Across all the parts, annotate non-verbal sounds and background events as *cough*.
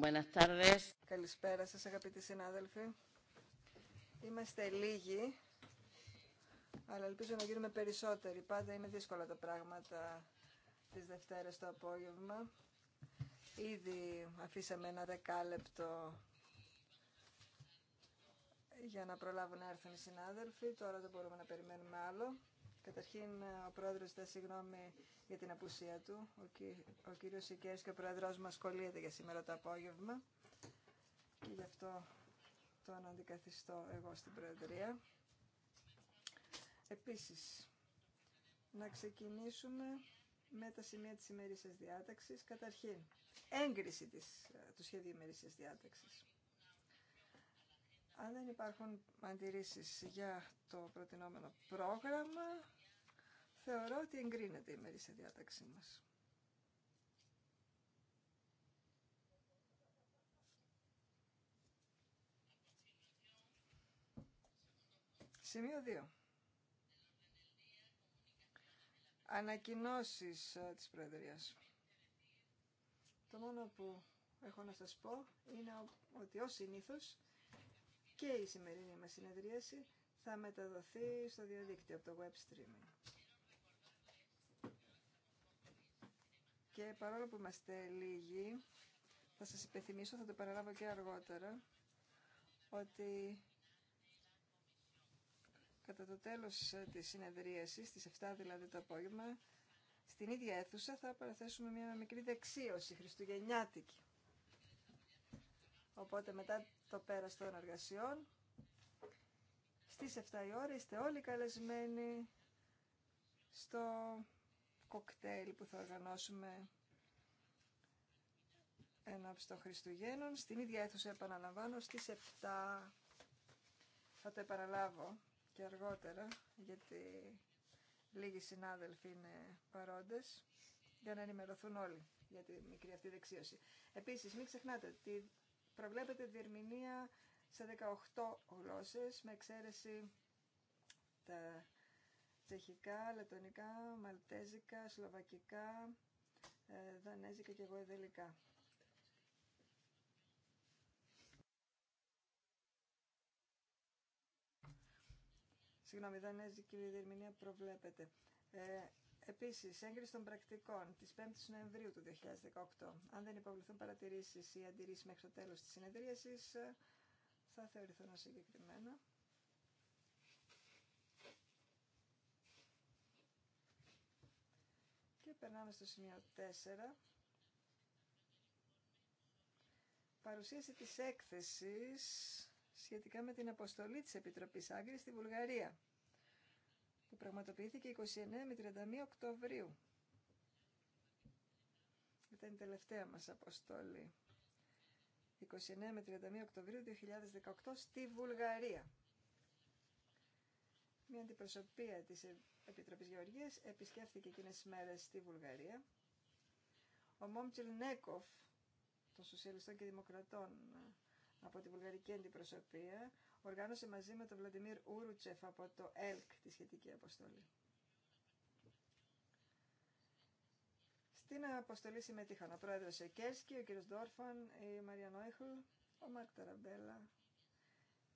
Καλησπέρα σας αγαπητοί συνάδελφοι. Είμαστε λίγοι, αλλά ελπίζω να γίνουμε περισσότεροι. Πάντα είναι δύσκολα τα πράγματα τις Δευτέρες το απόγευμα. Ήδη αφήσαμε ένα δεκάλεπτο για να προλάβουν να έρθουν οι συνάδελφοι. Τώρα δεν μπορούμε να περιμένουμε άλλο. Καταρχήν, ε, ο πρόεδρο ζητά συγγνώμη για την απουσία του. Ο, ο κύριο και ο πρόεδρό μα κολλείται για σήμερα το απόγευμα. Και γι' αυτό τον αντικαθιστώ εγώ στην Προεδρία. Επίσης, να ξεκινήσουμε με τα σημεία της ημερήσιας διάταξης. Καταρχήν, έγκριση της, ε, του σχέδιου ημερήσιας διάταξης. Αν δεν υπάρχουν αντιρρήσει για το προτινόμενο πρόγραμμα, θεωρώ ότι εγκρίνεται η μερίσια διάταξή μας. Σημείο 2. Ανακοινώσεις ε, της Προεδρίας. Το μόνο που έχω να σας πω είναι ότι ως συνήθως και η σημερινή μας συνεδρίαση θα μεταδοθεί στο διαδίκτυο από το web streaming. Και παρόλο που είμαστε λίγοι, θα σας υπενθυμίσω, θα το παραλάβω και αργότερα, ότι κατά το τέλος της συνεδρίασης, στις 7 δηλαδή το απόγευμα, στην ίδια αίθουσα θα παραθέσουμε μια μικρή δεξίωση χριστουγεννιάτικη. Οπότε μετά το πέρας των εργασιών. Στις 7 η ώρα είστε όλοι καλεσμένοι στο κοκτέιλ που θα οργανώσουμε ένα Χριστουγέννων. Στην ίδια αίθουσα επαναλαμβάνω στις 7. Θα το επαναλάβω και αργότερα γιατί λίγοι συνάδελφοι είναι παρόντες για να ενημερωθούν όλοι για τη μικρή αυτή δεξίωση. Επίσης, μην ξεχνάτε ότι προβλέπεται διερμηνία σε 18 γλώσσες με εξαίρεση τα τσεχικά, λετωνικά, μαλτέζικα, σλοβακικά, ε, δανέζικα και γοεδελικά. Συγγνώμη, δανέζικη διερμηνία προβλέπεται. Ε, Επίσης, έγκριση των πρακτικών της 5 η Νοεμβρίου του 2018. Αν δεν υποβληθούν παρατηρήσεις ή αντιρρήσεις μέχρι το τέλος της συνεδρίασης, θα θεωρηθούν ως συγκεκριμένα. Και περνάμε στο σημείο 4. Παρουσίαση της έκθεσης σχετικά με την αποστολή της Επιτροπής Άγκρης στη Βουλγαρία που πραγματοποιήθηκε 29 με 31 Οκτωβρίου. Ήταν η τελευταία μας αποστολή. 29 με 31 Οκτωβρίου 2018 στη Βουλγαρία. Μια αντιπροσωπεία της Επιτροπής Γεωργίας επισκέφθηκε εκείνες τις μέρες στη Βουλγαρία. Ο Μόμτσιλ Νέκοφ των Σοσιαλιστών και Δημοκρατών από τη Βουλγαρική Αντιπροσωπεία, οργάνωσε μαζί με τον Βλαντιμίρ Ούρουτσεφ από το ΕΛΚ τη σχετική αποστολή. Στην αποστολή συμμετείχαν ο πρόεδρος Εκέρσκι, ο κύριος Ντόρφαν, η Μαρία Νόιχλ, ο Μάρκ Ταραμπέλα,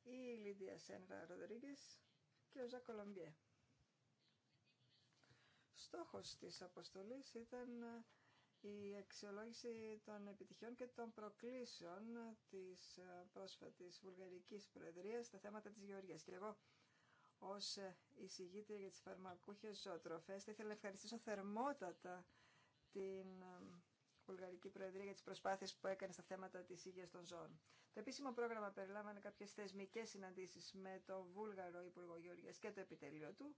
η Λίδια Σένρα Ροδρίγκες και ο Ζακ Κολομπιέ. Στόχος της αποστολής ήταν η αξιολόγηση των επιτυχιών και των προκλήσεων της ε, πρόσφατης βουλγαρικής προεδρίας στα θέματα της γεωργίας. Και εγώ ως ε, εισηγήτρια για τις φαρμακούχες ζωοτροφές θα ήθελα να ευχαριστήσω θερμότατα την ε, Βουλγαρική Προεδρία για τις προσπάθειες που έκανε στα θέματα της υγείας των ζώων. Το επίσημο πρόγραμμα περιλάμβανε κάποιες θεσμικές συναντήσεις με τον Βούλγαρο Υπουργό Γεωργίας και το επιτελείο του,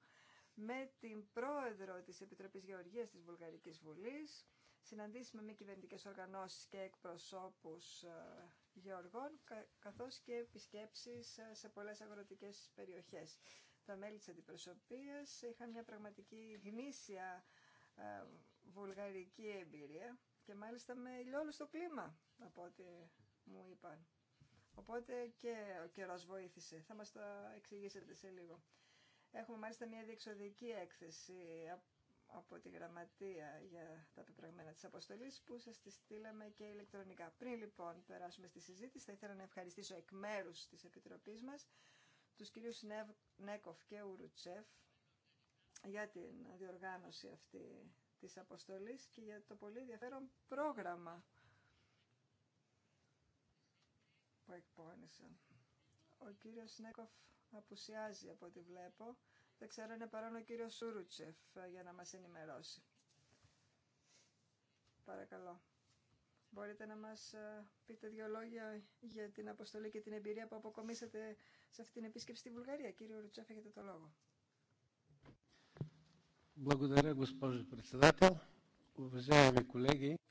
με την πρόεδρο της Επιτροπής Γεωργίας της Βουλγαρικής Βουλής, συναντήσεις με μη κυβερνητικές οργανώσεις και εκπροσώπους ε, γεωργών, καθώς και επισκέψεις ε, σε πολλές αγροτικές περιοχές. Τα μέλη της αντιπροσωπείας είχαν μια πραγματική γνήσια ε, βουλγαρική εμπειρία και μάλιστα με ηλιόλουστο κλίμα, από ό,τι μου είπαν. Οπότε και ο καιρός βοήθησε. Θα μας το εξηγήσετε σε λίγο. Έχουμε μάλιστα μια διεξοδική έκθεση από τη γραμματεία για τα πεπραγμένα της αποστολής που σας τη στείλαμε και ηλεκτρονικά. Πριν λοιπόν περάσουμε στη συζήτηση θα ήθελα να ευχαριστήσω εκ μέρους της Επιτροπής μας τους κυρίους Νέκοφ και Ουρουτσέφ για την διοργάνωση αυτή της αποστολής και για το πολύ ενδιαφέρον πρόγραμμα που εκπώνησαν. Ο κύριος Νέκοφ απουσιάζει από ό,τι βλέπω. Δεν ξέρω, είναι παρόν ο κύριος Σούρουτσεφ ε, για να μας ενημερώσει. Παρακαλώ. Μπορείτε να μας ε, πείτε δύο λόγια για την αποστολή και την εμπειρία που αποκομίσατε σε αυτή την επίσκεψη στη Βουλγαρία. Κύριε Ρουτσέφ, έχετε το λόγο.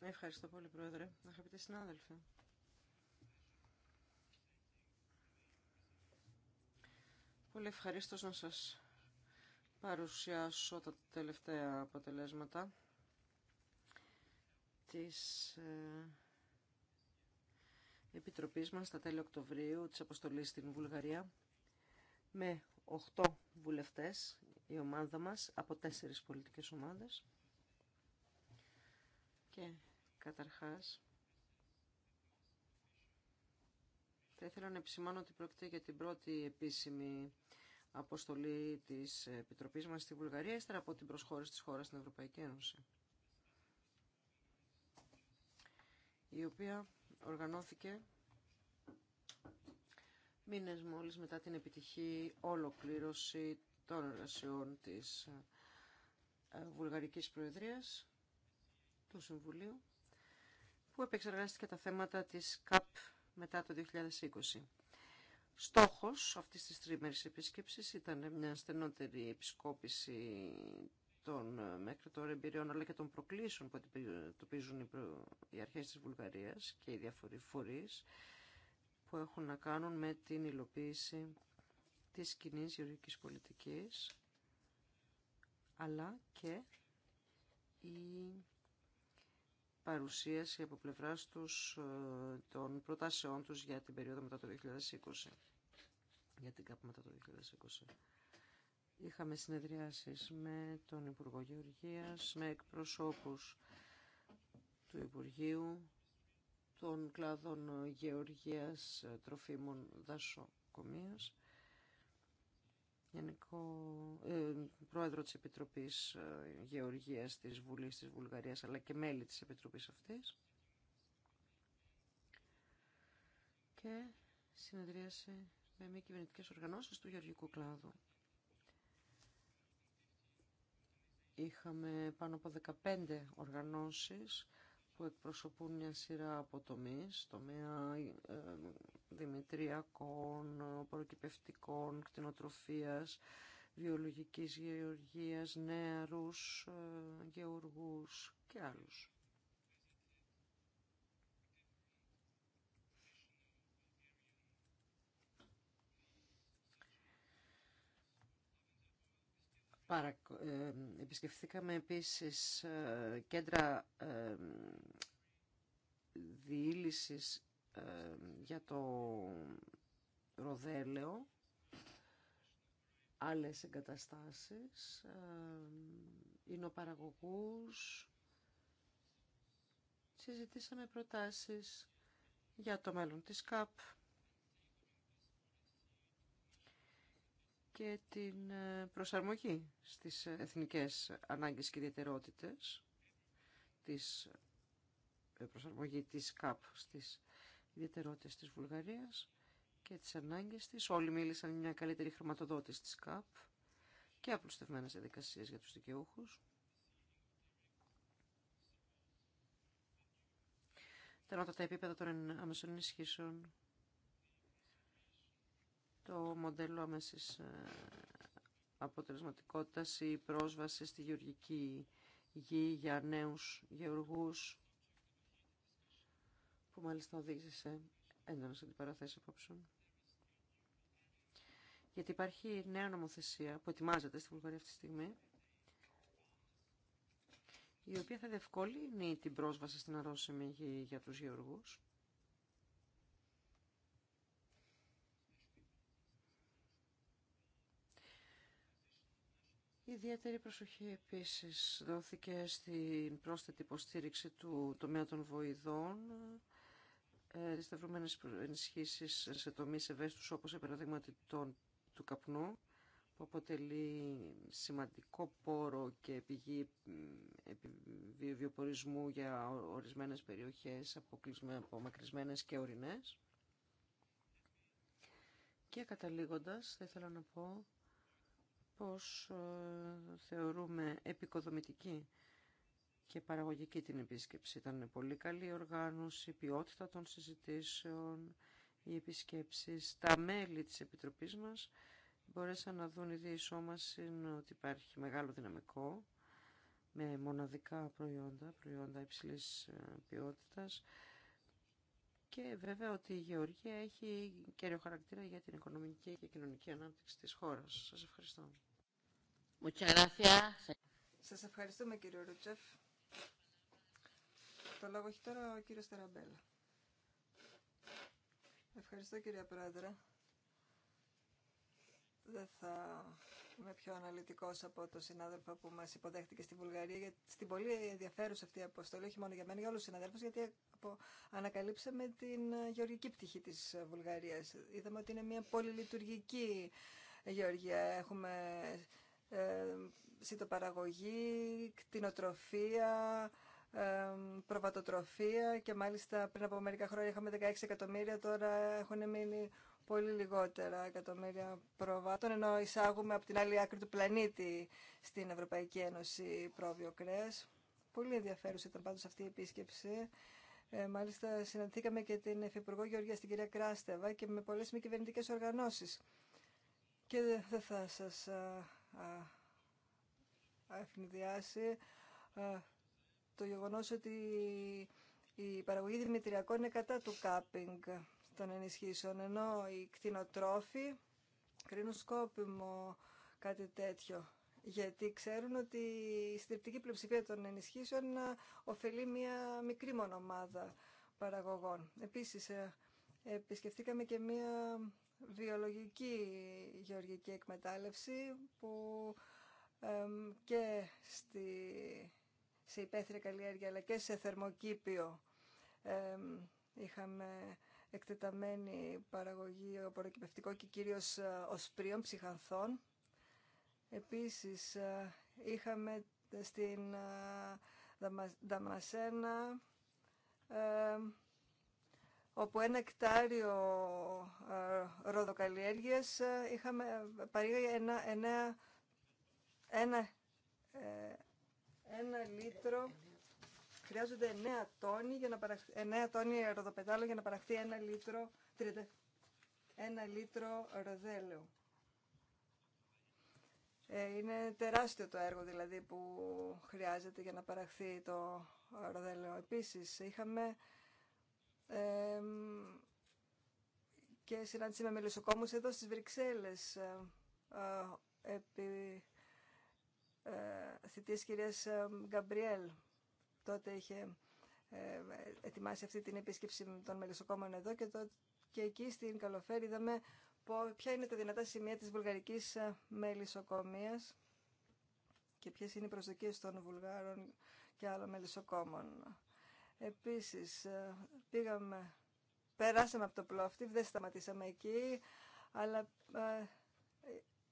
Ευχαριστώ πολύ, Πρόεδρε. Αγαπητοί συνάδελφοι. Πολύ ευχαριστώ να σας παρουσιάσω τα τελευταία αποτελέσματα της ε, Επιτροπής μας στα τέλη Οκτωβρίου της αποστολής στην Βουλγαρία με 8 βουλευτές η ομάδα μας από 4 πολιτικές ομάδες και καταρχάς θα ήθελα να επισημάνω ότι πρόκειται για την πρώτη επίσημη αποστολή της Επιτροπής μας στη Βουλγαρία, ύστερα από την προσχώρηση της χώρας στην Ευρωπαϊκή Ένωση, η οποία οργανώθηκε μήνες μόλις μετά την επιτυχή ολοκλήρωση των εργασιών της ε, Βουλγαρικής Προεδρίας του Συμβουλίου που επεξεργάστηκε τα θέματα της ΚΑΠ μετά το 2020. Στόχος αυτής της τρίμερης επίσκεψης ήταν μια στενότερη επισκόπηση των ε, μέχρι τώρα εμπειριών αλλά και των προκλήσεων που αντιμετωπίζουν οι αρχές της Βουλγαρίας και οι διάφοροι φορείς που έχουν να κάνουν με την υλοποίηση της κοινή γεωργικής πολιτικής αλλά και η παρουσίαση από πλευράς τους ε, των προτάσεών τους για την περίοδο μετά το 2020. Για την κάπου μετά το 2020. Είχαμε συνεδριάσεις με τον Υπουργό Γεωργίας, με εκπροσώπους του Υπουργείου, των κλάδων Γεωργίας ε, Τροφίμων Δασοκομείας Γενικό ε, Πρόεδρο της Επιτροπής ε, Γεωργίας της Βουλής της Βουλγαρίας αλλά και μέλη της Επιτροπής αυτής και συνεδρίαση με μη κυβερνητικέ οργανώσεις του γεωργικού κλάδου. Είχαμε πάνω από 15 οργανώσεις που εκπροσωπούν μια σειρά από τομείς, τομέα ε, δημητριακών, προκυπευτικών, κτηνοτροφίας, βιολογικής γεωργίας, νεαρούς, ε, γεωργούς και άλλους. Ε, επισκεφθήκαμε επίσης ε, κέντρα ε, διήλυσης για το ροδέλαιο, άλλες εγκαταστάσεις, ινοπαραγωγούς. Συζητήσαμε προτάσεις για το μέλλον της ΚΑΠ και την ε, προσαρμογή στις ε, εθνικές ανάγκες και ιδιαιτερότητες, της ε, προσαρμογή της ΚΑΠ στις ιδιαιτερότητες της Βουλγαρίας και τις ανάγκες της. Όλοι μίλησαν μια καλύτερη χρηματοδότηση της ΚΑΠ και απλουστευμένες διαδικασίες για τους δικαιούχους. Τα νότατα επίπεδα των άμεσων ενισχύσεων το μοντέλο άμεσης ε, αποτελεσματικότητας ή πρόσβαση στη γεωργική γη για νέους γεωργούς που μάλιστα οδήγησε σε έντονες αντιπαραθέσεις απόψεων. Γιατί υπάρχει νέα νομοθεσία που ετοιμάζεται στη Βουλγαρία αυτή τη στιγμή η οποία θα διευκολύνει την πρόσβαση στην αρρώσιμη γη για τους γεωργούς Ιδιαίτερη προσοχή επίσης δόθηκε στην πρόσθετη υποστήριξη του τομέα των βοηδών, ρηστευρωμένες ε, ενισχύσεις σε τομείς ευαίσθητους όπως η των του καπνού, που αποτελεί σημαντικό πόρο και πηγή βιοπορισμού για ορισμένες περιοχές απομακρυσμένες και ορεινές. Και καταλήγοντας, θα ήθελα να πω πως ε, θεωρούμε επικοδομητική και παραγωγική την επίσκεψη. Ήταν πολύ καλή η οργάνωση, η ποιότητα των συζητήσεων, η επισκέψεις. Τα μέλη της Επιτροπής μας μπορέσαν να δουν η διεισόμαση ότι υπάρχει μεγάλο δυναμικό με μοναδικά προϊόντα, προϊόντα υψηλής ε, ποιότητας και βέβαια ότι η γεωργία έχει κέριο χαρακτήρα για την οικονομική και κοινωνική ανάπτυξη της χώρας. Σας ευχαριστώ. Σας ευχαριστούμε κύριο Ρούτσεφ. Το λόγο έχει τώρα ο κύριος Ταραμπέλα. Ευχαριστώ κύριε Πρόεδρε. Δεν θα είμαι πιο αναλυτικός από τον συνάδελφο που μας υποδέχτηκε στη Βουλγαρία γιατί στην πολύ ενδιαφέρουσα αυτή η αποστολή, όχι μόνο για μένα, για όλους τους συναδέλφους, γιατί ανακαλύψαμε την γεωργική πτυχή της Βουλγαρίας. Είδαμε ότι είναι μια πολυλειτουργική γεωργία. Έχουμε ε, σιτοπαραγωγή, κτηνοτροφία, ε, προβατοτροφία και μάλιστα πριν από μερικά χρόνια είχαμε 16 εκατομμύρια, τώρα έχουν μείνει πολύ λιγότερα εκατομμύρια προβάτων, ενώ εισάγουμε από την άλλη άκρη του πλανήτη στην Ευρωπαϊκή Ένωση πρόβιο κρέας. Πολύ ενδιαφέρουσα ήταν πάντως αυτή η επίσκεψη. Ε, μάλιστα συναντήκαμε και την Υφυπουργό Γεωργία, την κυρία Κράστεβα και με πολλές μη κυβερνητικέ οργανώσεις. Και δεν θα σας το γεγονός ότι η παραγωγή δημητριακών είναι κατά του κάπινγκ των ενισχύσεων, ενώ οι κτηνοτρόφοι κρίνουν σκόπιμο κάτι τέτοιο. Γιατί ξέρουν ότι η συντριπτική πλειοψηφία των ενισχύσεων ωφελεί μια μικρή μονομάδα παραγωγών. Επίσης, ε, επισκεφτήκαμε και μια βιολογική γεωργική εκμετάλλευση που και στη, σε υπαίθρια καλλιέργεια αλλά και σε θερμοκήπιο είχαμε εκτεταμένη παραγωγή απορροκυπευτικό και κυρίως ε, οσπρίων, ψυχανθών. Επίσης ε, είχαμε στην ε, Δαμασένα όπου ένα εκτάριο ε, ροδοκαλλιέργειας ε, είχαμε παρήγαγε ένα, ένα, ένα, ε, ένα λίτρο χρειάζονται 9 τόνοι, για να παραχθεί, 9 τόνοι ροδοπετάλο για να παραχθεί ένα λίτρο, 30, ένα λίτρο ροδέλαιο. είναι τεράστιο το έργο δηλαδή που χρειάζεται για να παραχθεί το ροδέλαιο. Επίσης είχαμε ε, και συνάντηση με μελισσοκόμους εδώ στις Βρυξέλλες ε, ε, επί ε, θητείας κυρίας ε, Γκαμπριέλ. Τότε είχε ετοιμάσει αυτή την επίσκεψη των μελισσοκόμων εδώ και, και εκεί στην Καλοφέρη είδαμε ποια είναι τα δυνατά σημεία της βουλγαρικής μελισσοκομείας και ποιες είναι οι προσδοκίες των Βουλγάρων και άλλων μελισσοκόμων. Επίσης, ε, πήγαμε, περάσαμε από το Πλόφτη, δεν σταματήσαμε εκεί, αλλά ε,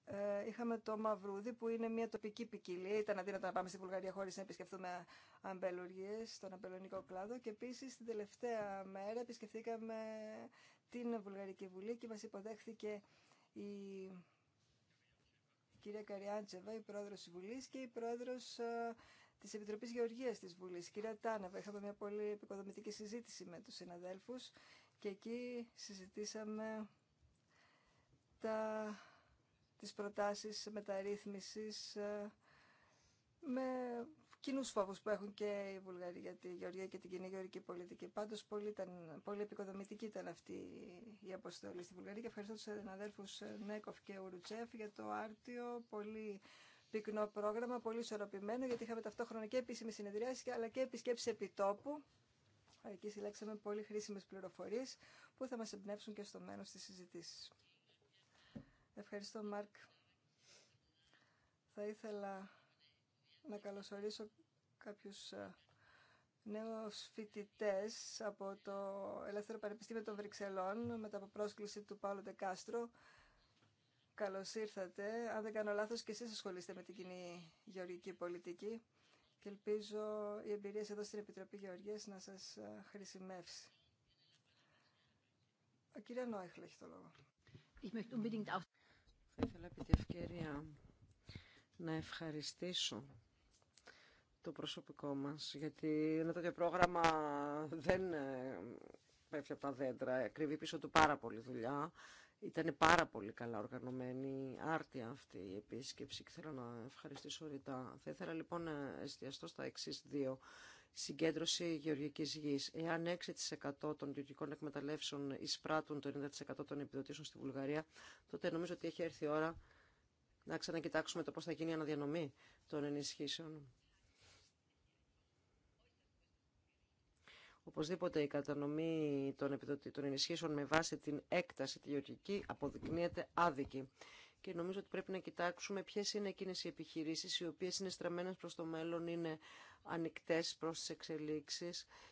ε, είχαμε το Μαυρούδι που είναι μια τοπική ποικιλία. Ήταν αδύνατο να πάμε στη Βουλγαρία χωρίς να επισκεφτούμε αμπελουργίες στον αμπελονικό κλάδο. Και επίσης την τελευταία μέρα επισκεφθήκαμε την Βουλγαρική Βουλή και μας υποδέχθηκε η κυρία Καριάντσεβα, η πρόεδρος της Βουλής και η πρόεδρος Τη Επιτροπή Γεωργίας τη Βουλή. Κυρία Τάνεβα, είχαμε μια πολύ επικοδομητική συζήτηση με του συναδέλφου και εκεί συζητήσαμε τα, τις προτάσεις μεταρρύθμισης ε, με κοινού φόβου που έχουν και οι Βουλγαροί για τη Γεωργία και την κοινή γεωργική πολιτική. Πάντως, πολύ, ήταν, πολύ επικοδομητική ήταν αυτή η αποστολή στη Βουλγαρία και ευχαριστώ του συναδέλφου Νέκοφ και Ουρουτσέφ για το άρτιο, πολύ πυκνό πρόγραμμα, πολύ ισορροπημένο, γιατί είχαμε ταυτόχρονα και επίσημε συνεδριάσει αλλά και επισκέψει επιτόπου. Εκεί συλλέξαμε πολύ χρήσιμε πληροφορίε που θα μα εμπνεύσουν και στο μέλλον στι συζητήσει. Ευχαριστώ, Μάρκ. Θα ήθελα να καλωσορίσω κάποιους ε, νέους φοιτητές από το Ελεύθερο Πανεπιστήμιο των Βρυξελών μετά από πρόσκληση του Παύλου Ντεκάστρο Καλώς ήρθατε. Αν δεν κάνω λάθος και εσείς ασχολείστε με την κοινή γεωργική πολιτική και ελπίζω η εμπειρία εδώ στην Επιτροπή Γεωργίας να σας ε, χρησιμεύσει. Ο κυρία Νόιχλ έχει το λόγο. Θα ήθελα επί ευκαιρία να ευχαριστήσω το προσωπικό μας, γιατί ένα τέτοιο πρόγραμμα δεν ε, πέφτει από τα δέντρα, ε, κρύβει πίσω του πάρα πολύ δουλειά ήταν πάρα πολύ καλά οργανωμένη άρτια αυτή η επίσκεψη και θέλω να ευχαριστήσω ρητά. Θα ήθελα λοιπόν να εστιαστώ στα εξή δύο. Συγκέντρωση γεωργικής γη. Εάν 6% των γεωργικών εκμεταλλεύσεων εισπράττουν το 90% των επιδοτήσεων στη Βουλγαρία, τότε νομίζω ότι έχει έρθει η ώρα να ξανακοιτάξουμε το πώ θα γίνει η αναδιανομή των ενισχύσεων. Οπωσδήποτε η κατανομή των, των ενισχύσεων με βάση την έκταση τη γεωργική αποδεικνύεται άδικη. Και νομίζω ότι πρέπει να κοιτάξουμε ποιε είναι εκείνε οι επιχειρήσει οι οποίε είναι στραμμένε προ το μέλλον, είναι ανοιχτέ προ τι εξελίξει.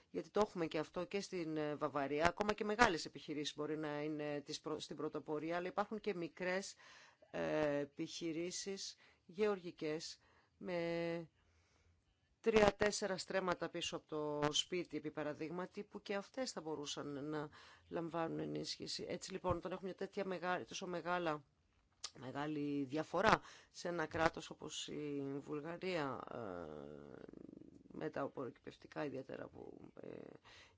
Γιατί το έχουμε και αυτό και στην ε, Βαβαρία. Ακόμα και μεγάλε επιχειρήσει μπορεί να είναι στην πρωτοπορία, αλλά υπάρχουν και μικρέ ε, επιχειρήσει γεωργικέ με τρία-τέσσερα στρέμματα πίσω από το σπίτι, επί παραδείγματι, που και αυτές θα μπορούσαν να λαμβάνουν ενίσχυση. Έτσι λοιπόν, όταν έχουμε μια τέτοια μεγάλη, τόσο μεγάλα, μεγάλη διαφορά σε ένα κράτος όπως η Βουλγαρία, ε, με τα απορροκυπευτικά ιδιαίτερα που ε,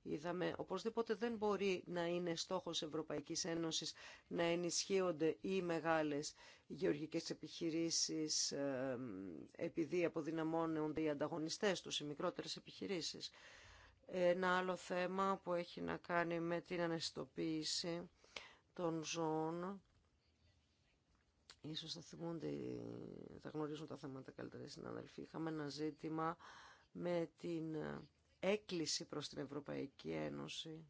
είδαμε. Οπωσδήποτε δεν μπορεί να είναι στόχος Ευρωπαϊκής Ένωσης να ενισχύονται οι μεγάλες γεωργικές επιχειρήσεις ε, επειδή αποδυναμώνονται οι ανταγωνιστές τους, οι μικρότερες επιχειρήσεις. Ένα άλλο θέμα που έχει να κάνει με την αναισθητοποίηση των ζώων. Ίσως θα θυμούνται, θα γνωρίζουν τα θέματα καλύτερα οι συναδελφοί. Είχαμε ένα ζήτημα με την ε, έκκληση προς την Ευρωπαϊκή Ένωση,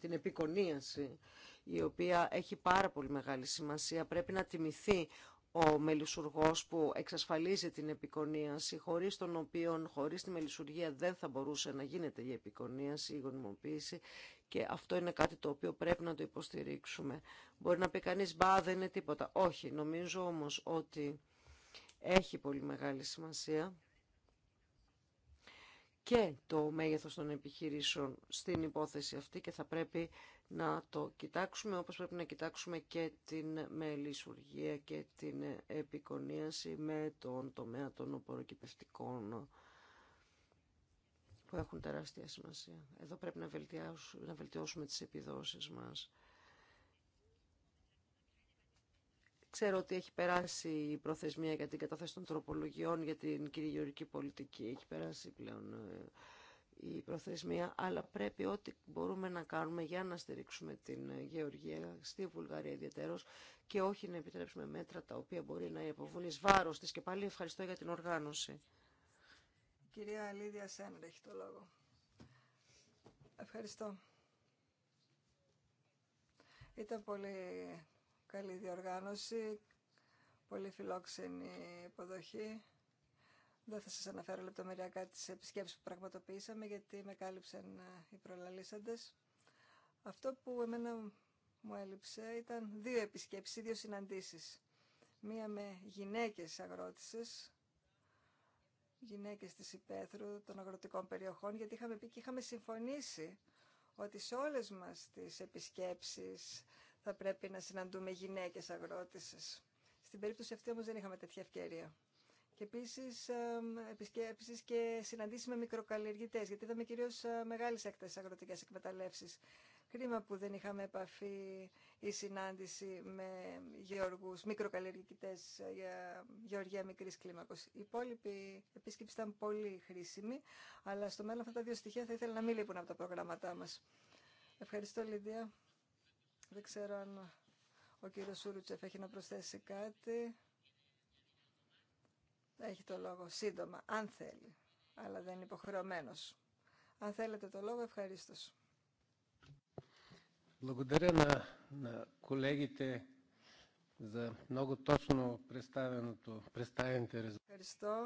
την επικονίαση, η οποία έχει πάρα πολύ μεγάλη σημασία. Πρέπει να τιμηθεί ο μελισουργός που εξασφαλίζει την επικονίαση, χωρίς τον οποίο, χωρίς τη μελισουργία δεν θα μπορούσε να γίνεται η επικονίαση, η γονιμοποίηση και αυτό είναι κάτι το οποίο πρέπει να το υποστηρίξουμε. Μπορεί να πει κανείς, μπα δεν είναι τίποτα. Όχι, νομίζω όμως ότι έχει πολύ μεγάλη σημασία και το μέγεθος των επιχειρήσεων στην υπόθεση αυτή και θα πρέπει να το κοιτάξουμε όπως πρέπει να κοιτάξουμε και την μελισουργία και την επικονίαση με τον τομέα των οποροκυπευτικών που έχουν τεράστια σημασία. Εδώ πρέπει να βελτιώσουμε, να βελτιώσουμε τις επιδόσεις μας. Ξέρω ότι έχει περάσει η προθεσμία για την καταθέση των τροπολογιών για την κυριολογική πολιτική. Έχει περάσει πλέον ε, η προθεσμία, αλλά πρέπει ό,τι μπορούμε να κάνουμε για να στηρίξουμε την ε, Γεωργία στη Βουλγαρία ιδιαίτερω και όχι να επιτρέψουμε μέτρα τα οποία μπορεί να υποβούν βάρος της. Και πάλι ευχαριστώ για την οργάνωση. Κυρία Λίδια το λόγο. Ευχαριστώ. Ήταν πολύ καλή διοργάνωση, πολύ φιλόξενη υποδοχή. Δεν θα σας αναφέρω λεπτομεριακά τις επισκέψεις που πραγματοποιήσαμε, γιατί με κάλυψαν ε, οι προλαλήσαντες. Αυτό που εμένα μου έλειψε ήταν δύο επισκέψεις, δύο συναντήσεις. Μία με γυναίκες αγρότησες, γυναίκες της υπαίθρου των αγροτικών περιοχών, γιατί είχαμε πει και είχαμε συμφωνήσει ότι σε όλες μας τις επισκέψεις θα πρέπει να συναντούμε γυναίκε αγρότησες. Στην περίπτωση αυτή όμω δεν είχαμε τέτοια ευκαιρία. Και επίση ε, επισκέψει και συναντήσει με μικροκαλλιεργητέ, γιατί είδαμε κυρίω ε, μεγάλε έκταση αγροτικέ εκμεταλλεύσει. Κρίμα που δεν είχαμε επαφή ή συνάντηση με γεωργού, μικροκαλλιεργητέ ε, για γεωργία μικρή κλίμακο. Η υπόλοιπη επίσκεψη ήταν πολύ χρήσιμη, αλλά στο μέλλον αυτά τα δύο στοιχεία θα ήθελα να μην λείπουν από τα προγράμματά μα. Ευχαριστώ, Λίδια. Δεν ξέρω αν ο κύριος Σούρουτσεφ έχει να προσθέσει κάτι. Έχει το λόγο σύντομα, αν θέλει, αλλά δεν είναι υποχρεωμένο. Αν θέλετε το λόγο, ευχαρίστω. Ευχαριστώ.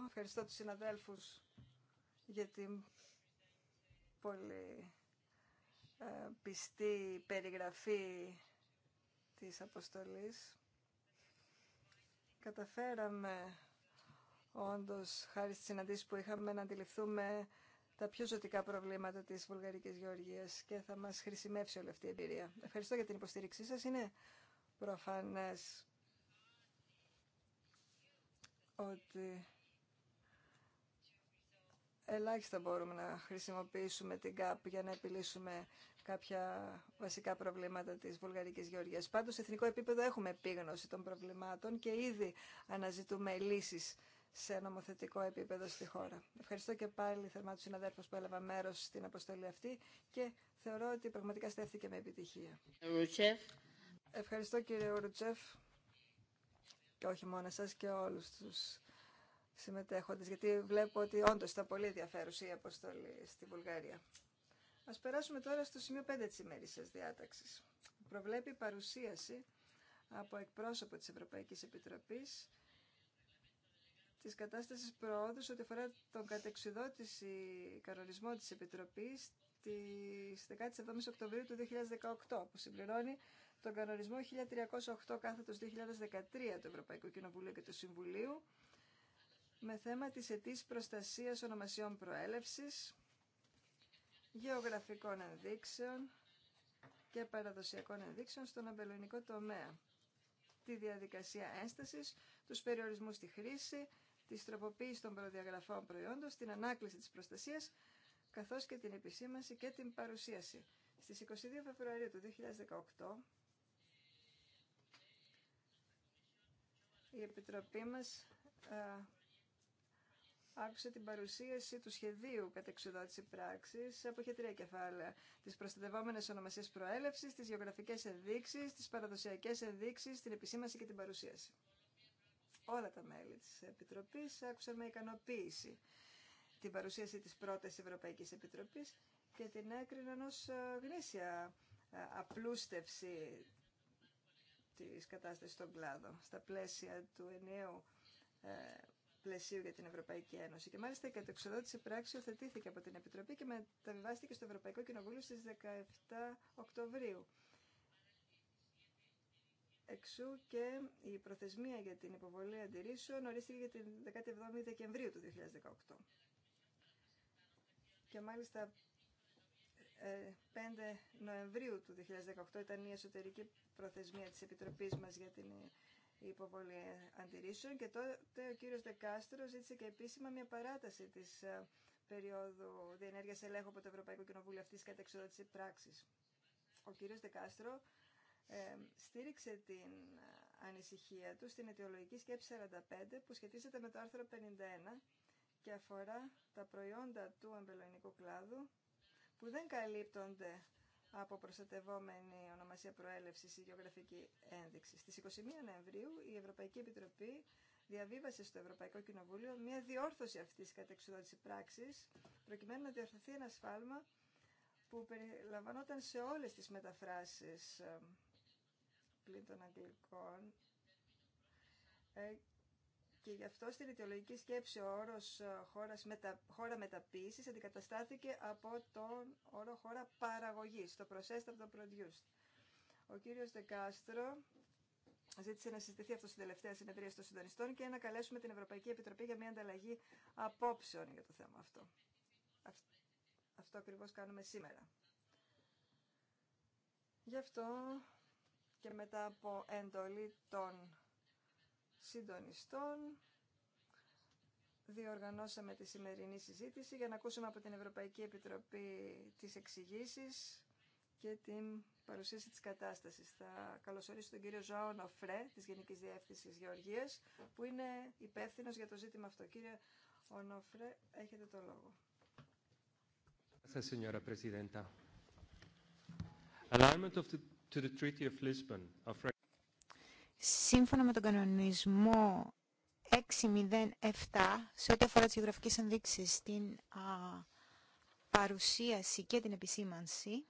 Ευχαριστώ τους συναδέλφους για την πολύ ε, πιστή περιγραφή της αποστολής. Καταφέραμε όντως χάρη στις συναντήσεις που είχαμε να αντιληφθούμε τα πιο ζωτικά προβλήματα της βουλγαρικής γεωργίας και θα μας χρησιμεύσει όλη αυτή η εμπειρία. Ευχαριστώ για την υποστήριξή σας. Είναι προφανές ότι ελάχιστα μπορούμε να χρησιμοποιήσουμε την ΚΑΠ για να επιλύσουμε κάποια βασικά προβλήματα της βουλγαρικής γεωργίας. Πάντως, σε εθνικό επίπεδο έχουμε επίγνωση των προβλημάτων και ήδη αναζητούμε λύσεις σε νομοθετικό επίπεδο στη χώρα. Ευχαριστώ και πάλι θερμά του συναδέλφου που έλαβα μέρο στην αποστολή αυτή και θεωρώ ότι πραγματικά στέφθηκε με επιτυχία. Ρουτσεφ. Ευχαριστώ κύριε Ρουτσεφ και όχι μόνο εσά και όλου του συμμετέχοντες, γιατί βλέπω ότι όντως ήταν πολύ ενδιαφέρουσα η αποστολή στη Βουλγαρία. Ας περάσουμε τώρα στο σημείο 5 της ημέρησιας διάταξης. Προβλέπει παρουσίαση από εκπρόσωπο της Ευρωπαϊκής Επιτροπής της κατάστασης προόδου ό,τι αφορά τον κατεξιδότηση κανονισμό της Επιτροπής της 17 Οκτωβρίου του 2018 που συμπληρώνει τον κανονισμό 1308 κάθετος 2013 του Ευρωπαϊκού Κοινοβουλίου και του Συμβουλίου με θέμα της αιτής προστασίας ονομασιών προέλευσης γεωγραφικών ενδείξεων και παραδοσιακών ενδείξεων στον αμπελονικό τομέα, τη διαδικασία ένστασης, τους περιορισμούς στη χρήση, τη τροποποίηση των προδιαγραφών προϊόντων, την ανάκληση της προστασίας, καθώς και την επισήμανση και την παρουσίαση. Στις 22 Φεβρουαρίου του 2018, η Επιτροπή μας ε, άκουσε την παρουσίαση του σχεδίου κατεξουδότηση πράξη από χετρία κεφάλαια. Τις προστατευόμενες ονομασίες προέλευσης, τις γεωγραφικές ενδείξεις, τις παραδοσιακές ενδείξεις, την επισήμανση και την παρουσίαση. Όλα τα μέλη της Επιτροπής άκουσαν με ικανοποίηση την παρουσίαση της πρώτης Ευρωπαϊκής επιτροπή και την έκριναν ω ε, γνήσια ε, απλούστευση της κατάστασης στον κλάδο στα πλαίσια του ενιαίου ε, για την Ευρωπαϊκή Ένωση. Και μάλιστα η κατεξοδότηση πράξη οθετήθηκε από την Επιτροπή και μεταβιβάστηκε στο Ευρωπαϊκό Κοινοβούλιο στις 17 Οκτωβρίου. Εξού και η προθεσμία για την υποβολή αντιρρήσεων ορίστηκε για την 17η Δεκεμβρίου του 2018. Και μάλιστα 5 ε, Νοεμβρίου του 2018 ήταν η εσωτερική προθεσμία της Επιτροπής μας για την η υποβολή αντιρρήσεων και τότε ο κύριος Δεκάστρο ζήτησε και επίσημα μια παράταση της ε, περίοδου διενέργειας ελέγχου από το Ευρωπαϊκό Κοινοβούλιο αυτής κατά εξοδότηση πράξης. Ο κύριος Δεκάστρο ε, στήριξε την ε, ανησυχία του στην αιτιολογική σκέψη 45 που σχετίζεται με το άρθρο 51 και αφορά τα προϊόντα του αμπελοϊνικού κλάδου που δεν καλύπτονται από προστατευόμενη ονομασία προέλευση ή γεωγραφική ένδειξη. Στις 21 Νοεμβρίου η Ευρωπαϊκή Επιτροπή διαβίβασε στο Ευρωπαϊκό Κοινοβούλιο μια διόρθωση αυτής της κατεξοδότηση πράξης προκειμένου να διορθωθεί ένα σφάλμα που περιλαμβανόταν σε όλες τις μεταφράσεις ε, πλήν των αγγλικών ε, και γι' αυτό στην αιτιολογική σκέψη ο όρος ε, μετα... χώρα μεταποίησης αντικαταστάθηκε από τον όρο χώρα παραγωγής, το processed of the produced. Ο κύριος Δεκάστρο ζήτησε να συζητηθεί αυτό στην τελευταία συνεδρία των συντονιστών και να καλέσουμε την Ευρωπαϊκή Επιτροπή για μια ανταλλαγή απόψεων για το θέμα αυτό. Αυτό ακριβώς κάνουμε σήμερα. Γι' αυτό και μετά από εντολή των συντονιστών διοργανώσαμε τη σημερινή συζήτηση για να ακούσουμε από την Ευρωπαϊκή Επιτροπή τις εξηγήσει και την παρουσίαση της κατάστασης. Θα καλωσορίσω τον κύριο Ζωάο Νοφρέ της Γενικής Διεύθυνσης Γεωργίας που είναι υπεύθυνος για το ζήτημα αυτό. Κύριε Νοφρέ, έχετε το λόγο. Alignment of the, σύμφωνα με τον κανονισμό 607 σε ό,τι αφορά τις γεωγραφικές ενδείξεις, την α, παρουσίαση και την επισήμανση,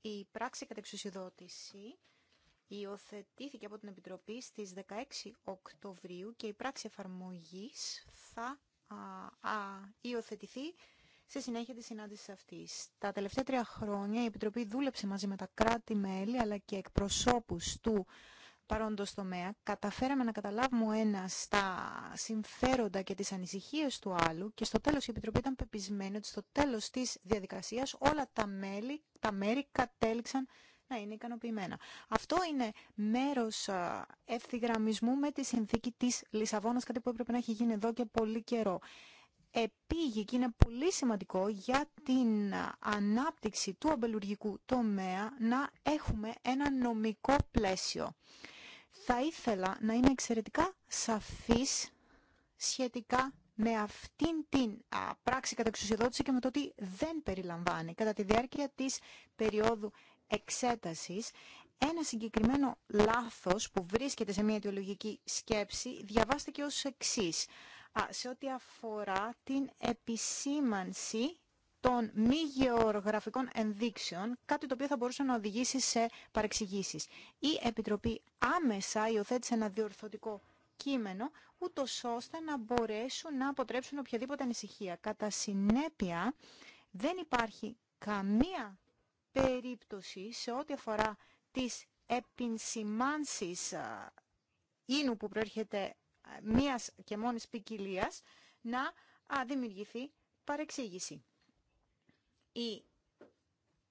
η πράξη κατεξουσιοδότηση υιοθετήθηκε από την Επιτροπή στις 16 Οκτωβρίου και η πράξη εφαρμογής θα α, α, υιοθετηθεί σε συνέχεια της συνάντησης αυτής. Τα τελευταία τρία χρόνια η Επιτροπή δούλεψε μαζί με τα κράτη-μέλη αλλά και εκπροσώπους του παρόντο τομέα, καταφέραμε να καταλάβουμε ο ένα τα συμφέροντα και τι ανησυχίε του άλλου και στο τέλο, η Επιτροπή ήταν πεπισμένη ότι στο τέλο της διαδικασία, όλα τα, μέλη, τα μέρη κατέληξαν να είναι ικανοποιημένα. Αυτό είναι μέρος ευθυγραμμισμού με τη συνθήκη τη Λισαβόνα, κάτι που έπρεπε να έχει γίνει εδώ και πολύ καιρό επίγει και είναι πολύ σημαντικό για την ανάπτυξη του αμπελουργικού τομέα να έχουμε ένα νομικό πλαίσιο θα ήθελα να είμαι εξαιρετικά σαφής σχετικά με αυτήν την πράξη κατά εξουσιοδότηση και με το ότι δεν περιλαμβάνει. Κατά τη διάρκεια της περίοδου εξέτασης, ένα συγκεκριμένο λάθος που βρίσκεται σε μια αιτιολογική σκέψη διαβάστηκε ως εξής. σε ό,τι αφορά την επισήμανση των μη γεωγραφικών ενδείξεων, κάτι το οποίο θα μπορούσε να οδηγήσει σε παρεξηγήσεις. Η Επιτροπή άμεσα υιοθέτησε ένα διορθωτικό κείμενο, ούτω ώστε να μπορέσουν να αποτρέψουν οποιαδήποτε ανησυχία. Κατά συνέπεια, δεν υπάρχει καμία περίπτωση σε ό,τι αφορά τις επινσημάνσεις ίνου που προέρχεται μίας και μόνης ποικιλία να δημιουργηθεί παρεξήγηση η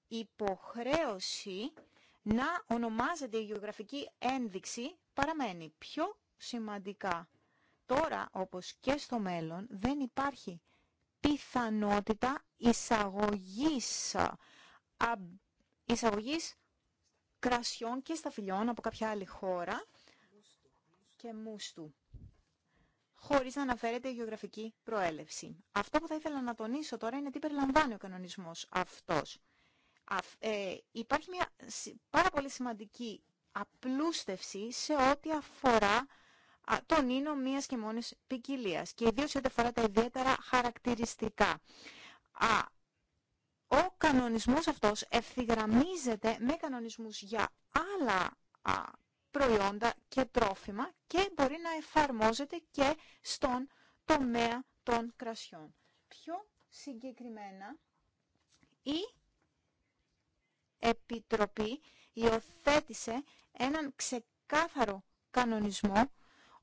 υποχρέωση να ονομάζεται η γεωγραφική ένδειξη παραμένει πιο σημαντικά. Τώρα, όπως και στο μέλλον, δεν υπάρχει πιθανότητα εισαγωγής, α, εισαγωγής κρασιών και σταφυλιών από κάποια άλλη χώρα και μουστου χωρίς να αναφέρεται η γεωγραφική προέλευση. Αυτό που θα ήθελα να τονίσω τώρα είναι τι περιλαμβάνει ο κανονισμός αυτός. Ε, υπάρχει μια πάρα πολύ σημαντική απλούστευση σε ό,τι αφορά τον ίνο μίας και μόνης ποικιλία και ιδίως σε ό,τι αφορά τα ιδιαίτερα χαρακτηριστικά. Α, ο κανονισμός αυτός ευθυγραμμίζεται με κανονισμούς για άλλα προϊόντα και τρόφιμα και μπορεί να εφαρμόζεται και στον τομέα των κρασιών. Πιο συγκεκριμένα, η Επιτροπή υιοθέτησε έναν ξεκάθαρο κανονισμό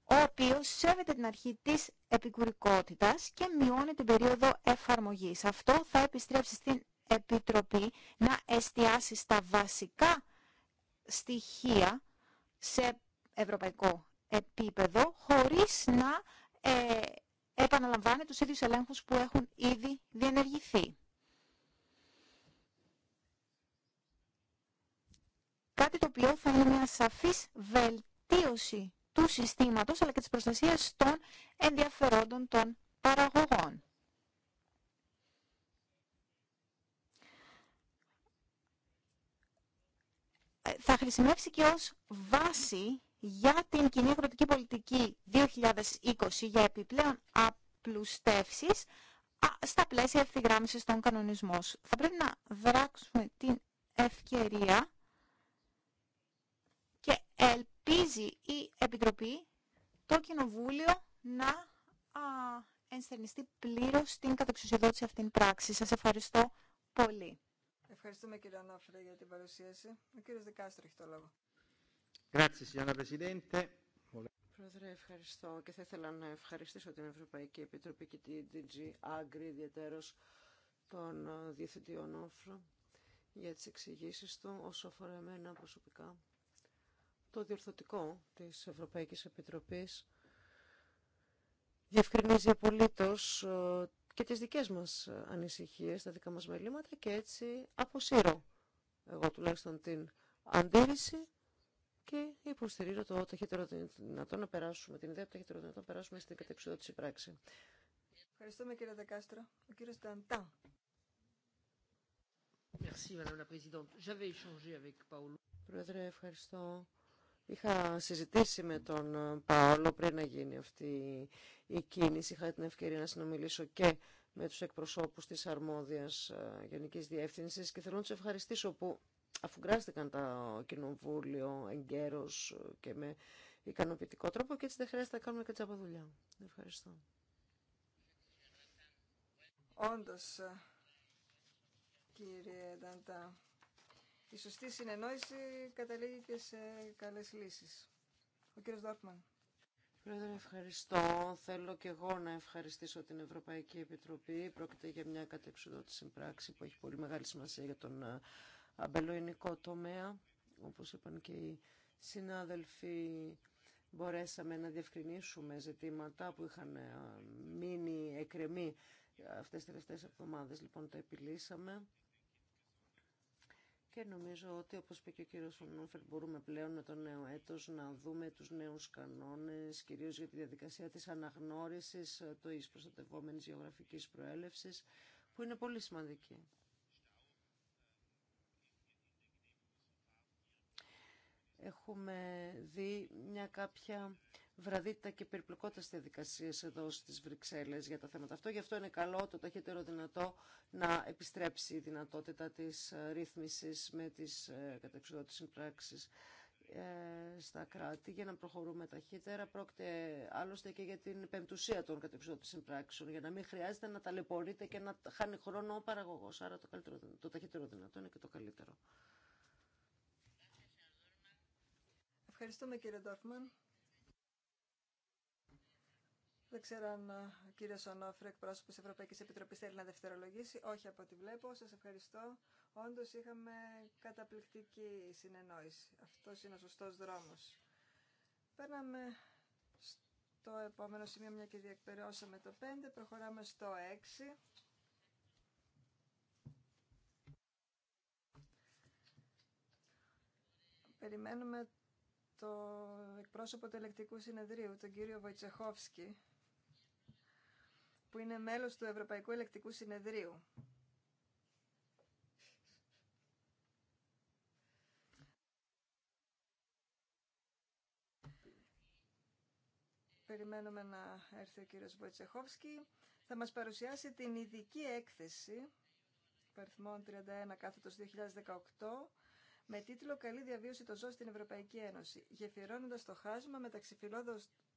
ο οποίος σέβεται την αρχή της επικουρικότητας και μειώνει την περίοδο εφαρμογής. Αυτό θα επιστρέψει στην Επιτροπή να εστιάσει στα βασικά στοιχεία σε ευρωπαϊκό επίπεδο χωρίς να ε, επαναλαμβάνει τους ίδιους ελέγχους που έχουν ήδη διενεργηθεί. Κάτι το οποίο θα είναι μια σαφής βελτίωση του συστήματος αλλά και της προστασίας των ενδιαφερόντων των παραγωγών. θα χρησιμεύσει και ως βάση για την κοινή αγροτική πολιτική 2020 για επιπλέον απλουστεύσεις στα πλαίσια ευθυγράμμισης των κανονισμών. Θα πρέπει να δράξουμε την ευκαιρία και ελπίζει η Επιτροπή το Κοινοβούλιο να α, ενστερνιστεί πλήρως την κατεξουσιοδότηση αυτήν πράξη. Σας ευχαριστώ πολύ. Ευχαριστούμε κύριε Ανόφιλε για την παρουσίαση. Ο κύριος Δικάστρο έχει το λόγο. Πρόεδρε, ευχαριστώ και θα ήθελα να ευχαριστήσω την Ευρωπαϊκή Επιτροπή και την DG Agri, ιδιαίτερως τον ε, Διευθυντή Όφρο, για τις εξηγήσει του όσο αφορά εμένα προσωπικά. Το διορθωτικό της Ευρωπαϊκής Επιτροπής διευκρινίζει απολύτως ε, και τις δικές μας ανησυχίες, τα δικά μας μελήματα και έτσι αποσύρω εγώ τουλάχιστον την αντίρρηση και υποστηρίζω το ταχύτερο δυνατό να περάσουμε, την ιδέα από ταχύτερο δυνατό να περάσουμε στην κατεξοδότηση πράξη. Ευχαριστούμε κύριε Δεκάστρο. Ο κύριος Νταντά. Πρόεδρε, ευχαριστώ. Είχα συζητήσει με τον ε, Παόλο πριν να γίνει αυτή η κίνηση. Είχα την ευκαιρία να συνομιλήσω και με τους εκπροσώπους της αρμόδιας ε, Γενικής Διεύθυνσης και θέλω να τους ευχαριστήσω που αφουγκράστηκαν τα κοινοβούλιο εγκαίρως ε, και με ικανοποιητικό τρόπο και έτσι δεν χρειάζεται να κάνουμε τσάπα δουλειά. Ευχαριστώ. Όντως, κύριε Νταντά, η σωστή συνεννόηση καταλήγει και σε καλές λύσεις. Ο κύριος Δόρφμαν. Πρόεδρε, ευχαριστώ. Θέλω και εγώ να ευχαριστήσω την Ευρωπαϊκή Επιτροπή. Πρόκειται για μια κατεξουδότηση πράξη που έχει πολύ μεγάλη σημασία για τον ε, αμπελοϊνικό τομέα. Όπως είπαν και οι συνάδελφοι, μπορέσαμε να διευκρινίσουμε ζητήματα που είχαν ε, μείνει εκρεμή ε, αυτές τις τελευταίες εβδομάδες. Λοιπόν, τα επιλύσαμε και νομίζω ότι όπως είπε και ο κύριος Φωνόφερ μπορούμε πλέον με το νέο έτος να δούμε τους νέους κανόνες κυρίως για τη διαδικασία της αναγνώρισης της προστατευόμενης γεωγραφικής προέλευσης που είναι πολύ σημαντική. Έχουμε δει μια κάποια βραδύτητα και περιπλοκότητα στις διαδικασίες εδώ στις Βρυξέλλες για τα θέματα αυτό. Γι' αυτό είναι καλό το ταχύτερο δυνατό να επιστρέψει η δυνατότητα της ε, ρύθμισης με τις ε, κατεξοδότητες συμπράξεις ε, στα κράτη για να προχωρούμε ταχύτερα. Πρόκειται άλλωστε και για την πεμπτουσία των κατεξοδότης συμπράξεων, για να μην χρειάζεται να ταλαιπωρείται και να χάνει χρόνο ο παραγωγός. Άρα το, καλύτερο, το ταχύτερο δυνατό είναι και το καλύτερο. Ευχαριστούμε κύριε Ντόρφμαν. Δεν ξέρω αν ο ε, κύριο Ονόφρε, εκπρόσωπο τη Ευρωπαϊκή Επιτροπή, θέλει να δευτερολογήσει. Όχι από ό,τι βλέπω. Σα ευχαριστώ. Όντω είχαμε καταπληκτική συνεννόηση. Αυτό είναι ο σωστό δρόμο. Παίρναμε στο επόμενο σημείο, μια και διεκπαιρεώσαμε το 5. Προχωράμε στο 6. Περιμένουμε το εκπρόσωπο του ελεκτικού συνεδρίου, τον κύριο Βοητσεχόφσκι που είναι μέλος του Ευρωπαϊκού Ελεκτικού Συνεδρίου. Περιμένουμε να έρθει ο κύριος Βοητσεχόφσκι. Θα μας παρουσιάσει την ειδική έκθεση παριθμών 31 κάθετος 2018 με τίτλο «Καλή διαβίωση των ζώων στην Ευρωπαϊκή Ένωση, γεφυρώνοντας το χάσμα μεταξύ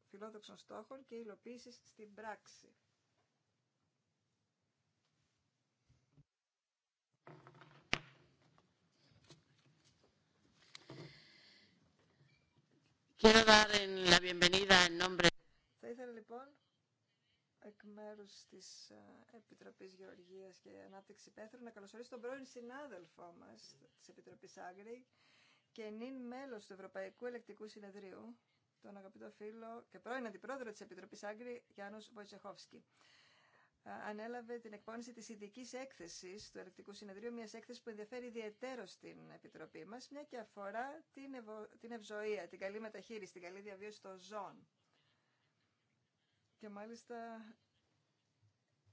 φιλόδοξων στόχων και υλοποίησης στην πράξη». Quiero dar en la bienvenida en nombre. Θα ήθελα λοιπόν εκ μέρου τη ε, Επιτροπή Γεωργία και Ανάπτυξη Πέθρου να καλωσορίσω τον πρώην συνάδελφό μα τη Επιτροπή Άγκρη και νυν μέλο του Ευρωπαϊκού Ελεκτικού Συνεδρίου, τον αγαπητό φίλο και πρώην αντιπρόεδρο τη Επιτροπή Άγκρη, Γιάννου Βοητσεχόφσκι ανέλαβε την εκπόνηση της ειδική έκθεσης του Ελεκτικού Συνεδρίου, μιας έκθεσης που ενδιαφέρει ιδιαίτερο στην Επιτροπή μας, μια και αφορά την, την ευζοία, την καλή μεταχείριση, την καλή διαβίωση των ζώων. Και μάλιστα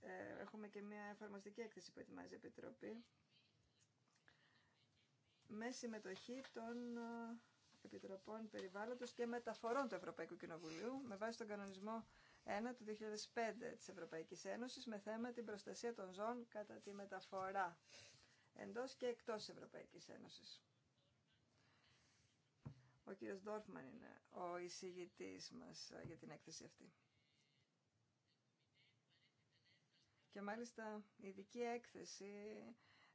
ε, έχουμε και μια εφαρμοστική έκθεση που ετοιμάζει η Επιτροπή με συμμετοχή των ε, Επιτροπών Περιβάλλοντος και Μεταφορών του Ευρωπαϊκού Κοινοβουλίου με βάση τον κανονισμό του 2005 της Ευρωπαϊκής Ένωσης με θέμα την προστασία των ζώων κατά τη μεταφορά εντός και εκτός Ευρωπαϊκής Ένωσης. Ο κύριος Ντόρφμαν είναι ο εισηγητής μας για την έκθεση αυτή. Και μάλιστα η ειδική έκθεση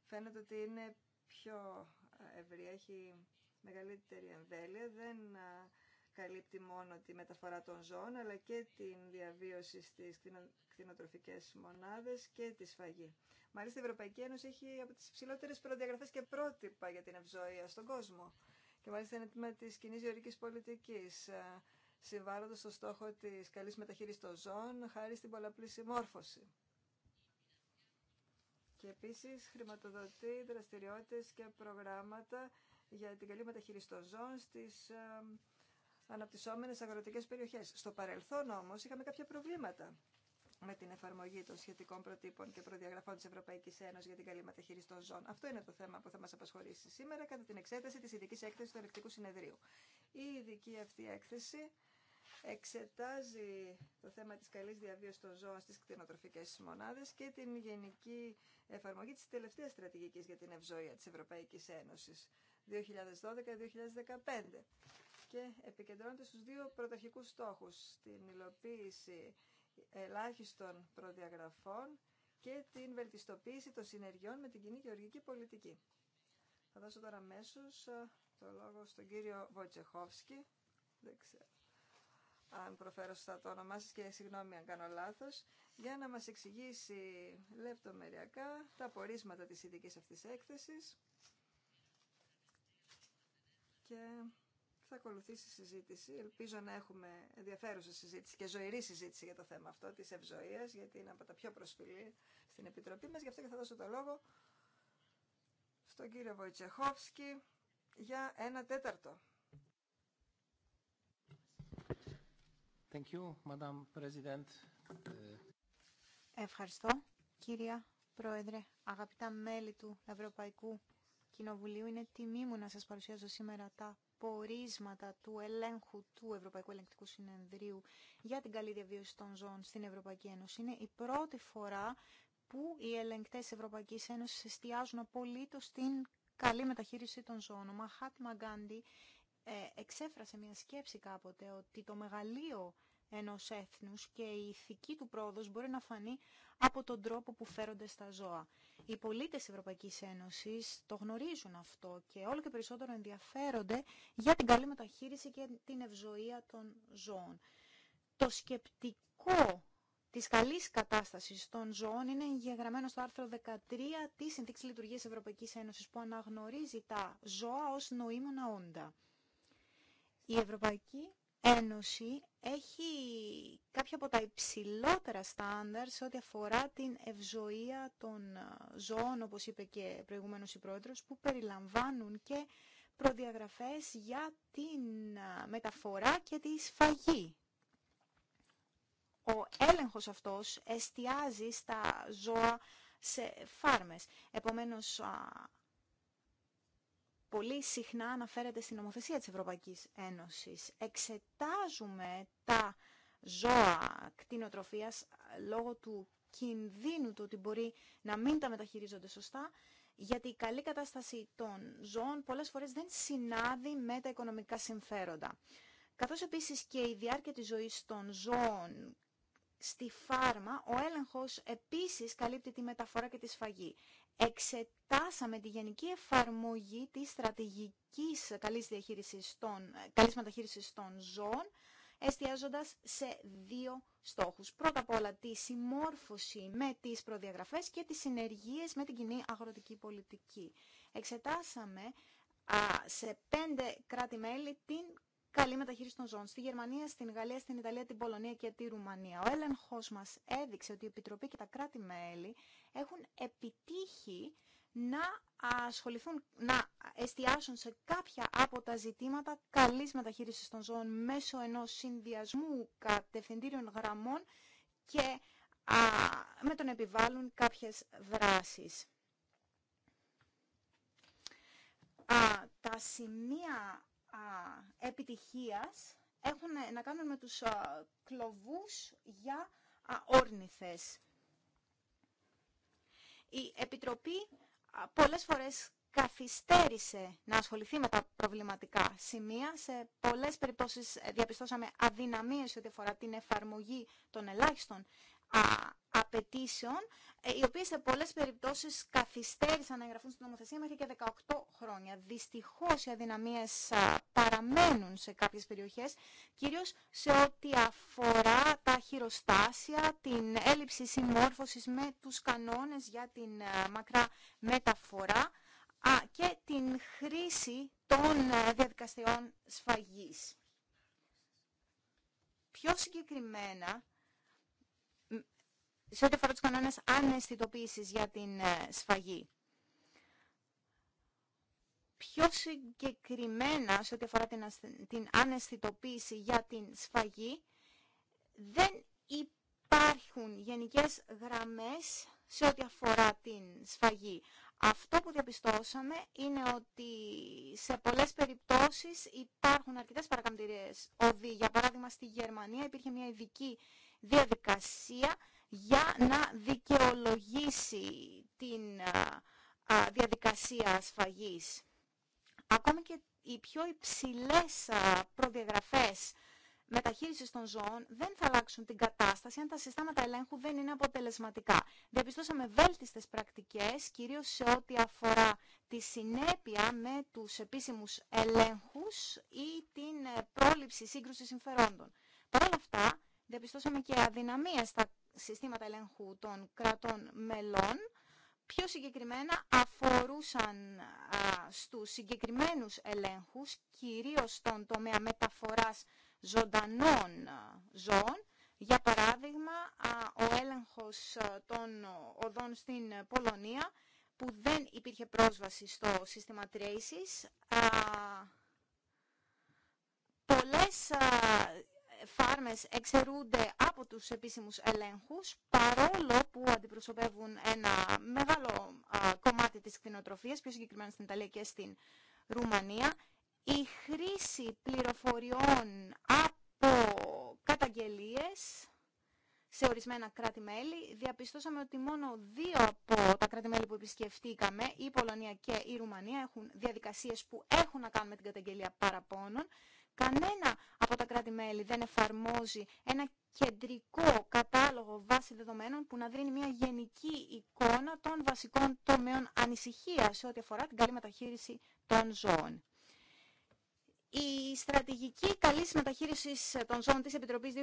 φαίνεται ότι είναι πιο ευρία, έχει μεγαλύτερη εμβέλεια, δεν καλύπτει μόνο τη μεταφορά των ζώων, αλλά και την διαβίωση στις κτηνοτροφικές μονάδες και τη σφαγή. Μάλιστα, η Ευρωπαϊκή Ένωση έχει από τις υψηλότερε προδιαγραφές και πρότυπα για την ευζοία στον κόσμο. Και μάλιστα είναι τμήμα της κοινή γεωρικής πολιτικής, ε, συμβάλλοντας στο στόχο της καλή μεταχείρισης των ζώων, χάρη στην πολλαπλή συμμόρφωση. Και επίσης χρηματοδοτεί δραστηριότητες και προγράμματα για την καλή μεταχείριση των ζώων στις ε, αναπτυσσόμενε αγροτικέ περιοχέ. Στο παρελθόν όμω είχαμε κάποια προβλήματα με την εφαρμογή των σχετικών προτύπων και προδιαγραφών τη Ευρωπαϊκή Ένωση για την καλή μεταχείριση των ζώων. Αυτό είναι το θέμα που θα μα απασχολήσει σήμερα κατά την εξέταση τη ειδική έκθεση του Ελεκτικού Συνεδρίου. Η ειδική αυτή έκθεση εξετάζει το θέμα της καλής διαβίωσης των ζώων στις κτηνοτροφικές μονάδες και την γενική εφαρμογή της τελευταίας στρατηγικής για την ευζοία της Ευρωπαϊκής Ένωσης 2012-2015 και επικεντρώνεται στους δύο πρωταρχικούς στόχους, την υλοποίηση ελάχιστων προδιαγραφών και την βελτιστοποίηση των συνεργειών με την κοινή γεωργική πολιτική. Θα δώσω τώρα αμέσω ε, το λόγο στον κύριο Βοτσεχόφσκι. Δεν ξέρω αν προφέρω σωστά το όνομά και συγγνώμη αν κάνω λάθος, για να μας εξηγήσει λεπτομεριακά τα πορίσματα της ειδικής αυτής έκθεσης και θα ακολουθήσει συζήτηση. Ελπίζω να έχουμε ενδιαφέρουσα συζήτηση και ζωηρή συζήτηση για το θέμα αυτό τη ευζοία, γιατί είναι από τα πιο προσφυλή στην Επιτροπή μα. Γι' αυτό και θα δώσω το λόγο στον κύριο Βοητσεχόφσκι για ένα τέταρτο. Thank you, Madam President. Ευχαριστώ, κύρια Πρόεδρε, αγαπητά μέλη του Ευρωπαϊκού Κοινοβουλίου. Είναι τιμή μου να σας παρουσιάζω σήμερα τα πορίσματα του ελέγχου του Ευρωπαϊκού Ελεγκτικού Συνεδρίου για την καλή διαβίωση των ζώων στην Ευρωπαϊκή Ένωση. Είναι η πρώτη φορά που οι ελεγκτές Ευρωπαϊκής Ένωσης εστιάζουν απολύτως στην καλή μεταχείριση των ζώων. Ο Μαχάτ Μαγκάντι ε, εξέφρασε μια σκέψη κάποτε ότι το μεγαλείο ενός έθνους και η ηθική του πρόοδος μπορεί να φανεί από τον τρόπο που φέρονται στα ζώα. Οι πολίτες της Ευρωπαϊκής Ένωσης το γνωρίζουν αυτό και όλο και περισσότερο ενδιαφέρονται για την καλή μεταχείριση και την ευζοία των ζώων. Το σκεπτικό της καλής κατάστασης των ζώων είναι εγγεγραμμένο στο άρθρο 13 της Συνθήκης Λειτουργίας Ευρωπαϊκής Ένωσης που αναγνωρίζει τα ζώα ως νοήμωνα όντα. Η Ευρωπαϊκή Ένωση έχει κάποια από τα υψηλότερα στάνταρ σε ό,τι αφορά την ευζοία των ε, ζώων, όπως είπε και προηγουμένως η Πρόεδρος, που περιλαμβάνουν και προδιαγραφές για την ε, μεταφορά και τη σφαγή. Ο έλεγχος αυτός εστιάζει στα ζώα σε φάρμες. Επομένως, πολύ συχνά αναφέρεται στην νομοθεσία της Ευρωπαϊκής Ένωσης. Εξετάζουμε τα ζώα κτηνοτροφίας λόγω του κινδύνου του ότι μπορεί να μην τα μεταχειρίζονται σωστά, γιατί η καλή κατάσταση των ζώων πολλές φορές δεν συνάδει με τα οικονομικά συμφέροντα. Καθώς επίσης και η διάρκεια της ζωής των ζώων στη φάρμα, ο έλεγχος επίσης καλύπτει τη μεταφορά και τη σφαγή εξετάσαμε τη γενική εφαρμογή της στρατηγικής καλής, διαχείρισης των, καλής μεταχείρισης των ζώων, εστιάζοντας σε δύο στόχους. Πρώτα απ' όλα τη συμμόρφωση με τις προδιαγραφές και τις συνεργίες με την κοινή αγροτική πολιτική. Εξετάσαμε α, σε πέντε κράτη-μέλη την καλή μεταχείριση των ζώων. Στη Γερμανία, στην Γαλλία, στην Ιταλία, την Πολωνία και τη Ρουμανία. Ο έλεγχο μα έδειξε ότι η Επιτροπή και τα κράτη-μέλη έχουν επιτύχει να ασχοληθούν, να εστιάσουν σε κάποια από τα ζητήματα καλής μεταχείρισης των ζώων μέσω ενός συνδυασμού κατευθυντήριων γραμμών και α, με τον επιβάλλουν κάποιες δράσεις. Α, τα σημεία α, επιτυχίας έχουν να κάνουν με τους κλοβούς για όρνηθες. Η Επιτροπή πολλές φορές καθυστέρησε να ασχοληθεί με τα προβληματικά σημεία. Σε πολλές περιπτώσεις ε, διαπιστώσαμε αδυναμίες ό,τι αφορά την εφαρμογή των ελάχιστων απαιτήσεων, ε, οι οποίε σε πολλέ περιπτώσει καθυστέρησαν να εγγραφούν στην νομοθεσία μέχρι και 18 χρόνια. Δυστυχώ οι αδυναμίε παραμένουν σε κάποιε περιοχέ, κυρίω σε ό,τι αφορά τα χειροστάσια, την έλλειψη συμμόρφωση με του κανόνε για την μακρά μεταφορά και την χρήση των διαδικασιών σφαγής. Πιο συγκεκριμένα, σε ό,τι αφορά τους κανόνες αναισθητοποίησης για την ε, σφαγή. Πιο συγκεκριμένα, σε ό,τι αφορά την, την αναισθητοποίηση για την σφαγή, δεν υπάρχουν γενικές γραμμές σε ό,τι αφορά την σφαγή. Αυτό που διαπιστώσαμε είναι ότι σε πολλές περιπτώσεις υπάρχουν αρκετές παρακαμπτηρίες οδοί. Για παράδειγμα, στη Γερμανία υπήρχε μια ειδική διαδικασία για να δικαιολογήσει την διαδικασία ασφαγής. Ακόμα και οι πιο υψηλές προδιαγραφές μεταχείρισης των ζώων δεν θα αλλάξουν την κατάσταση αν τα συστάματα ελέγχου δεν είναι αποτελεσματικά. Διαπιστώσαμε βέλτιστες πρακτικές, κυρίως σε ό,τι αφορά τη συνέπεια με τους επίσημους ελέγχους ή την ε, πρόληψη σύγκρουση συμφερόντων. Παρ' όλα αυτά, διαπιστώσαμε και αδυναμίες στα συστήματα ελέγχου των κρατών μελών πιο συγκεκριμένα αφορούσαν α, στους συγκεκριμένους ελέγχους, κυρίως στον τομέα μεταφοράς ζωντανών ζώων. Για παράδειγμα, ο έλεγχος των οδών στην Πολωνία, που δεν υπήρχε πρόσβαση στο σύστημα Traces. πολλές φάρμες εξαιρούνται από τους επίσημους ελέγχους, παρόλο που αντιπροσωπεύουν ένα μεγάλο κομμάτι της κτηνοτροφίας, πιο συγκεκριμένα στην Ιταλία και στην Ρουμανία, η χρήση πληροφοριών από καταγγελίες σε ορισμένα κράτη-μέλη. Διαπιστώσαμε ότι μόνο δύο από τα κράτη-μέλη που επισκεφτήκαμε, η Πολωνία και η Ρουμανία, έχουν διαδικασίες που έχουν να κάνουν με την καταγγελία παραπώνων. Κανένα από τα κράτη-μέλη δεν εφαρμόζει ένα κεντρικό κατάλογο βάση δεδομένων που να δίνει μια γενική εικόνα των βασικών τομέων ανησυχία σε ό,τι αφορά την καλή μεταχείριση των ζώων. Η στρατηγική καλή μεταχείριση των ζώων τη Επιτροπή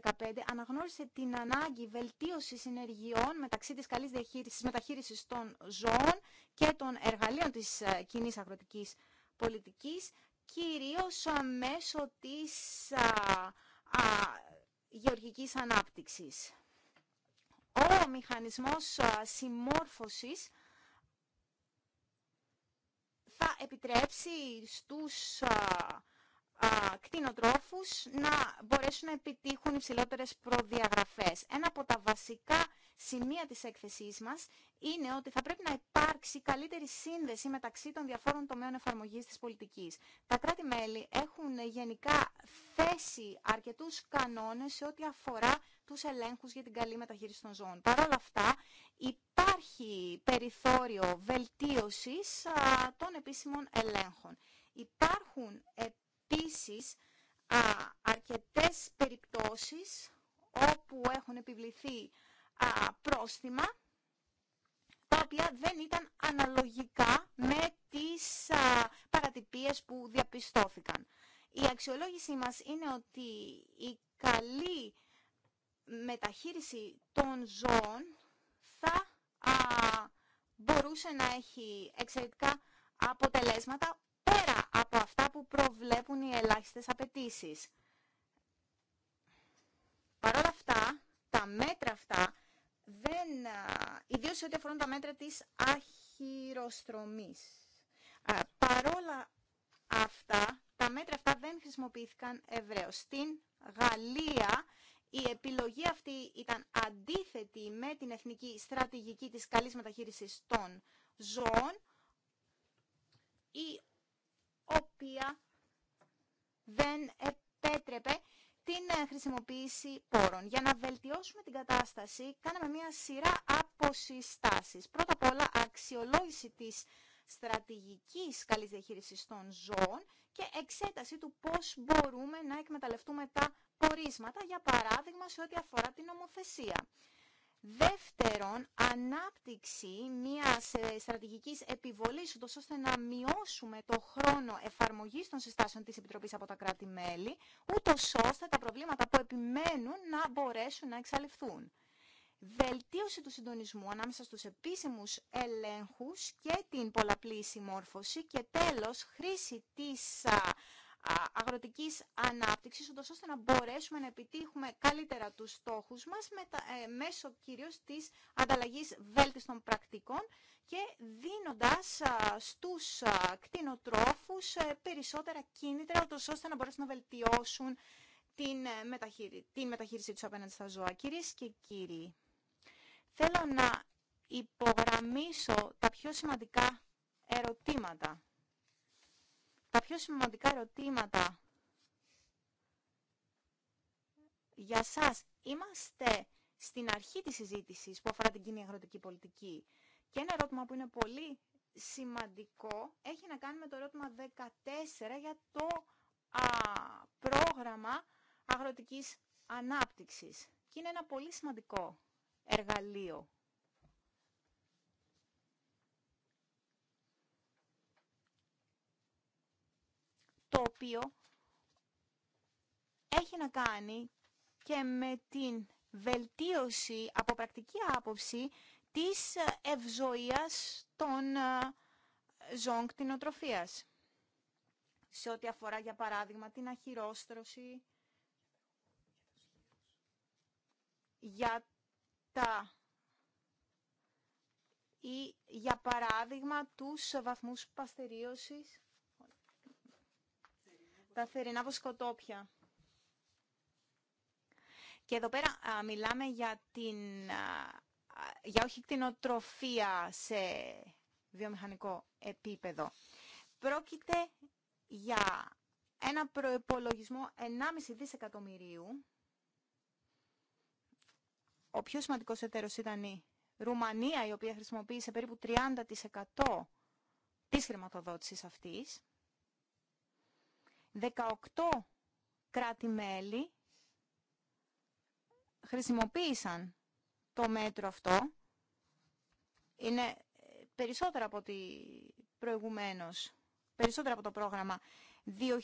2012-2015 αναγνώρισε την ανάγκη βελτίωση συνεργειών μεταξύ τη καλή μεταχείριση των ζώων και των εργαλείων τη ε, κοινή αγροτική πολιτική κυρίως μέσω της α, α, γεωργικής ανάπτυξης. Ο μηχανισμός α, συμμόρφωσης θα επιτρέψει στους κτηνοτρόφους να μπορέσουν να επιτύχουν υψηλότερες προδιαγραφές. Ένα από τα βασικά σημεία της έκθεσής μας είναι ότι θα πρέπει να υπάρξει καλύτερη σύνδεση μεταξύ των διαφόρων τομέων εφαρμογής της πολιτικής. Τα κράτη-μέλη έχουν γενικά θέσει αρκετούς κανόνες σε ό,τι αφορά τους ελέγχους για την καλή μεταχείριση των ζώων. Παρ' όλα αυτά, υπάρχει περιθώριο βελτίωσης των επίσημων ελέγχων. Υπάρχουν επίσης α, αρκετές περιπτώσεις όπου έχουν επιβληθεί α, πρόστιμα τα οποία δεν ήταν αναλογικά με τις α, παρατυπίες που διαπιστώθηκαν. Η αξιολόγησή μας είναι ότι η καλή μεταχείριση των ζώων θα μπορούσε να έχει εξαιρετικά αποτελέσματα πέρα από αυτά που προβλέπουν οι ελάχιστες απαιτήσεις. Παρ' όλα αυτά, τα μέτρα αυτά δεν, ιδίως ό,τι αφορούν τα μέτρα της αχυροστρομής. Παρόλα αυτά, τα μέτρα αυτά δεν χρησιμοποιήθηκαν ευρέως. Στην Γαλλία η επιλογή αυτή ήταν αντίθετη με την εθνική στρατηγική της καλής μεταχείρισης των ζώων, η οποία δεν επέτρεπε την ε, χρησιμοποίηση πόρων. Για να βελτιώσουμε την κατάσταση, κάναμε μια σειρά από συστάσεις. Πρώτα απ' όλα, αξιολόγηση της στρατηγικής καλής διαχείρισης των ζώων και εξέταση του πώς μπορούμε να εκμεταλλευτούμε τα πορίσματα, για παράδειγμα σε ό,τι αφορά την νομοθεσία. Δεύτερον, ανάπτυξη μιας ε, στρατηγικής επιβολής, ώστε να μειώσουμε το χρόνο εφαρμογής των συστάσεων της Επιτροπής από τα κράτη-μέλη, ούτως ώστε τα προβλήματα που επιμένουν να μπορέσουν να εξαλειφθούν βελτίωση του συντονισμού ανάμεσα στους επίσημους ελέγχους και την πολλαπλή συμμόρφωση και τέλος χρήση της αγροτικής ανάπτυξης, ώστε να μπορέσουμε να επιτύχουμε καλύτερα τους στόχους μας ε, μέσω κυρίως της ανταλλαγής βέλτιστων πρακτικών και δίνοντας στους κτηνοτρόφους ε, περισσότερα κίνητρα, ώστε να μπορέσουν να βελτιώσουν την, ε, την μεταχείρισή τους απέναντι στα ζώα. Κυρίες και κύριοι, θέλω να υπογραμμίσω τα πιο σημαντικά ερωτήματα τα πιο σημαντικά ερωτήματα για σας είμαστε στην αρχή της συζήτησης που αφορά την κοινή αγροτική πολιτική. Και ένα ερώτημα που είναι πολύ σημαντικό έχει να κάνει με το ερώτημα 14 για το α, πρόγραμμα αγροτικής ανάπτυξης. Και είναι ένα πολύ σημαντικό εργαλείο το οποίο έχει να κάνει και με την βελτίωση από πρακτική άποψη της ευζοίας των ε, ζώων κτηνοτροφίας. Σε ό,τι αφορά, για παράδειγμα, την αχυρόστρωση για τα ή για παράδειγμα τους βαθμούς παστερίωσης τα θερινά βοσκοτόπια. Και εδώ πέρα μιλάμε για, την, για όχι κτηνοτροφία σε βιομηχανικό επίπεδο. Πρόκειται για ένα προϋπολογισμό 1,5 δισεκατομμυρίου. Ο πιο σημαντικός εταίρος ήταν η Ρουμανία, η οποία χρησιμοποίησε περίπου 30% της χρηματοδότησης αυτής. 18 κράτη-μέλη χρησιμοποίησαν το μέτρο αυτό. Είναι περισσότερα από ό,τι προηγουμένως, περισσότερα από το πρόγραμμα 2007-2008.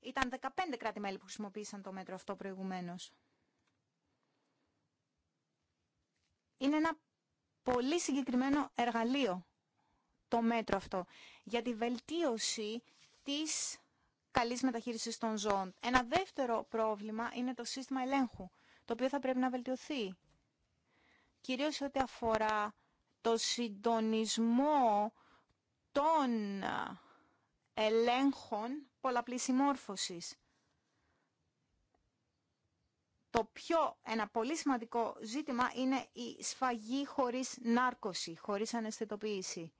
Ήταν 15 κράτη-μέλη που χρησιμοποίησαν το μέτρο αυτό προηγουμένως. Είναι ένα πολύ συγκεκριμένο εργαλείο το μέτρο αυτό για τη βελτίωση της καλής μεταχείρισης των ζώων. Ένα δεύτερο πρόβλημα είναι το σύστημα ελέγχου, το οποίο θα πρέπει να βελτιωθεί. Κυρίως ό,τι αφορά το συντονισμό των ελέγχων πολλαπλής συμμόρφωσης. Το πιο, ένα πολύ σημαντικό ζήτημα είναι η σφαγή χωρίς νάρκωση, χωρίς αναισθητοποίηση.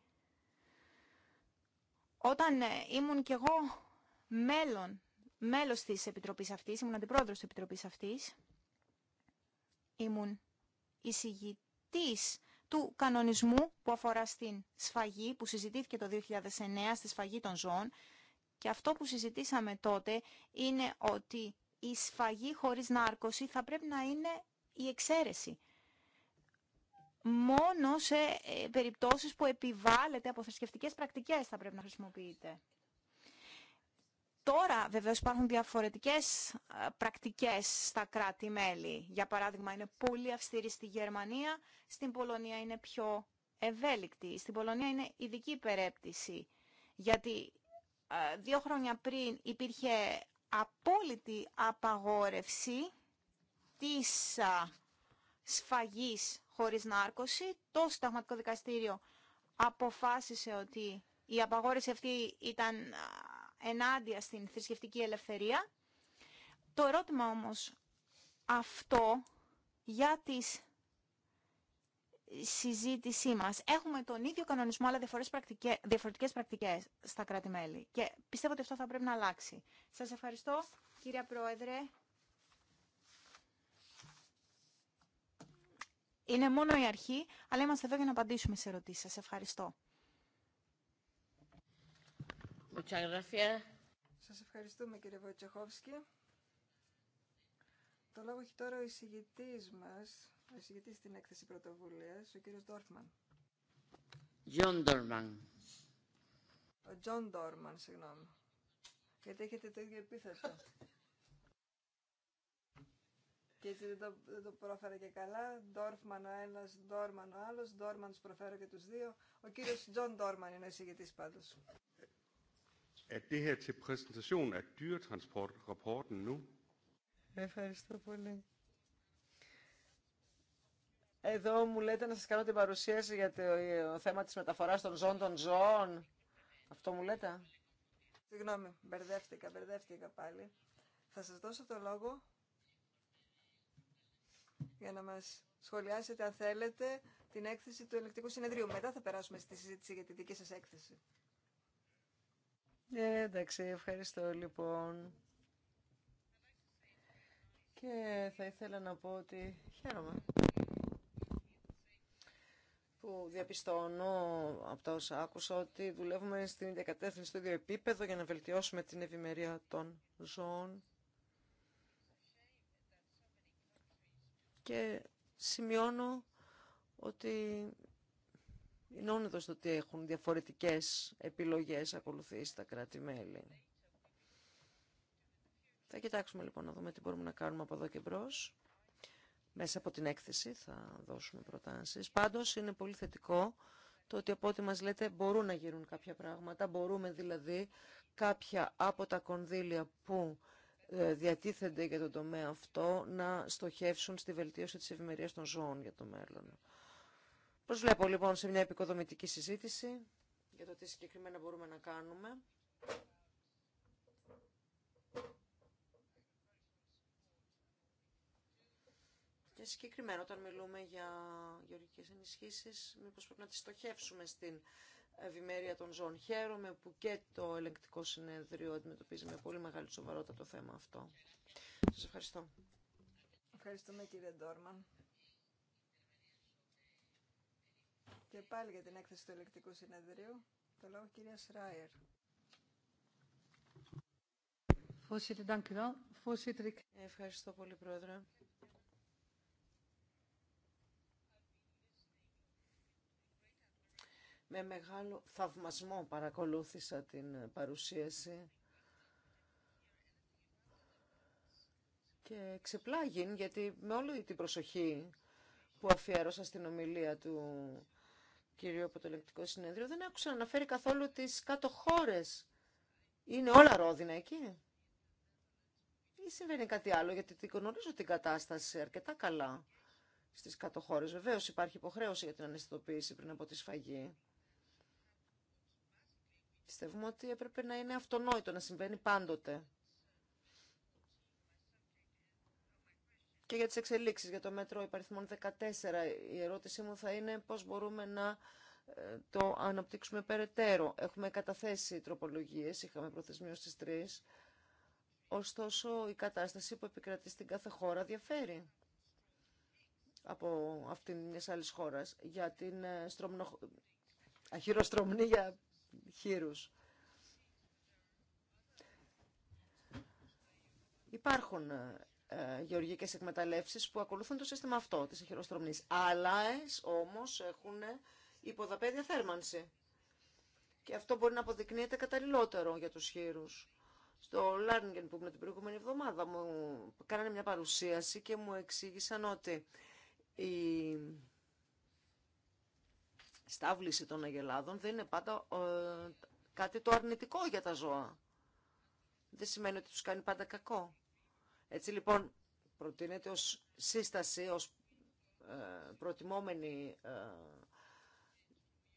Όταν ε, ήμουν κι εγώ μέλον, μέλος της Επιτροπής αυτής, ήμουν αντιπρόεδρος της Επιτροπής αυτής, ήμουν εισηγητής του κανονισμού που αφορά στην σφαγή, που συζητήθηκε το 2009 στη σφαγή των ζώων. Και αυτό που συζητήσαμε τότε είναι ότι η σφαγή χωρίς νάρκωση θα πρέπει να είναι η εξαίρεση μόνο σε ε, περιπτώσεις που επιβάλλεται από θρησκευτικές πρακτικές θα πρέπει να χρησιμοποιείται. Τώρα βεβαίω υπάρχουν διαφορετικές ε, πρακτικές στα κράτη-μέλη. Για παράδειγμα είναι πολύ αυστηρή στη Γερμανία, στην Πολωνία είναι πιο ευέλικτη. Στην Πολωνία είναι ειδική περίπτωση, γιατί ε, δύο χρόνια πριν υπήρχε απόλυτη απαγόρευση της σφαγής χωρίς νάρκωση, το συνταγματικό δικαστήριο αποφάσισε ότι η απαγόρευση αυτή ήταν ενάντια στην θρησκευτική ελευθερία. Το ερώτημα όμως αυτό για τη συζήτησή μας. Έχουμε τον ίδιο κανονισμό αλλά διαφορετικές πρακτικές στα κράτη-μέλη και πιστεύω ότι αυτό θα πρέπει να αλλάξει. Σας ευχαριστώ κυρία Πρόεδρε Είναι μόνο η αρχή, αλλά είμαστε εδώ για να απαντήσουμε σε ερωτήσεις σας. Ευχαριστώ. Σας ευχαριστούμε κύριε Βοητσεχόφσκι. Το λόγο έχει τώρα ο εισηγητής μας, ο εισηγητής στην έκθεση πρωτοβουλίας, ο κύριος Ντόρφμαν. Τζον Ντόρμαν. Ο Τζον Ντόρμαν, συγγνώμη. Γιατί έχετε το ίδιο επίθετο. *laughs* και έτσι δεν το, δεν το πρόφερα και καλά. Ντόρφμαν ο ένα, Ντόρμαν ο άλλο. Ντόρμαν του προφέρω και του δύο. Ο κύριο Τζον Ντόρμαν είναι ο εισηγητή πάντω. Ευχαριστώ πολύ. Εδώ μου λέτε να σας κάνω την παρουσίαση για το θέμα της μεταφοράς των ζώων των ζώων. Αυτό μου λέτε. Συγγνώμη, μπερδεύτηκα, μπερδεύτηκα πάλι. Θα σας δώσω το λόγο για να μας σχολιάσετε αν θέλετε την έκθεση του ελεκτικού συνεδρίου. Μετά θα περάσουμε στη συζήτηση για τη δική σας έκθεση. Ε, εντάξει, ευχαριστώ λοιπόν. Και θα ήθελα να πω ότι χαίρομαι που διαπιστώνω από τα όσα άκουσα ότι δουλεύουμε στην διακατεύθυνση στο ίδιο επίπεδο για να βελτιώσουμε την ευημερία των ζώων και σημειώνω ότι είναι όνειδος ότι έχουν διαφορετικές επιλογές ακολουθήσει τα κράτη-μέλη. Θα κοιτάξουμε λοιπόν να δούμε τι μπορούμε να κάνουμε από εδώ και μπρος. Μέσα από την έκθεση θα δώσουμε προτάσεις. Πάντως είναι πολύ θετικό το ότι από ό,τι μας λέτε μπορούν να γίνουν κάποια πράγματα. Μπορούμε δηλαδή κάποια από τα κονδύλια που ε, διατίθενται για τον τομέα αυτό να στοχεύσουν στη βελτίωση της ευημερίας των ζώων για το μέλλον. Προσβλέπω λοιπόν σε μια επικοδομητική συζήτηση για το τι συγκεκριμένα μπορούμε να κάνουμε. Και συγκεκριμένα όταν μιλούμε για γεωργικές ενισχύσεις, μήπως πρέπει να τις στοχεύσουμε στην Ευημέρεια των ζώων. Χαίρομαι που και το ελεγκτικό συνέδριο αντιμετωπίζει με πολύ μεγάλη σοβαρότητα το θέμα αυτό. Σας ευχαριστώ. Ευχαριστούμε κύριε Ντόρμαν. Και πάλι για την έκθεση του ελεκτικού συνεδρίου, το λόγο κυρία Σράιερ. Ευχαριστώ πολύ, Πρόεδρε. Με μεγάλο θαυμασμό παρακολούθησα την παρουσίαση και ξεπλάγιν γιατί με όλη την προσοχή που αφιέρωσα στην ομιλία του κυρίου από το Ελεκτικό Συνέδριο δεν άκουσα να αναφέρει καθόλου τις κάτω Είναι όλα ρόδινα εκεί ή συμβαίνει κάτι άλλο, γιατί την γνωρίζω την κατάσταση αρκετά καλά στις κατοχώρες. Βεβαίως υπάρχει υποχρέωση για την αναισθητοποίηση πριν από τη σφαγή. Πιστεύουμε ότι έπρεπε να είναι αυτονόητο να συμβαίνει πάντοτε. Και για τις εξελίξεις για το μέτρο υπαριθμών 14, η ερώτησή μου θα είναι πώς μπορούμε να ε, το αναπτύξουμε περαιτέρω. Έχουμε καταθέσει τροπολογίες, είχαμε προθεσμίω στις 3, ωστόσο η κατάσταση που επικρατεί στην κάθε χώρα διαφέρει από αυτήν μιας άλλης χώρας για την ε, αχυροστρομνή για χείρους. Υπάρχουν ε, ε, γεωργικές εκμεταλλεύσεις που ακολουθούν το σύστημα αυτό της χειροστρομής. Αλλά όμως έχουν υποδαπέδια θέρμανση. Και αυτό μπορεί να αποδεικνύεται καταλληλότερο για τους χείρους. Στο Λάρνγκεν που ήμουν την προηγούμενη εβδομάδα μου κάνανε μια παρουσίαση και μου εξήγησαν ότι η στάβληση των αγελάδων δεν είναι πάντα ε, κάτι το αρνητικό για τα ζώα. Δεν σημαίνει ότι τους κάνει πάντα κακό. Έτσι λοιπόν προτείνεται ως σύσταση, ως ε, προτιμόμενη ε,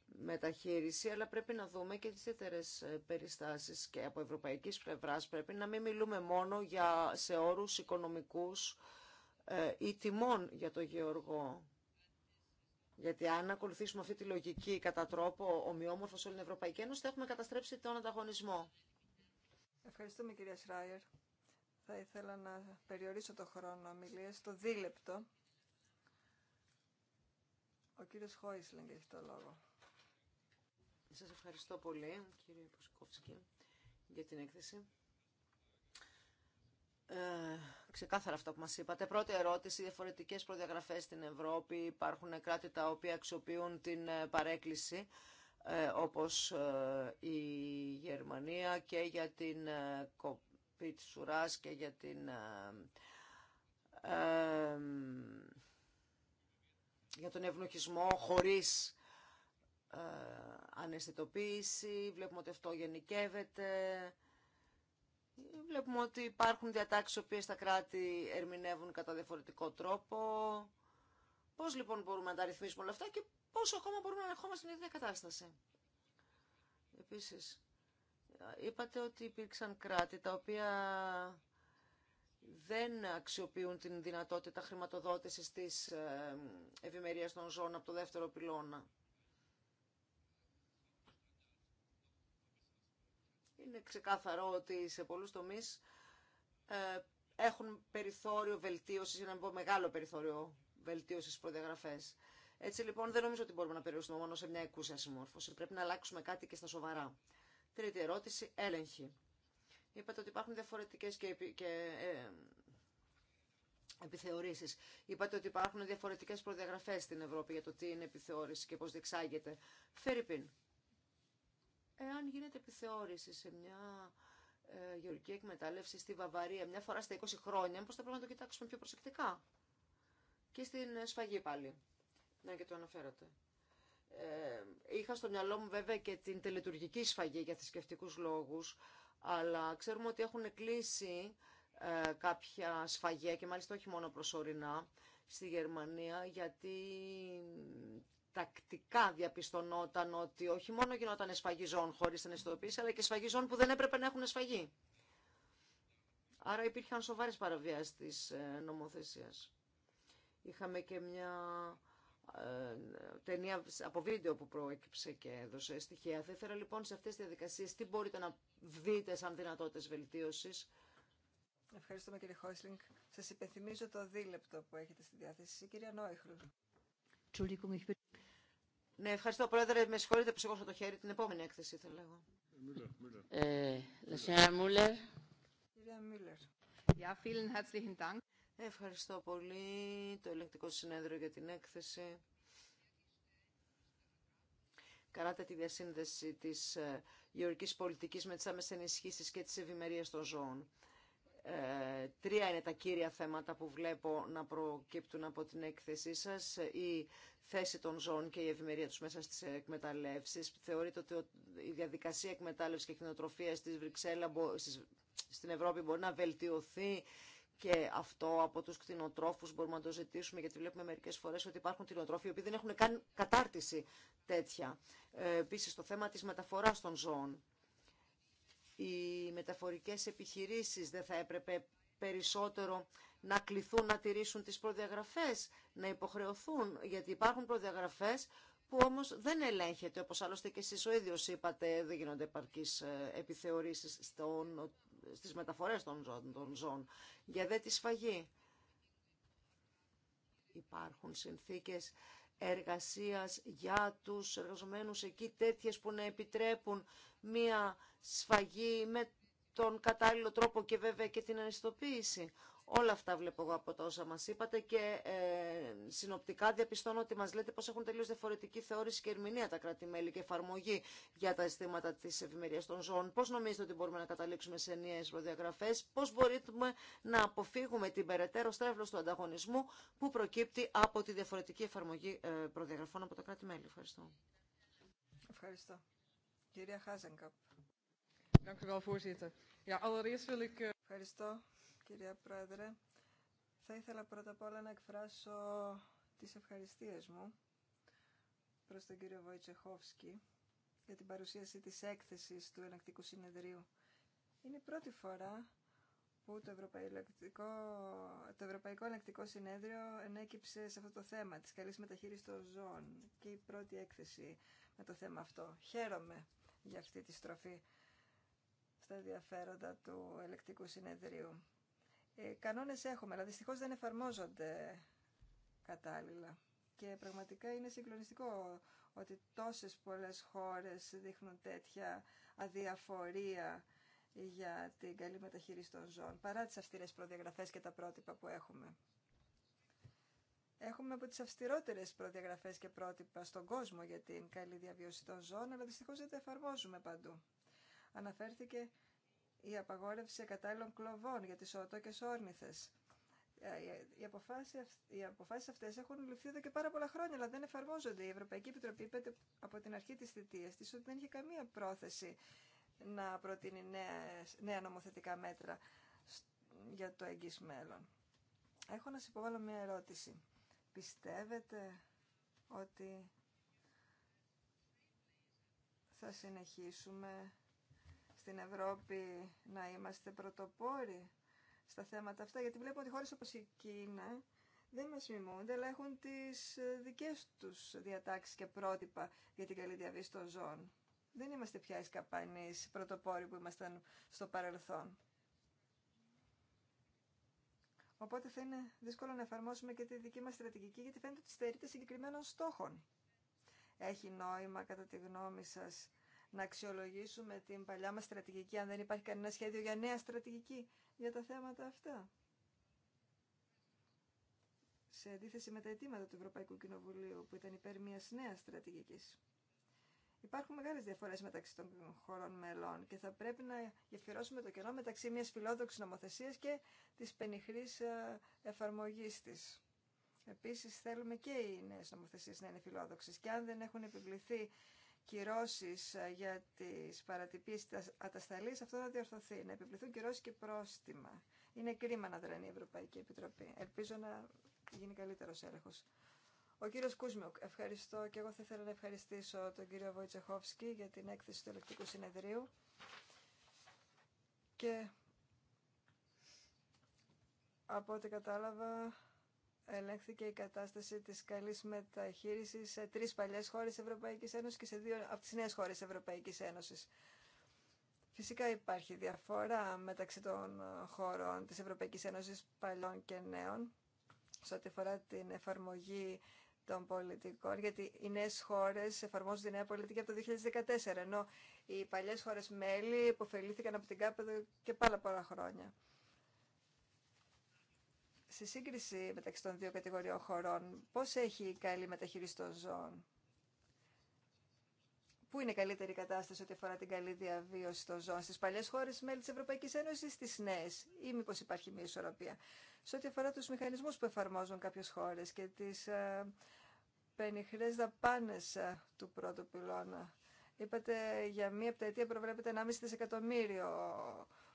μεταχείριση, αλλά πρέπει να δούμε και τις ιδιαίτερες ε, περιστάσεις και από ευρωπαϊκής πλευράς πρέπει να μην μιλούμε μόνο για, σε όρους οικονομικού ή τιμών για το γεωργό. Γιατί αν ακολουθήσουμε αυτή τη λογική κατά τρόπο ομοιόμορφο όλη την Ευρωπαϊκή Ένωση, θα έχουμε καταστρέψει τον ανταγωνισμό. Ευχαριστούμε κυρία Σράιερ. Θα ήθελα να περιορίσω το χρόνο ομιλία στο δίλεπτο. Ο κύριος Χόισλινγκ έχει το λόγο. Σας ευχαριστώ πολύ κύριε Πουσκόφσκι για την έκθεση. Ε, ξεκάθαρα αυτό που μας είπατε. Πρώτη ερώτηση, διαφορετικές προδιαγραφές στην Ευρώπη. Υπάρχουν κράτη τα οποία αξιοποιούν την ε, παρέκκληση ε, όπως ε, η Γερμανία και για την κοπή της και για την για τον ευνοχισμό χωρίς ε, αναισθητοποίηση. Βλέπουμε ότι αυτό γενικεύεται. Βλέπουμε ότι υπάρχουν διατάξεις οποίες τα κράτη ερμηνεύουν κατά διαφορετικό τρόπο. Πώς λοιπόν μπορούμε να τα ρυθμίσουμε όλα αυτά και πόσο ακόμα μπορούμε να ερχόμαστε στην ίδια κατάσταση. Επίσης, είπατε ότι υπήρξαν κράτη τα οποία δεν αξιοποιούν την δυνατότητα χρηματοδότησης της ε, ευημερίας των ζώων από το δεύτερο πυλώνα. είναι ξεκάθαρο ότι σε πολλούς τομείς ε, έχουν περιθώριο βελτίωσης, για να μην πω μεγάλο περιθώριο βελτίωσης προδιαγραφές. Έτσι λοιπόν δεν νομίζω ότι μπορούμε να περιοριστούμε μόνο σε μια εκούσια συμμόρφωση. Πρέπει να αλλάξουμε κάτι και στα σοβαρά. Τρίτη ερώτηση, έλεγχη. Είπατε ότι υπάρχουν διαφορετικές και, και ε, επιθεωρήσεις. Είπατε ότι υπάρχουν διαφορετικές προδιαγραφές στην Ευρώπη για το τι είναι επιθεώρηση και πώς διεξάγεται. Φερρυπίν. Εάν γίνεται επιθεώρηση σε μια ε, γεωργική εκμετάλλευση στη Βαβαρία μια φορά στα 20 χρόνια, πώς θα πρέπει να το κοιτάξουμε πιο προσεκτικά. Και στην σφαγή πάλι. Να και το αναφέρατε. Ε, είχα στο μυαλό μου βέβαια και την τελετουργική σφαγή για θρησκευτικού λόγους, αλλά ξέρουμε ότι έχουν κλείσει ε, κάποια σφαγεία και μάλιστα όχι μόνο προσωρινά στη Γερμανία, γιατί τακτικά διαπιστωνόταν ότι όχι μόνο γινόταν σφαγιζόν χωρί χωρίς την αισθητοποίηση, αλλά και σφαγιζόν που δεν έπρεπε να έχουν σφαγή. Άρα υπήρχαν σοβαρές παραβιάσεις της ε, νομοθεσίας. Είχαμε και μια ε, ταινία από βίντεο που προέκυψε και έδωσε στοιχεία. Θα ήθελα λοιπόν σε αυτές τις διαδικασίες τι μπορείτε να δείτε σαν δυνατότητες βελτίωσης. Ευχαριστούμε κύριε Χόισλινγκ. Σας υπενθυμίζω το δίλεπτο που έχετε στη διάθεση. Κυρία Νόιχλου. Ναι, ευχαριστώ πρόεδρε. Με συγχωρείτε που σηκώσα το χέρι. Την επόμενη έκθεση ήθελα εγώ. Ε, ευχαριστώ πολύ το ελεκτικό συνέδριο για την έκθεση. Καράτε τη διασύνδεση της ε, γεωργικής πολιτικής με τις άμεσες ενισχύσεις και τις ευημερίες των ζώων. Ε, τρία είναι τα κύρια θέματα που βλέπω να προκύπτουν από την έκθεσή σας. Η θέση των ζώων και η ευημερία τους μέσα στις εκμεταλλεύσεις. Θεωρείτε ότι η διαδικασία εκμετάλλευσης και κτηνοτροφίας στις Βρυξέλλα, στην Ευρώπη μπορεί να βελτιωθεί και αυτό από τους κτηνοτρόφους μπορούμε να το ζητήσουμε γιατί βλέπουμε μερικές φορές ότι υπάρχουν κτηνοτρόφοι οι οποίοι δεν έχουν καν κατάρτιση τέτοια. Ε, επίσης το θέμα της μεταφοράς των ζώων οι μεταφορικές επιχειρήσεις δεν θα έπρεπε περισσότερο να κληθούν να τηρήσουν τις προδιαγραφές, να υποχρεωθούν, γιατί υπάρχουν προδιαγραφές που όμως δεν ελέγχεται, όπως άλλωστε και εσείς ο ίδιος είπατε, δεν γίνονται επαρκείς ε, επιθεωρήσεις στον, στις μεταφορές των ζών. των ζώων. Για δε τη σφαγή υπάρχουν συνθήκες εργασίας για τους εργαζομένους εκεί, τέτοιες που να επιτρέπουν μία σφαγή με τον κατάλληλο τρόπο και βέβαια και την ανιστοποίηση. Όλα αυτά βλέπω εγώ από τα όσα μας είπατε και ε, συνοπτικά διαπιστώνω ότι μας λέτε πως έχουν τελείως διαφορετική θεώρηση και ερμηνεία τα κράτη-μέλη και εφαρμογή για τα αισθήματα της ευημερίας των ζώων. Πώς νομίζετε ότι μπορούμε να καταλήξουμε σε νέες προδιαγραφές, πώς μπορούμε να αποφύγουμε την περαιτέρω στρέβλωση του ανταγωνισμού που προκύπτει από τη διαφορετική εφαρμογή ε, προδιαγραφών από τα κράτη-μέλη. Ευχαριστώ. Ευχαριστώ. Κυρία eh, Ευχαριστώ κυρία Πρόεδρε. Θα ήθελα πρώτα απ' όλα να εκφράσω τις ευχαριστίες μου προς τον κύριο Βοητσεχόφσκι για την παρουσίαση της έκθεσης του Ενακτικού Συνεδρίου. Είναι η πρώτη φορά που το Ευρωπαϊκό, το Ευρωπαϊκό Ελεκτικό Συνέδριο ενέκυψε σε αυτό το θέμα της καλής μεταχείρισης των ζώων και η πρώτη έκθεση με το θέμα αυτό. Χαίρομαι για αυτή τη στροφή στα ενδιαφέροντα του Ελεκτικού Συνεδρίου. Ε, κανόνες έχουμε, αλλά δυστυχώς δεν εφαρμόζονται κατάλληλα. Και πραγματικά είναι συγκλονιστικό ότι τόσες πολλές χώρες δείχνουν τέτοια αδιαφορία για την καλή μεταχείριση των ζώων, παρά τις αυστηρές προδιαγραφές και τα πρότυπα που έχουμε. Έχουμε από τις αυστηρότερες προδιαγραφές και πρότυπα στον κόσμο για την καλή διαβίωση των ζώων, αλλά δυστυχώς δεν τα εφαρμόζουμε παντού. Αναφέρθηκε η απαγόρευση ακατάλληλων κλοβών για τις οτόκες όρνηθες. Ε, ε, οι αποφάσεις, οι αυτές έχουν ληφθεί εδώ και πάρα πολλά χρόνια, αλλά δεν εφαρμόζονται. Η Ευρωπαϊκή Επιτροπή είπε από την αρχή της θητείας της ότι δεν είχε καμία πρόθεση να προτείνει νέα νέα νομοθετικά μέτρα για το εγγύς μέλλον. Έχω να σας υποβάλω μια ερώτηση. Πιστεύετε ότι θα συνεχίσουμε στην Ευρώπη να είμαστε πρωτοπόροι στα θέματα αυτά, γιατί βλέπω ότι χώρες όπως η Κίνα δεν μας μιμούνται, αλλά έχουν τις δικές τους διατάξεις και πρότυπα για την καλή διαβίωση των ζώων. Δεν είμαστε πια σκαπανεί πρωτοπόροι που ήμασταν στο παρελθόν. Οπότε θα είναι δύσκολο να εφαρμόσουμε και τη δική μας στρατηγική, γιατί φαίνεται ότι στερείται συγκεκριμένων στόχων. Έχει νόημα, κατά τη γνώμη σας, να αξιολογήσουμε την παλιά μας στρατηγική, αν δεν υπάρχει κανένα σχέδιο για νέα στρατηγική για τα θέματα αυτά. Σε αντίθεση με τα αιτήματα του Ευρωπαϊκού Κοινοβουλίου που ήταν υπέρ μιας νέας στρατηγικής. Υπάρχουν μεγάλες διαφορές μεταξύ των χωρών μελών και θα πρέπει να γεφυρώσουμε το κενό μεταξύ μιας φιλόδοξης νομοθεσίας και της πενιχρής ε, εφαρμογής της. Επίσης θέλουμε και οι νέες νομοθεσίες να είναι φιλόδοξες και αν δεν έχουν επιβληθεί κυρώσει ε, για τις τη ατασταλή, αυτό θα διορθωθεί. Να επιβληθούν κυρώσει και πρόστιμα. Είναι κρίμα να δρανεί η Ευρωπαϊκή Επιτροπή. Ελπίζω να γίνει καλύτερος έλεγχος. Ο κύριο Κούσμιουκ, ευχαριστώ και εγώ θα ήθελα να ευχαριστήσω τον κύριο Βοητσεχόφσκι για την έκθεση του Ελεκτικού Συνεδρίου. Και από ό,τι κατάλαβα, ελέγχθηκε η κατάσταση της καλής μεταχείρισης σε τρεις παλιές χώρες Ευρωπαϊκής Ένωσης και σε δύο από τις νέες χώρες Ευρωπαϊκής Ένωσης. Φυσικά υπάρχει διαφορά μεταξύ των χωρών της Ευρωπαϊκής Ένωσης παλιών και νέων σε ό,τι αφορά την εφαρμογή των πολιτικών, γιατί οι νέε χώρε εφαρμόζουν τη νέα πολιτική από το 2014, ενώ οι παλιές χώρες μέλη υποφελήθηκαν από την κάπεδο και πάρα πολλά χρόνια. Στη σύγκριση μεταξύ των δύο κατηγοριών χωρών, πώς έχει η καλή μεταχείριση των ζώων. Πού είναι η καλύτερη κατάσταση ό,τι αφορά την καλή διαβίωση των ζώων, στις παλιές χώρες μέλη της Ευρωπαϊκής Ένωσης ή στις νέες, ή μήπως υπάρχει μια ισορροπία. Σε ό,τι αφορά τους μηχανισμούς που εφαρμόζουν παλιες χωρες μελη της ευρωπαικης ενωσης στις νεες η μηπως υπαρχει χώρες και τις α, ε, πενιχρές δαπάνες ε, του πρώτου πυλώνα. Είπατε για μία αιτία προβλέπετε 1,5 δισεκατομμύριο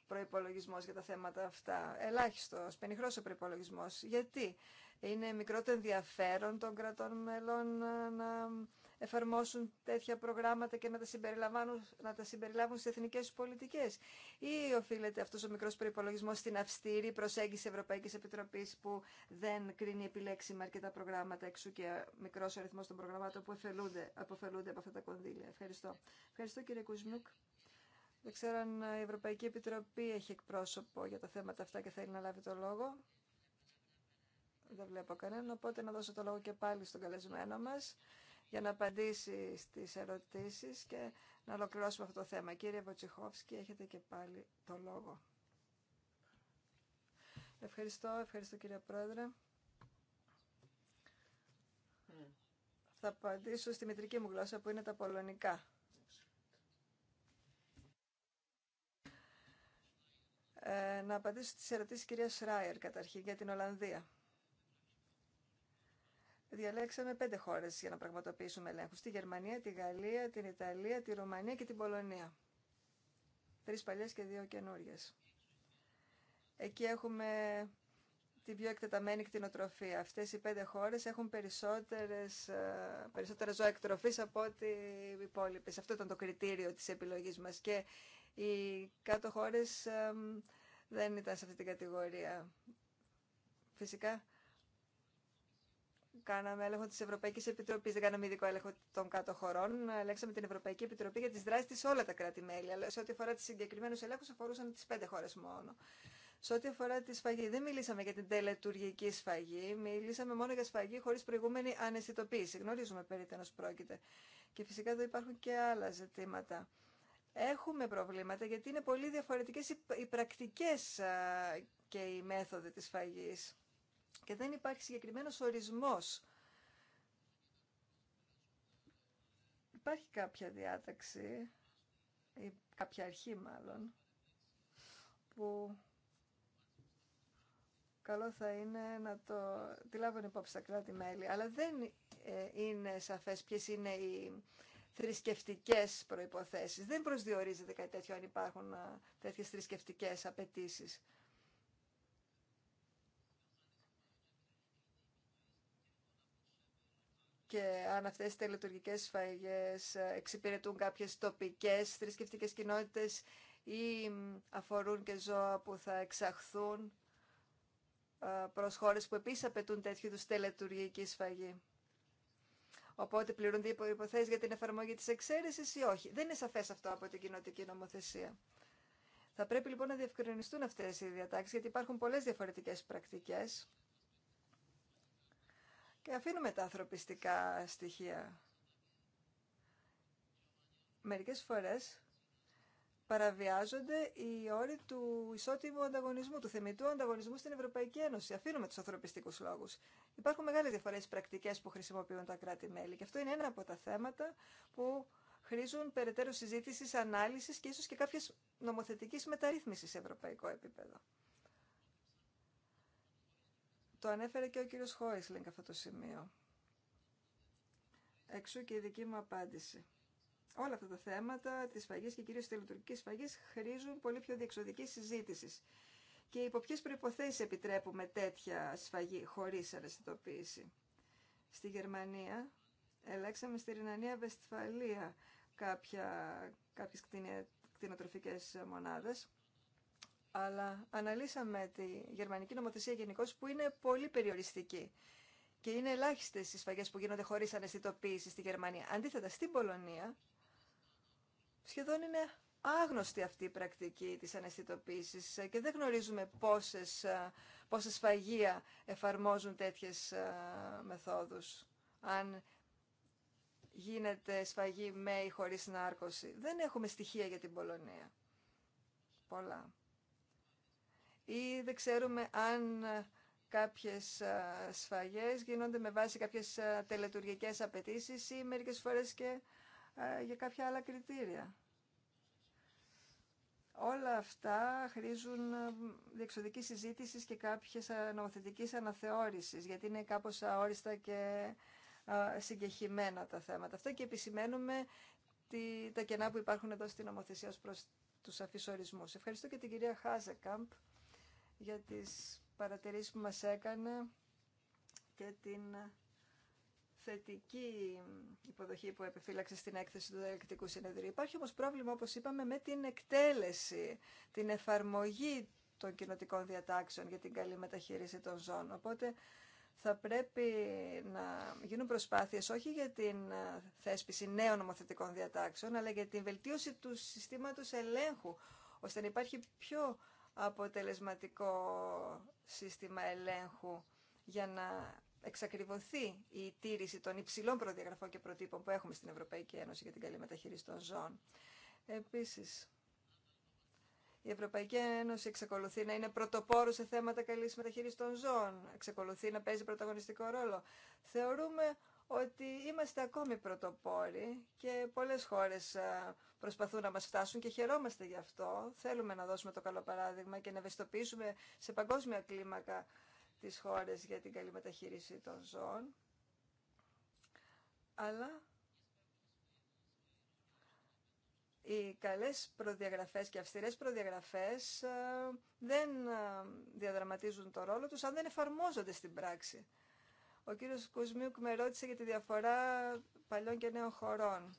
προπολογισμό για τα θέματα αυτά. Ελάχιστο, πενιχρό ο προπολογισμό. Γιατί είναι μικρό το ενδιαφέρον των κρατών μέλων ε, να εφαρμόσουν τέτοια προγράμματα και να τα, συμπεριλαμβάνουν, να τα συμπεριλάβουν στι εθνικέ πολιτικέ. Ή οφείλεται αυτό ο μικρό προπολογισμό στην αυστηρή προσέγγιση Ευρωπαϊκή Επιτροπή που δεν κρίνει επιλέξιμα αρκετά προγράμματα, εξού και μικρό αριθμό των προγραμμάτων που αποφελούνται από αυτά τα κονδύλια. Ευχαριστώ. Ευχαριστώ κύριε Κουσμιούκ. Δεν ξέρω αν η Ευρωπαϊκή Επιτροπή έχει εκπρόσωπο για τα θέματα αυτά και θέλει να λάβει το λόγο. Δεν βλέπω κανέναν, οπότε να δώσω το λόγο και πάλι στον καλεσμένο μας για να απαντήσει στις ερωτήσεις και να ολοκληρώσουμε αυτό το θέμα. Κύριε Βοτσιχόφσκι, έχετε και πάλι το λόγο. Ευχαριστώ, ευχαριστώ κύριε Πρόεδρε. Mm. Θα απαντήσω στη μητρική μου γλώσσα που είναι τα πολωνικά. Ε, να απαντήσω στις ερωτήσεις της κυρίας Σράιερ καταρχήν για την Ολλανδία. Διαλέξαμε πέντε χώρες για να πραγματοποιήσουμε ελέγχους. Τη Γερμανία, τη Γαλλία, την Ιταλία, τη Ρουμανία και την Πολωνία. Τρεις παλιές και δύο καινούριε. Εκεί έχουμε την πιο εκτεταμένη κτηνοτροφία. Αυτές οι πέντε χώρες έχουν περισσότερες, ε, περισσότερα ζώα εκτροφής από ό,τι οι υπόλοιπε. Αυτό ήταν το κριτήριο της επιλογής μας και οι κάτω χώρες δεν ήταν σε αυτή την κατηγορία. Φυσικά, κάναμε έλεγχο της Ευρωπαϊκής Επιτροπής, δεν κάναμε ειδικό έλεγχο των κάτω χωρών. Ελέγξαμε την Ευρωπαϊκή Επιτροπή για τις δράσεις της όλα τα κράτη-μέλη, αλλά σε ό,τι αφορά τις συγκεκριμένους ελέγχους αφορούσαν τις πέντε χώρες μόνο. Σε ό,τι αφορά τη σφαγή, δεν μιλήσαμε για την τελετουργική σφαγή, μιλήσαμε μόνο για σφαγή χωρίς προηγούμενη αναισθητοποίηση. Γνωρίζουμε περί πρόκειται. Και φυσικά εδώ υπάρχουν και άλλα ζητήματα έχουμε προβλήματα γιατί είναι πολύ διαφορετικές οι πρακτικές και οι μέθοδοι της φαγής και δεν υπάρχει συγκεκριμένος ορισμός. Υπάρχει κάποια διάταξη, ή κάποια αρχή μάλλον, που καλό θα είναι να το τη λάβουν υπόψη τα κράτη-μέλη, αλλά δεν ε, είναι σαφές ποιες είναι οι θρησκευτικέ προϋποθέσεις. Δεν προσδιορίζεται κάτι τέτοιο αν υπάρχουν τέτοιες θρησκευτικέ απαιτήσει. και αν αυτές οι τελετουργικές σφαγέ εξυπηρετούν κάποιες τοπικές θρησκευτικές κοινότητες ή αφορούν και ζώα που θα εξαχθούν προς χώρες που επίσης απαιτούν τέτοιου είδους τελετουργική σφαγή. Οπότε πληρούνται οι υποθέσει για την εφαρμογή τη εξαίρεση ή όχι. Δεν είναι σαφέ αυτό από την κοινοτική νομοθεσία. Θα πρέπει λοιπόν να διευκρινιστούν αυτέ οι διατάξει, γιατί υπάρχουν πολλέ διαφορετικέ πρακτικέ. Και αφήνουμε τα ανθρωπιστικά στοιχεία. Μερικές φορές παραβιάζονται οι όροι του ισότιμου ανταγωνισμού, του θεμητού ανταγωνισμού στην Ευρωπαϊκή Ένωση. Αφήνουμε του ανθρωπιστικού λόγου. Υπάρχουν μεγάλε διαφορέ πρακτικέ που χρησιμοποιούν τα κράτη-μέλη. Και αυτό είναι ένα από τα θέματα που χρήζουν περαιτέρω συζήτηση, ανάλυση και ίσω και κάποια νομοθετική μεταρρύθμιση σε ευρωπαϊκό επίπεδο. Το ανέφερε και ο κύριος Χόισλινγκ αυτό το σημείο. Εξού και η δική μου απάντηση. Όλα αυτά τα θέματα της φαγή και κυρίως της λειτουργικής σφαγής χρήζουν πολύ πιο διεξοδική συζήτηση. Και υπό ποιες προϋποθέσεις επιτρέπουμε τέτοια σφαγή χωρίς αρεστητοποίηση. Στη Γερμανία ελέξαμε στη Ρινανία Βεσφαλία κάποιε κάποιες κτηνοτροφικές μονάδες αλλά αναλύσαμε τη γερμανική νομοθεσία γενικώ που είναι πολύ περιοριστική και είναι ελάχιστε οι σφαγέ που γίνονται χωρί αναισθητοποίηση στη Γερμανία. Αντίθετα, στην Πολωνία Σχεδόν είναι άγνωστη αυτή η πρακτική της αναισθητοποίησης ε, και δεν γνωρίζουμε πόσες, ε, πόσα σφαγεία εφαρμόζουν τέτοιες ε, μεθόδους. Αν γίνεται σφαγή με ή χωρίς νάρκωση. Δεν έχουμε στοιχεία για την Πολωνία. Πολλά. Ή δεν ξέρουμε αν κάποιες σφαγές γίνονται με βάση κάποιες τελετουργικές απαιτήσεις ή μερικές φορές και ε, για κάποια άλλα κριτήρια. Όλα αυτά χρήζουν ε, διεξοδική συζήτηση και κάποιες νομοθετικής αναθεώρησης, γιατί είναι κάπως αόριστα και ε, συγκεχημένα τα θέματα. Αυτά και επισημαίνουμε τα κενά που υπάρχουν εδώ στην νομοθεσία ως προς τους αφισορισμούς. Ευχαριστώ και την κυρία Χάζεκαμπ για τις παρατηρήσεις που μας έκανε και την θετική υποδοχή που επιφύλαξε στην έκθεση του Διαλεκτικού Συνεδρίου. Υπάρχει όμως πρόβλημα, όπως είπαμε, με την εκτέλεση, την εφαρμογή των κοινοτικών διατάξεων για την καλή μεταχείριση των ζώων. Οπότε θα πρέπει να γίνουν προσπάθειες όχι για την ε, θέσπιση νέων νομοθετικών διατάξεων, αλλά για την βελτίωση του συστήματος ελέγχου, ώστε να υπάρχει πιο αποτελεσματικό σύστημα ελέγχου για να εξακριβωθεί η τήρηση των υψηλών προδιαγραφών και προτύπων που έχουμε στην Ευρωπαϊκή Ένωση για την καλή μεταχείριση των ζώων. Επίσης, η Ευρωπαϊκή Ένωση εξακολουθεί να είναι πρωτοπόρο σε θέματα καλής μεταχείρισης των ζώων, εξακολουθεί να παίζει πρωταγωνιστικό ρόλο. Θεωρούμε ότι είμαστε ακόμη πρωτοπόροι και πολλές χώρες προσπαθούν να μας φτάσουν και χαιρόμαστε γι' αυτό. Θέλουμε να δώσουμε το καλό παράδειγμα και να ευαισθητοποιήσουμε σε παγκόσμια κλίμακα τις χώρες για την καλή μεταχείριση των ζώων, αλλά οι καλές προδιαγραφές και αυστηρές προδιαγραφές ε, δεν ε, διαδραματίζουν το ρόλο τους αν δεν εφαρμόζονται στην πράξη. Ο κύριος Κουσμίουκ με ρώτησε για τη διαφορά παλιών και νέων χωρών.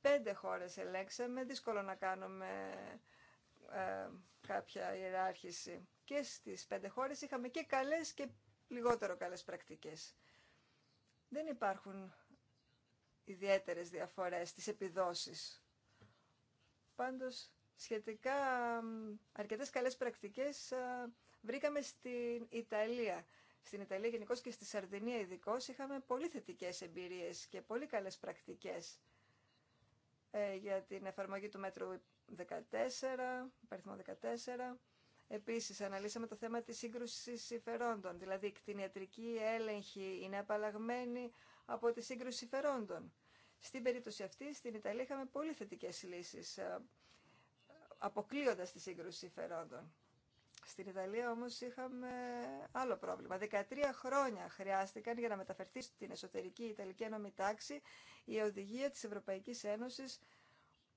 Πέντε χώρες ελέγξαμε, δύσκολο να κάνουμε ε, κάποια ιεράρχηση και στις πέντε χώρες είχαμε και καλές και λιγότερο καλές πρακτικές. Δεν υπάρχουν ιδιαίτερες διαφορές στις επιδόσεις. Πάντως, σχετικά αρκετές καλές πρακτικές βρήκαμε στην Ιταλία. Στην Ιταλία γενικώ και στη Σαρδινία ειδικώ είχαμε πολύ θετικές εμπειρίες και πολύ καλές πρακτικές ε, για την εφαρμογή του μέτρου 14, 14 Επίση, αναλύσαμε το θέμα τη σύγκρουση συμφερόντων, δηλαδή η κτηνιατρική έλεγχη είναι απαλλαγμένη από τη σύγκρουση συμφερόντων. Στην περίπτωση αυτή, στην Ιταλία είχαμε πολύ θετικέ λύσει ε, αποκλείοντα τη σύγκρουση συμφερόντων. Στην Ιταλία όμω είχαμε άλλο πρόβλημα. 13 χρόνια χρειάστηκαν για να μεταφερθεί στην εσωτερική Ιταλική Ένωμη Τάξη η οδηγία τη Ευρωπαϊκή Ένωση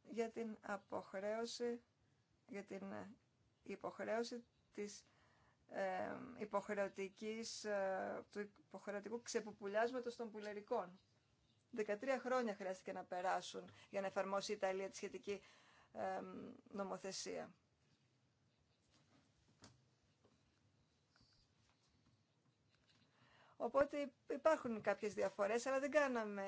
για την αποχρέωση, για την η υποχρέωση της ε, υποχρεωτικής, ε, του υποχρεωτικού ξεποπουλιάσματος των πουλερικών. 13 χρόνια χρειάστηκε να περάσουν για να εφαρμόσει η Ιταλία τη σχετική ε, νομοθεσία. Οπότε υπάρχουν κάποιες διαφορές, αλλά δεν κάναμε...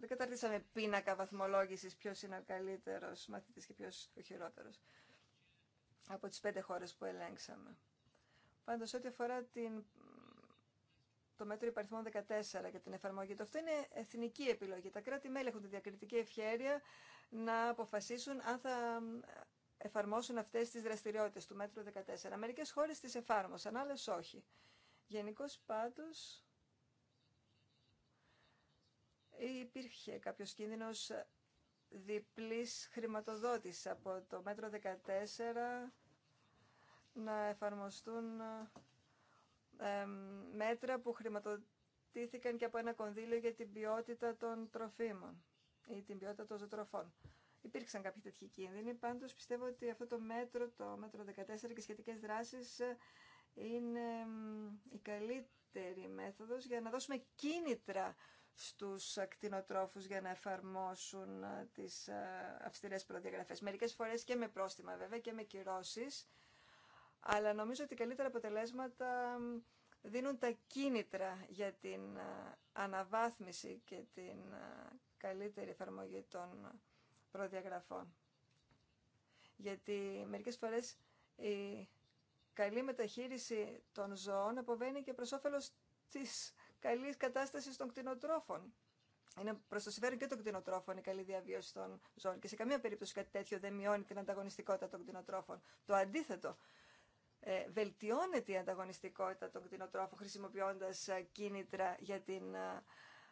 Δεν καταρτήσαμε πίνακα βαθμολόγησης ποιος είναι ο καλύτερος μαθητής και ποιος ο χειρότερος από τις πέντε χώρες που ελέγξαμε. Πάντως, ό,τι αφορά την, το μέτρο υπαριθμών 14 και την εφαρμογή του, αυτό είναι εθνική επιλογή. Τα κράτη-μέλη έχουν τη διακριτική ευχέρεια να αποφασίσουν αν θα εφαρμόσουν αυτές τις δραστηριότητες του μέτρου 14. Μερικές χώρες τις εφάρμοσαν, άλλες όχι. Γενικώ πάντως υπήρχε κάποιος κίνδυνος διπλής χρηματοδότησης από το μέτρο 14 να εφαρμοστούν ε, μέτρα που χρηματοδοτήθηκαν και από ένα κονδύλιο για την ποιότητα των τροφίμων ή την ποιότητα των ζωοτροφών. Υπήρξαν κάποιοι τέτοιοι κίνδυνοι, πάντως πιστεύω ότι αυτό το μέτρο, το μέτρο 14 και σχετικές δράσεις ε, είναι η καλύτερη μέθοδος για να δώσουμε κίνητρα στους ακτινοτρόφους για να εφαρμόσουν ε, τις αυστηρές προδιαγραφές. Μερικές φορές και με πρόστιμα βέβαια και με κυρώσεις αλλά νομίζω ότι καλύτερα αποτελέσματα δίνουν τα κίνητρα για την ε, αναβάθμιση και την ε, καλύτερη εφαρμογή των προδιαγραφών. Γιατί μερικές φορές η καλή μεταχείριση των ζώων αποβαίνει και προς όφελος της καλής κατάστασης των κτηνοτρόφων. Είναι προ το συμφέρον και των κτηνοτρόφων η καλή διαβίωση των ζώων και σε καμία περίπτωση κάτι τέτοιο δεν μειώνει την ανταγωνιστικότητα των κτηνοτρόφων. Το αντίθετο, ε, βελτιώνεται η ανταγωνιστικότητα των κτηνοτρόφων χρησιμοποιώντας ε, κίνητρα για την ε,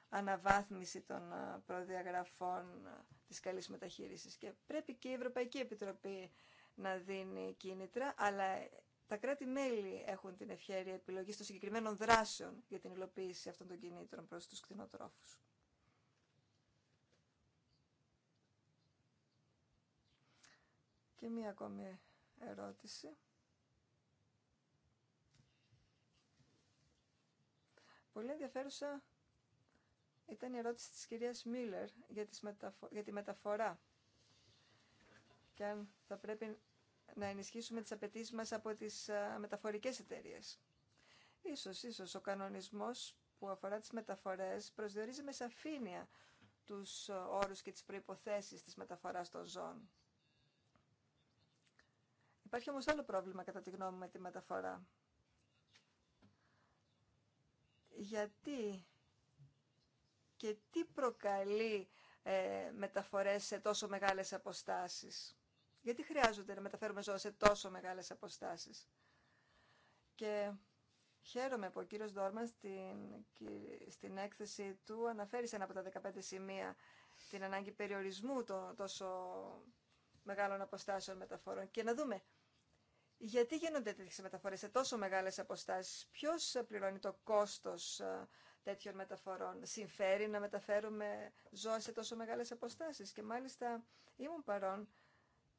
αναβάθμιση των προδιαγραφών της καλής μεταχείρισης. Και πρέπει και η Ευρωπαϊκή Επιτροπή να δίνει κίνητρα, αλλά τα κράτη-μέλη έχουν την ευχαίρεια επιλογής των συγκεκριμένων δράσεων για την υλοποίηση αυτών των κινήτρων προς τους κτηνοτρόφους. Και μία ακόμη ερώτηση. Πολύ ενδιαφέρουσα ήταν η ερώτηση της κυρίας Μίλλερ για, για τη μεταφορά και αν θα πρέπει να ενισχύσουμε τις απαιτήσει μας από τις μεταφορικές εταιρείες. Ίσως, ίσως ο κανονισμός που αφορά τις μεταφορές προσδιορίζει με σαφήνεια τους όρους και τις προϋποθέσεις της μεταφοράς των ζώων. Υπάρχει όμως άλλο πρόβλημα κατά τη γνώμη με τη μεταφορά γιατί και τι προκαλεί ε, μεταφορές σε τόσο μεγάλες αποστάσεις. Γιατί χρειάζονται να μεταφέρουμε ζώα σε τόσο μεγάλες αποστάσεις. Και χαίρομαι που ο κύριος Ντόρμαν στην, στην έκθεση του αναφέρει σε ένα από τα 15 σημεία την ανάγκη περιορισμού των τόσο μεγάλων αποστάσεων μεταφορών. Και να δούμε γιατί γίνονται τέτοιε μεταφορές σε τόσο μεγάλες αποστάσεις, ποιο πληρώνει το κόστος ε, τέτοιων μεταφορών. Συμφέρει να μεταφέρουμε ζώα σε τόσο μεγάλες αποστάσεις. Και μάλιστα ήμουν παρόν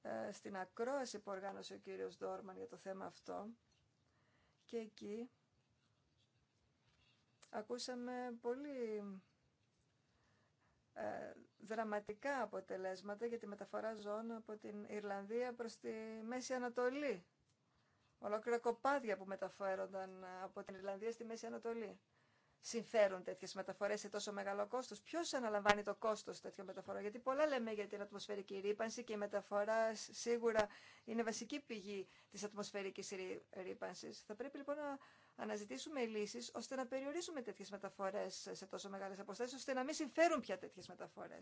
ε, στην ακρόαση που οργάνωσε ο κύριος Ντόρμαν για το θέμα αυτό και εκεί ακούσαμε πολύ ε, δραματικά αποτελέσματα για τη μεταφορά ζώων από την Ιρλανδία προς τη Μέση Ανατολή ολόκληρα κοπάδια που μεταφέρονταν από την Ιρλανδία στη Μέση Ανατολή. Συμφέρουν τέτοιε μεταφορέ σε τόσο μεγάλο κόστο. Ποιο αναλαμβάνει το κόστο τέτοιων μεταφορών, Γιατί πολλά λέμε για την ατμοσφαιρική ρήπανση και η μεταφορά σίγουρα είναι βασική πηγή τη ατμοσφαιρική ρήπανση. Θα πρέπει λοιπόν να αναζητήσουμε λύσει ώστε να περιορίσουμε τέτοιε μεταφορέ σε τόσο μεγάλε αποστάσει, ώστε να μην συμφέρουν πια τέτοιε μεταφορέ.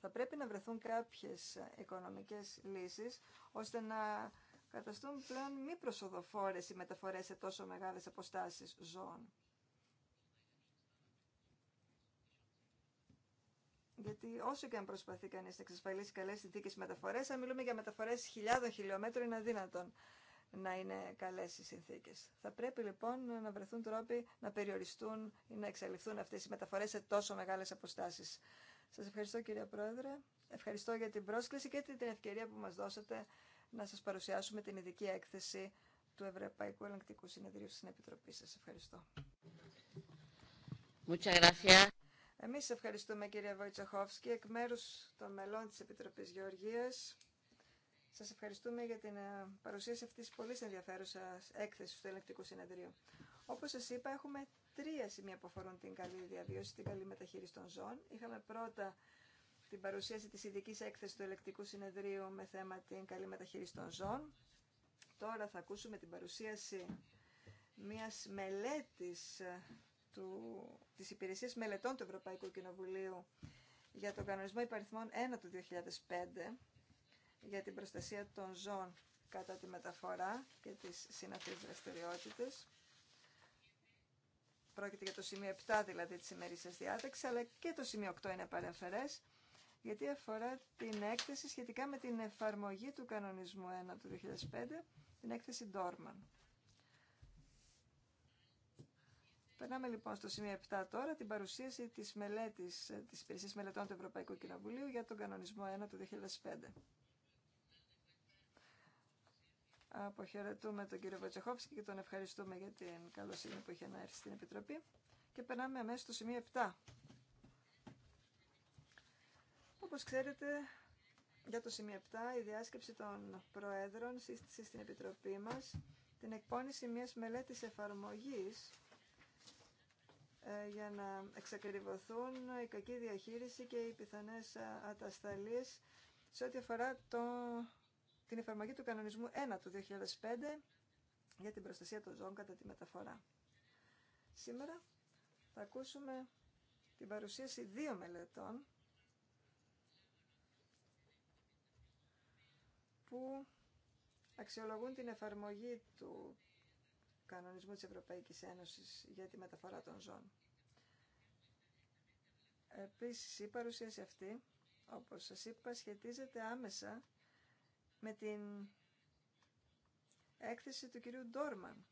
Θα πρέπει να βρεθούν κάποιε οικονομικέ λύσει, ώστε να καταστούν πλέον μη προσοδοφόρες οι μεταφορές σε τόσο μεγάλες αποστάσεις ζώων. Γιατί όσο και αν προσπαθεί κανεί να εξασφαλίσει καλέ συνθήκε μεταφορέ, αν μιλούμε για μεταφορέ χιλιάδων χιλιόμετρων, είναι αδύνατον να είναι καλέ οι συνθήκε. Θα πρέπει λοιπόν να βρεθούν τρόποι να περιοριστούν ή να εξαλειφθούν αυτέ οι μεταφορέ σε τόσο μεγάλε αποστάσει. Σα ευχαριστώ κύριε Πρόεδρε. Ευχαριστώ για την πρόσκληση και την ευκαιρία που μα δώσατε να σας παρουσιάσουμε την ειδική έκθεση του Ευρωπαϊκού Ελεγκτικού Συνεδρίου στην Επιτροπή σας. Ευχαριστώ. Εμείς ευχαριστούμε κύριε Βοητσοχόφσκι εκ μέρους των μελών της Επιτροπής Γεωργίας. Σας ευχαριστούμε για την ε, παρουσίαση αυτής της πολύ ενδιαφέρουσα έκθεση του Ελεκτικού Συνεδρίου. Όπως σας είπα, έχουμε τρία σημεία που αφορούν την καλή διαβίωση, την καλή μεταχείριση των ζώων. Είχαμε πρώτα την παρουσίαση της ειδική έκθεση του Ελεκτικού Συνεδρίου με θέμα την καλή μεταχείριση των ζώων. Τώρα θα ακούσουμε την παρουσίαση μιας μελέτης ε, του, της Υπηρεσίας Μελετών του Ευρωπαϊκού Κοινοβουλίου για τον κανονισμό υπαριθμών 1 του 2005 για την προστασία των ζώων κατά τη μεταφορά και τις συναφείς δραστηριότητε. Πρόκειται για το σημείο 7 δηλαδή της σας διάταξης, αλλά και το σημείο 8 είναι παρεμφερές γιατί αφορά την έκθεση σχετικά με την εφαρμογή του κανονισμού 1 του 2005, την έκθεση Dorman. Περνάμε λοιπόν στο σημείο 7 τώρα, την παρουσίαση της μελέτης της Υπηρεσίας Μελετών του Ευρωπαϊκού Κοινοβουλίου για τον κανονισμό 1 του 2005. Αποχαιρετούμε τον κύριο Βατσεχόφσκι και τον ευχαριστούμε για την καλοσύνη που είχε να έρθει στην Επιτροπή. Και περνάμε αμέσως στο σημείο 7. Όπως ξέρετε, για το σημείο 7, η διάσκεψη των Προέδρων σύστησε στην Επιτροπή μας την εκπόνηση μιας μελέτης εφαρμογής ε, για να εξακριβωθούν η κακή διαχείριση και οι πιθανές ε, ατασταλίες σε ό,τι αφορά το, την εφαρμογή του κανονισμού 1 του 2005 για την προστασία των ζώων κατά τη μεταφορά. Σήμερα θα ακούσουμε την παρουσίαση δύο μελετών που αξιολογούν την εφαρμογή του κανονισμού της Ευρωπαϊκής Ένωσης για τη μεταφορά των ζών. Επίσης, η παρουσίαση αυτή, όπως σας είπα, σχετίζεται άμεσα με την έκθεση του κυρίου Ντόρμαν,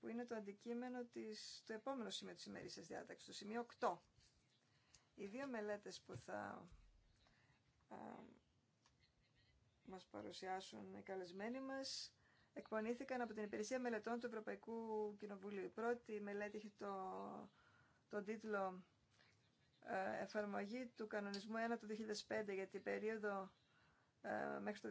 που είναι το αντικείμενο της, το επόμενο σημείο της ημερήσιας διάταξης, το σημείο 8. Οι δύο μελέτες που θα μας παρουσιάσουν οι καλεσμένοι μας εκπονήθηκαν από την Υπηρεσία Μελετών του Ευρωπαϊκού Κοινοβουλίου. Η πρώτη μελέτη είχε το, τον τίτλο ε, «Εφαρμογή του κανονισμού 1 του 2005 για την περίοδο ε, μέχρι το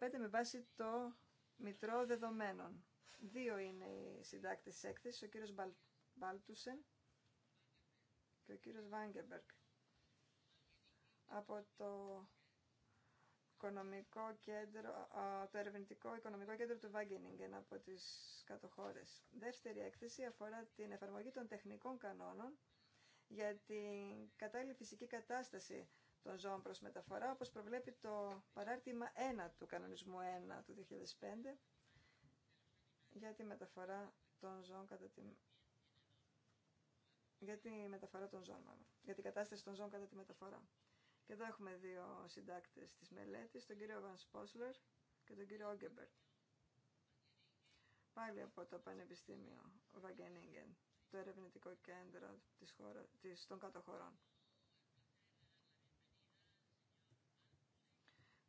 2015 με βάση το Μητρό Δεδομένων». Δύο είναι οι συντάκτες της έκθεσης, ο κύριος Μπαλ, Μπάλτουσεν και ο κύριος Βάγκεμπερκ από το οικονομικό κέντρο, το ερευνητικό οικονομικό κέντρο του Wageningen από τις κατοχώρε. Δεύτερη έκθεση αφορά την εφαρμογή των τεχνικών κανόνων για την κατάλληλη φυσική κατάσταση των ζώων προς μεταφορά, όπως προβλέπει το παράρτημα 1 του κανονισμού 1 του 2005 για τη μεταφορά των ζώων κατά τη... για τη μεταφορά των ζώων, για την κατάσταση των ζώων κατά τη μεταφορά. Και εδώ έχουμε δύο συντάκτες της μελέτης, τον κύριο Βαν Σπόσλερ και τον κύριο Όγκεμπερτ. Πάλι από το Πανεπιστήμιο Βαγγενίγκεν, το ερευνητικό κέντρο της χώρα, της, των κατοχωρών.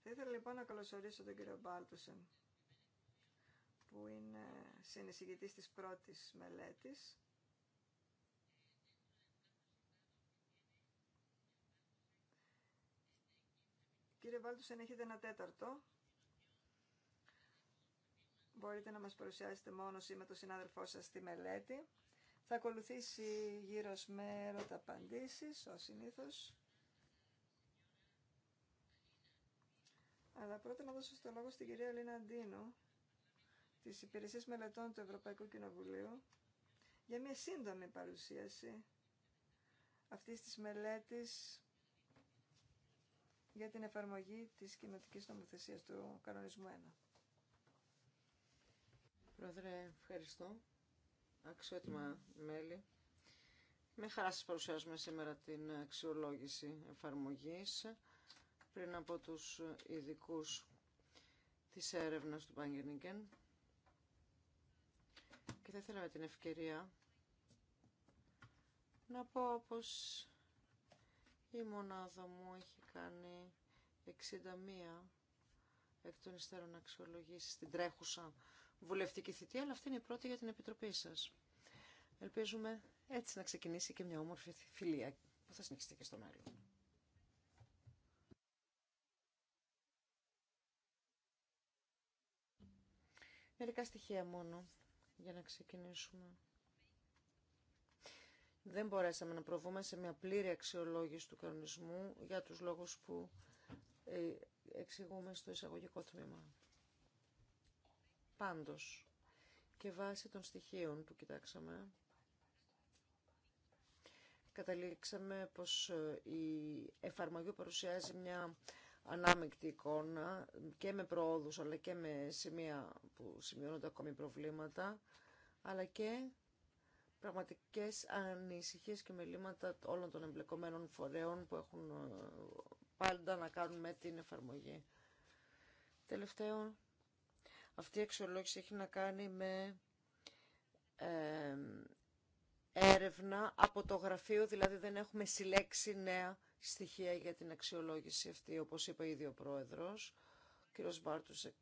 Θα ήθελα λοιπόν να καλωσορίσω τον κύριο Μπάλτουσεν, που είναι συνεισηγητής της πρώτης μελέτης Κύριε Βάλτους, αν έχετε ένα τέταρτο, μπορείτε να μας παρουσιάσετε μόνος ή με τον συνάδελφό σας τη μελέτη. Θα ακολουθήσει γύρω με ερωταπαντήσεις, ως συνήθως. Αλλά πρώτα να δώσω στο λόγο στην κυρία Λίνα Αντίνου, της Υπηρεσίας Μελετών του Ευρωπαϊκού Κοινοβουλίου, για μια σύντομη παρουσίαση αυτής της μελέτης για την εφαρμογή της κοινοτικής νομοθεσίας του κανονισμού 1. Πρόεδρε, ευχαριστώ. Αξιότιμα μέλη. Με χαρά σας παρουσιάζουμε σήμερα την αξιολόγηση εφαρμογής πριν από τους ειδικού της έρευνας του Παγγενίγκεν. Και θα ήθελα με την ευκαιρία να πω πως η μονάδα μου έχει κάνει 61 εκ των υστέρων αξιολογήσει στην τρέχουσα βουλευτική θητεία, αλλά αυτή είναι η πρώτη για την Επιτροπή σας. Ελπίζουμε έτσι να ξεκινήσει και μια όμορφη φιλία που θα συνεχιστεί και στο μέλλον. Μερικά στοιχεία μόνο για να ξεκινήσουμε δεν μπορέσαμε να προβούμε σε μια πλήρη αξιολόγηση του κανονισμού για τους λόγους που ε, εξηγούμε στο εισαγωγικό τμήμα. Πάντως, και βάσει των στοιχείων που κοιτάξαμε, καταλήξαμε πως ε, η εφαρμογή παρουσιάζει μια ανάμεικτη εικόνα και με πρόοδους αλλά και με σημεία που σημειώνονται ακόμη προβλήματα αλλά και πραγματικές ανησυχίες και μελήματα όλων των εμπλεκομένων φορέων που έχουν ε, πάντα να κάνουν με την εφαρμογή. Τελευταίο, αυτή η αξιολόγηση έχει να κάνει με έρευνα από το γραφείο, δηλαδή δεν έχουμε συλλέξει νέα στοιχεία για την αξιολόγηση αυτή, όπως είπε ήδη ο Πρόεδρος, ο κ. Μπάρτουσεκ.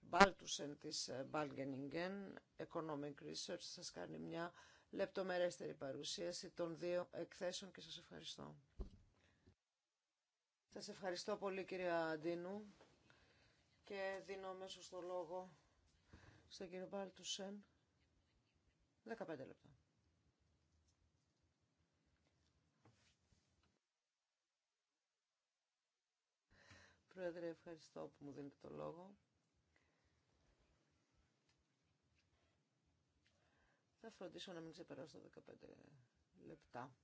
Μπάλτουσεν της Balgeningen ε, Economic Research σας κάνει μια λεπτομερέστερη παρουσίαση των δύο εκθέσεων και σας ευχαριστώ. Σας ευχαριστώ πολύ κυρία Αντίνου και δίνω μέσω στο λόγο στον κύριο Μπάλτουσεν. 15 λεπτά. Πρόεδρε, ευχαριστώ που μου δίνετε το λόγο. Θα φροντίσω να μην ξεπεράσω τα 15 λεπτά.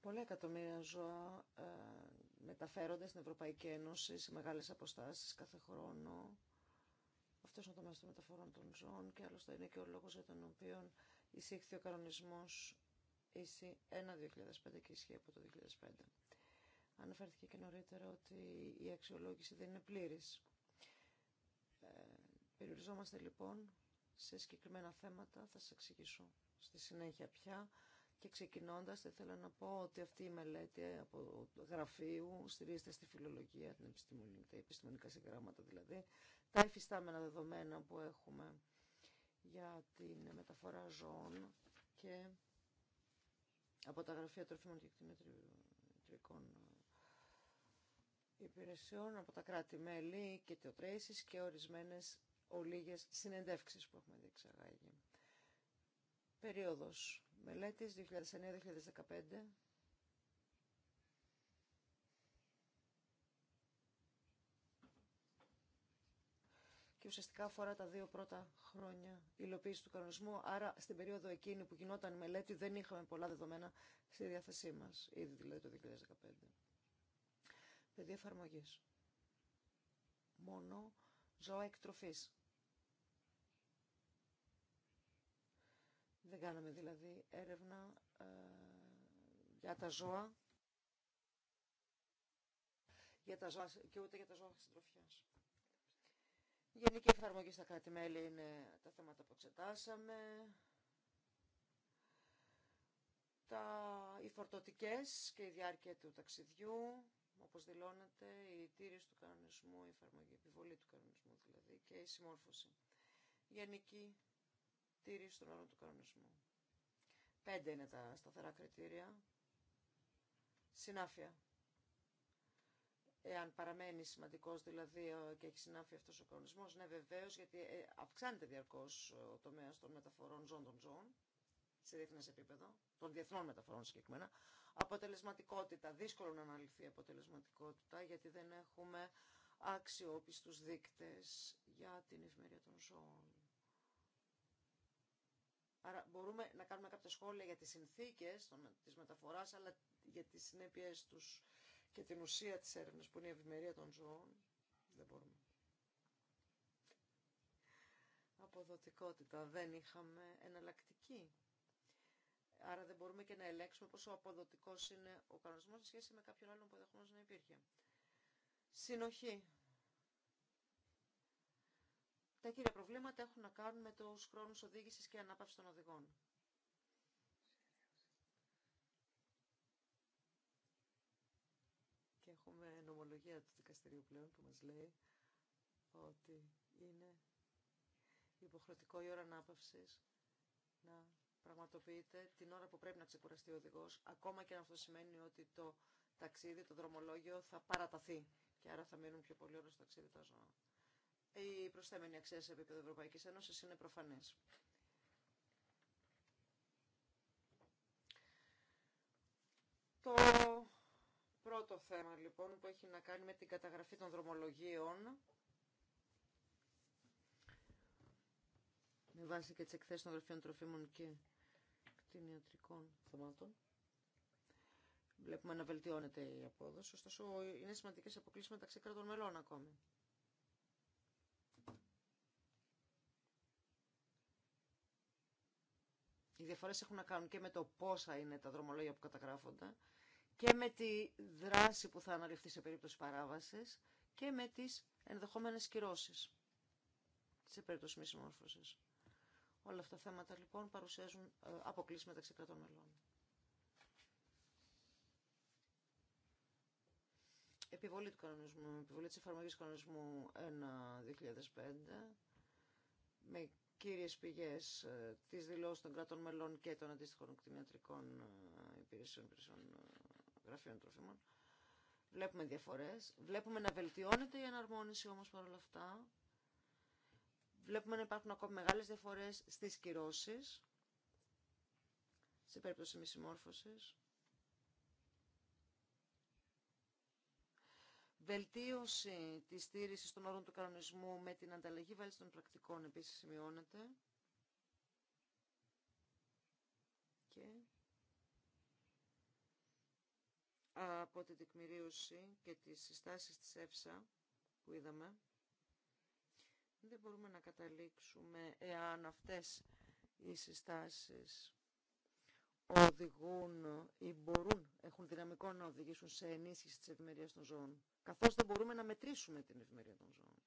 Πολλά εκατομμύρια ζώα ε, μεταφέρονται στην Ευρωπαϊκή Ένωση σε μεγάλες αποστάσεις κάθε χρόνο. Αυτός είναι ο τομέας των μεταφορών των ζώων και άλλωστε είναι και ο λόγος για τον οποίο εισήχθη ο κανονισμός ΕΣΥ 1-2005 και ισχύει από το 2005. Αναφέρθηκε και νωρίτερα ότι η αξιολόγηση δεν είναι πλήρης. Περιοριζόμαστε λοιπόν σε συγκεκριμένα θέματα, θα σας εξηγήσω στη συνέχεια πια. Και ξεκινώντας, θέλω να πω ότι αυτή η μελέτη από γραφείου στηρίζεται στη φιλολογία, την τα επιστημονικά συγγράμματα δηλαδή, τα εφιστάμενα δεδομένα που έχουμε για την μεταφορά ζώων και από τα γραφεία τροφίμων και υπηρεσιών, από τα κράτη-μέλη και το και ορισμένες ολίγες συνεντεύξεις που έχουμε διεξαγάγει. Περίοδος μελέτης 2009-2015. και ουσιαστικά αφορά τα δύο πρώτα χρόνια υλοποίηση του κανονισμού. Άρα, στην περίοδο εκείνη που γινόταν η μελέτη, δεν είχαμε πολλά δεδομένα στη διάθεσή μα, ήδη δηλαδή το 2015. Πεδία εφαρμογή. Μόνο ζώα εκτροφή Δεν κάναμε δηλαδή έρευνα ε, για τα ζώα, για τα ζώα και ούτε για τα ζώα συντροφιάς. Η γενική εφαρμογή στα κράτη-μέλη είναι τα θέματα που εξετάσαμε. Τα, οι φορτωτικές και η διάρκεια του ταξιδιού, όπως δηλώνεται, η τήρηση του κανονισμού, η εφαρμογή, επιβολή του κανονισμού δηλαδή και η συμμόρφωση. γενική τήρηση των όρων του κανονισμού. Πέντε είναι τα σταθερά κριτήρια. Συνάφεια. Εάν παραμένει σημαντικός δηλαδή και έχει συνάφεια αυτός ο κανονισμός, ναι βεβαίως, γιατί ε, αυξάνεται διαρκώς ο τομέας των μεταφορών ζών των ζώων σε διεθνές επίπεδο, των διεθνών μεταφορών συγκεκριμένα. Αποτελεσματικότητα, δύσκολο να αναλυθεί η αποτελεσματικότητα, γιατί δεν έχουμε άξιόπιστους δείκτες για την ευημερία των ζώων. Άρα μπορούμε να κάνουμε κάποια σχόλια για τις συνθήκες της μεταφοράς, αλλά για τις συνέπειες τους και την ουσία της έρευνας που είναι η ευημερία των ζώων. Δεν μπορούμε. Αποδοτικότητα. Δεν είχαμε εναλλακτική. Άρα δεν μπορούμε και να ελέγξουμε πόσο αποδοτικός είναι ο κανονισμός σε σχέση με κάποιον άλλον που ενδεχομένω να υπήρχε. Συνοχή τα κύρια προβλήματα έχουν να κάνουν με τους χρόνους οδήγησης και ανάπαυση των οδηγών. Και έχουμε νομολογία του δικαστηρίου πλέον που μας λέει ότι είναι υποχρεωτικό η ώρα ανάπαυσης να πραγματοποιείται την ώρα που πρέπει να ξεκουραστεί ο οδηγός, ακόμα και αν αυτό σημαίνει ότι το ταξίδι, το δρομολόγιο θα παραταθεί και άρα θα μείνουν πιο πολύ ώρα στο ταξίδι τα ζώα η προσθέμενη αξία σε επίπεδο Ευρωπαϊκής Ένωσης είναι προφανή. Το πρώτο θέμα λοιπόν που έχει να κάνει με την καταγραφή των δρομολογίων με βάση και τις εκθέσεις των γραφείων τροφίμων και κτηνιατρικών θεμάτων. Βλέπουμε να βελτιώνεται η απόδοση, ωστόσο είναι σημαντικές αποκλήσεις μεταξύ κρατών μελών ακόμη. οι διαφορές έχουν να κάνουν και με το πόσα είναι τα δρομολόγια που καταγράφονται και με τη δράση που θα αναλυφθεί σε περίπτωση παράβασης και με τις ενδεχόμενες κυρώσεις σε περίπτωση μη συμμόρφωσης. Όλα αυτά τα θέματα λοιπόν παρουσιάζουν ε, αποκλείσεις μεταξύ κρατών μελών. Επιβολή του κανονισμού, επιβολή της εφαρμογής 1.2005 με κύριες πηγές ε, της δηλώσεις των κρατών μελών και των αντίστοιχων κτηνιατρικών ε, υπηρεσιών, υπηρεσιών ε, γραφείων τροφίμων. Βλέπουμε διαφορές. Βλέπουμε να βελτιώνεται η εναρμόνιση όμως παρόλα αυτά. Βλέπουμε να υπάρχουν ακόμη μεγάλες διαφορές στις κυρώσεις, σε περίπτωση μη Βελτίωση τη στήριξη των όρων του κανονισμού με την ανταλλαγή βέλτιστων των πρακτικών επίση σημειώνεται. Και από την τεκμηρίωση και τις συστάσεις της ΕΦΣΑ που είδαμε, δεν μπορούμε να καταλήξουμε εάν αυτές οι συστάσεις οδηγούν ή μπορούν, έχουν δυναμικό να οδηγήσουν σε ενίσχυση της ευημερίας των ζώων καθώς δεν μπορούμε να μετρήσουμε την ευημερία των ζώων,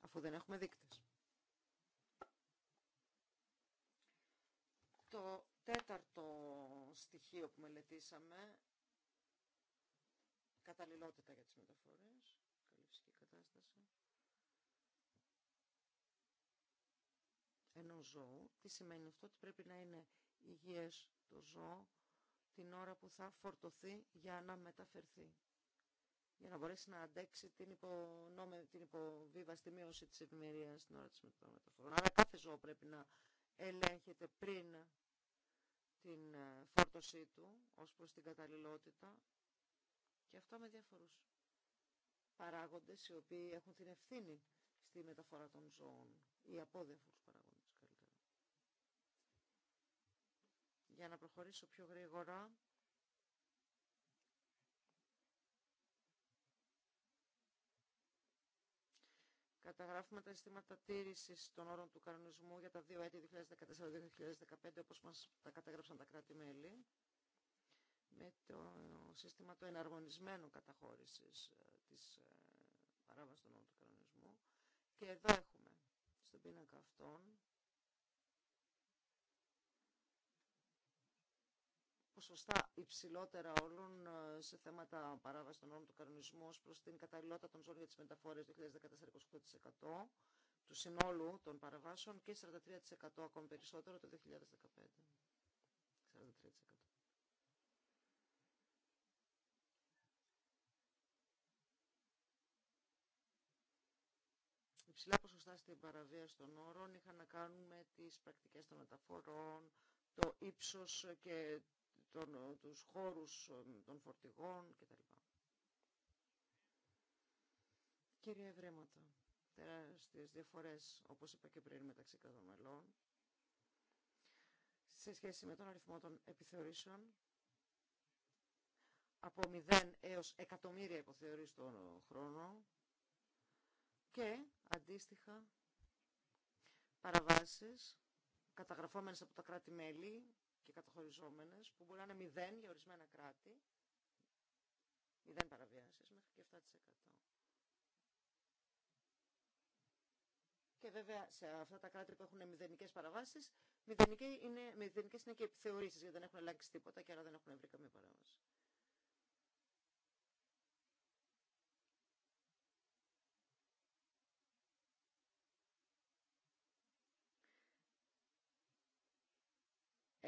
αφού δεν έχουμε δείκτες. Το τέταρτο στοιχείο που μελετήσαμε, καταλληλότητα για τις μεταφορές, καλή κατάσταση, ενός ζώου. Τι σημαίνει αυτό, ότι πρέπει να είναι υγιές το ζώο, την ώρα που θα φορτωθεί για να μεταφερθεί. Για να μπορέσει να αντέξει την, υπονόμε, την μείωση της ευημερίας την ώρα της μεταφοράς. Άρα κάθε ζώο πρέπει να ελέγχεται πριν την ε, φόρτωσή του ως προς την καταλληλότητα και αυτό με διαφορούς παράγοντες οι οποίοι έχουν την ευθύνη στη μεταφορά των ζώων ή απόδευους. για να προχωρήσω πιο γρήγορα. Καταγράφουμε τα συστήματα τήρησης των όρων του κανονισμού για τα δύο έτη 2014-2015, όπως μας τα καταγράψαν τα κράτη-μέλη, με το σύστημα το εναρμονισμένο καταχώρησης ε, της ε, παράβασης των όρων του κανονισμού. Και εδώ έχουμε, στον πίνακα αυτών, ποσοστά υψηλότερα όλων ε, σε θέματα παράβαση των όρων του κανονισμού ως προς την καταλληλότητα των ζώων για τις μεταφορές 2014-28% του συνόλου των παραβάσεων και 43% ακόμη περισσότερο το 2015. 43%. Υψηλά ποσοστά στην παραβίαση των όρων είχαν να κάνουν με τις πρακτικές των μεταφορών, το ύψος και τον, ε, τους χώρους ε, των φορτηγών κτλ. Κύριε Βρέματα, τεράστιες διαφορές, όπως είπα και πριν, μεταξύ κρατών σε σχέση με τον αριθμό των επιθεωρήσεων, από 0 έως εκατομμύρια υποθεωρείς τον χρόνο και αντίστοιχα παραβάσεις καταγραφόμενες από τα κράτη-μέλη και καταχωριζόμενες που μπορεί να είναι μηδέν για ορισμένα κράτη, μηδέν παραβιάσεις μέχρι και 7%. Και βέβαια σε αυτά τα κράτη που έχουν μηδενικέ παραβάσει, μηδενικέ είναι, μηδενικές είναι και επιθεωρήσει γιατί δεν έχουν αλλάξει τίποτα και άρα δεν έχουν βρει καμία παράβαση.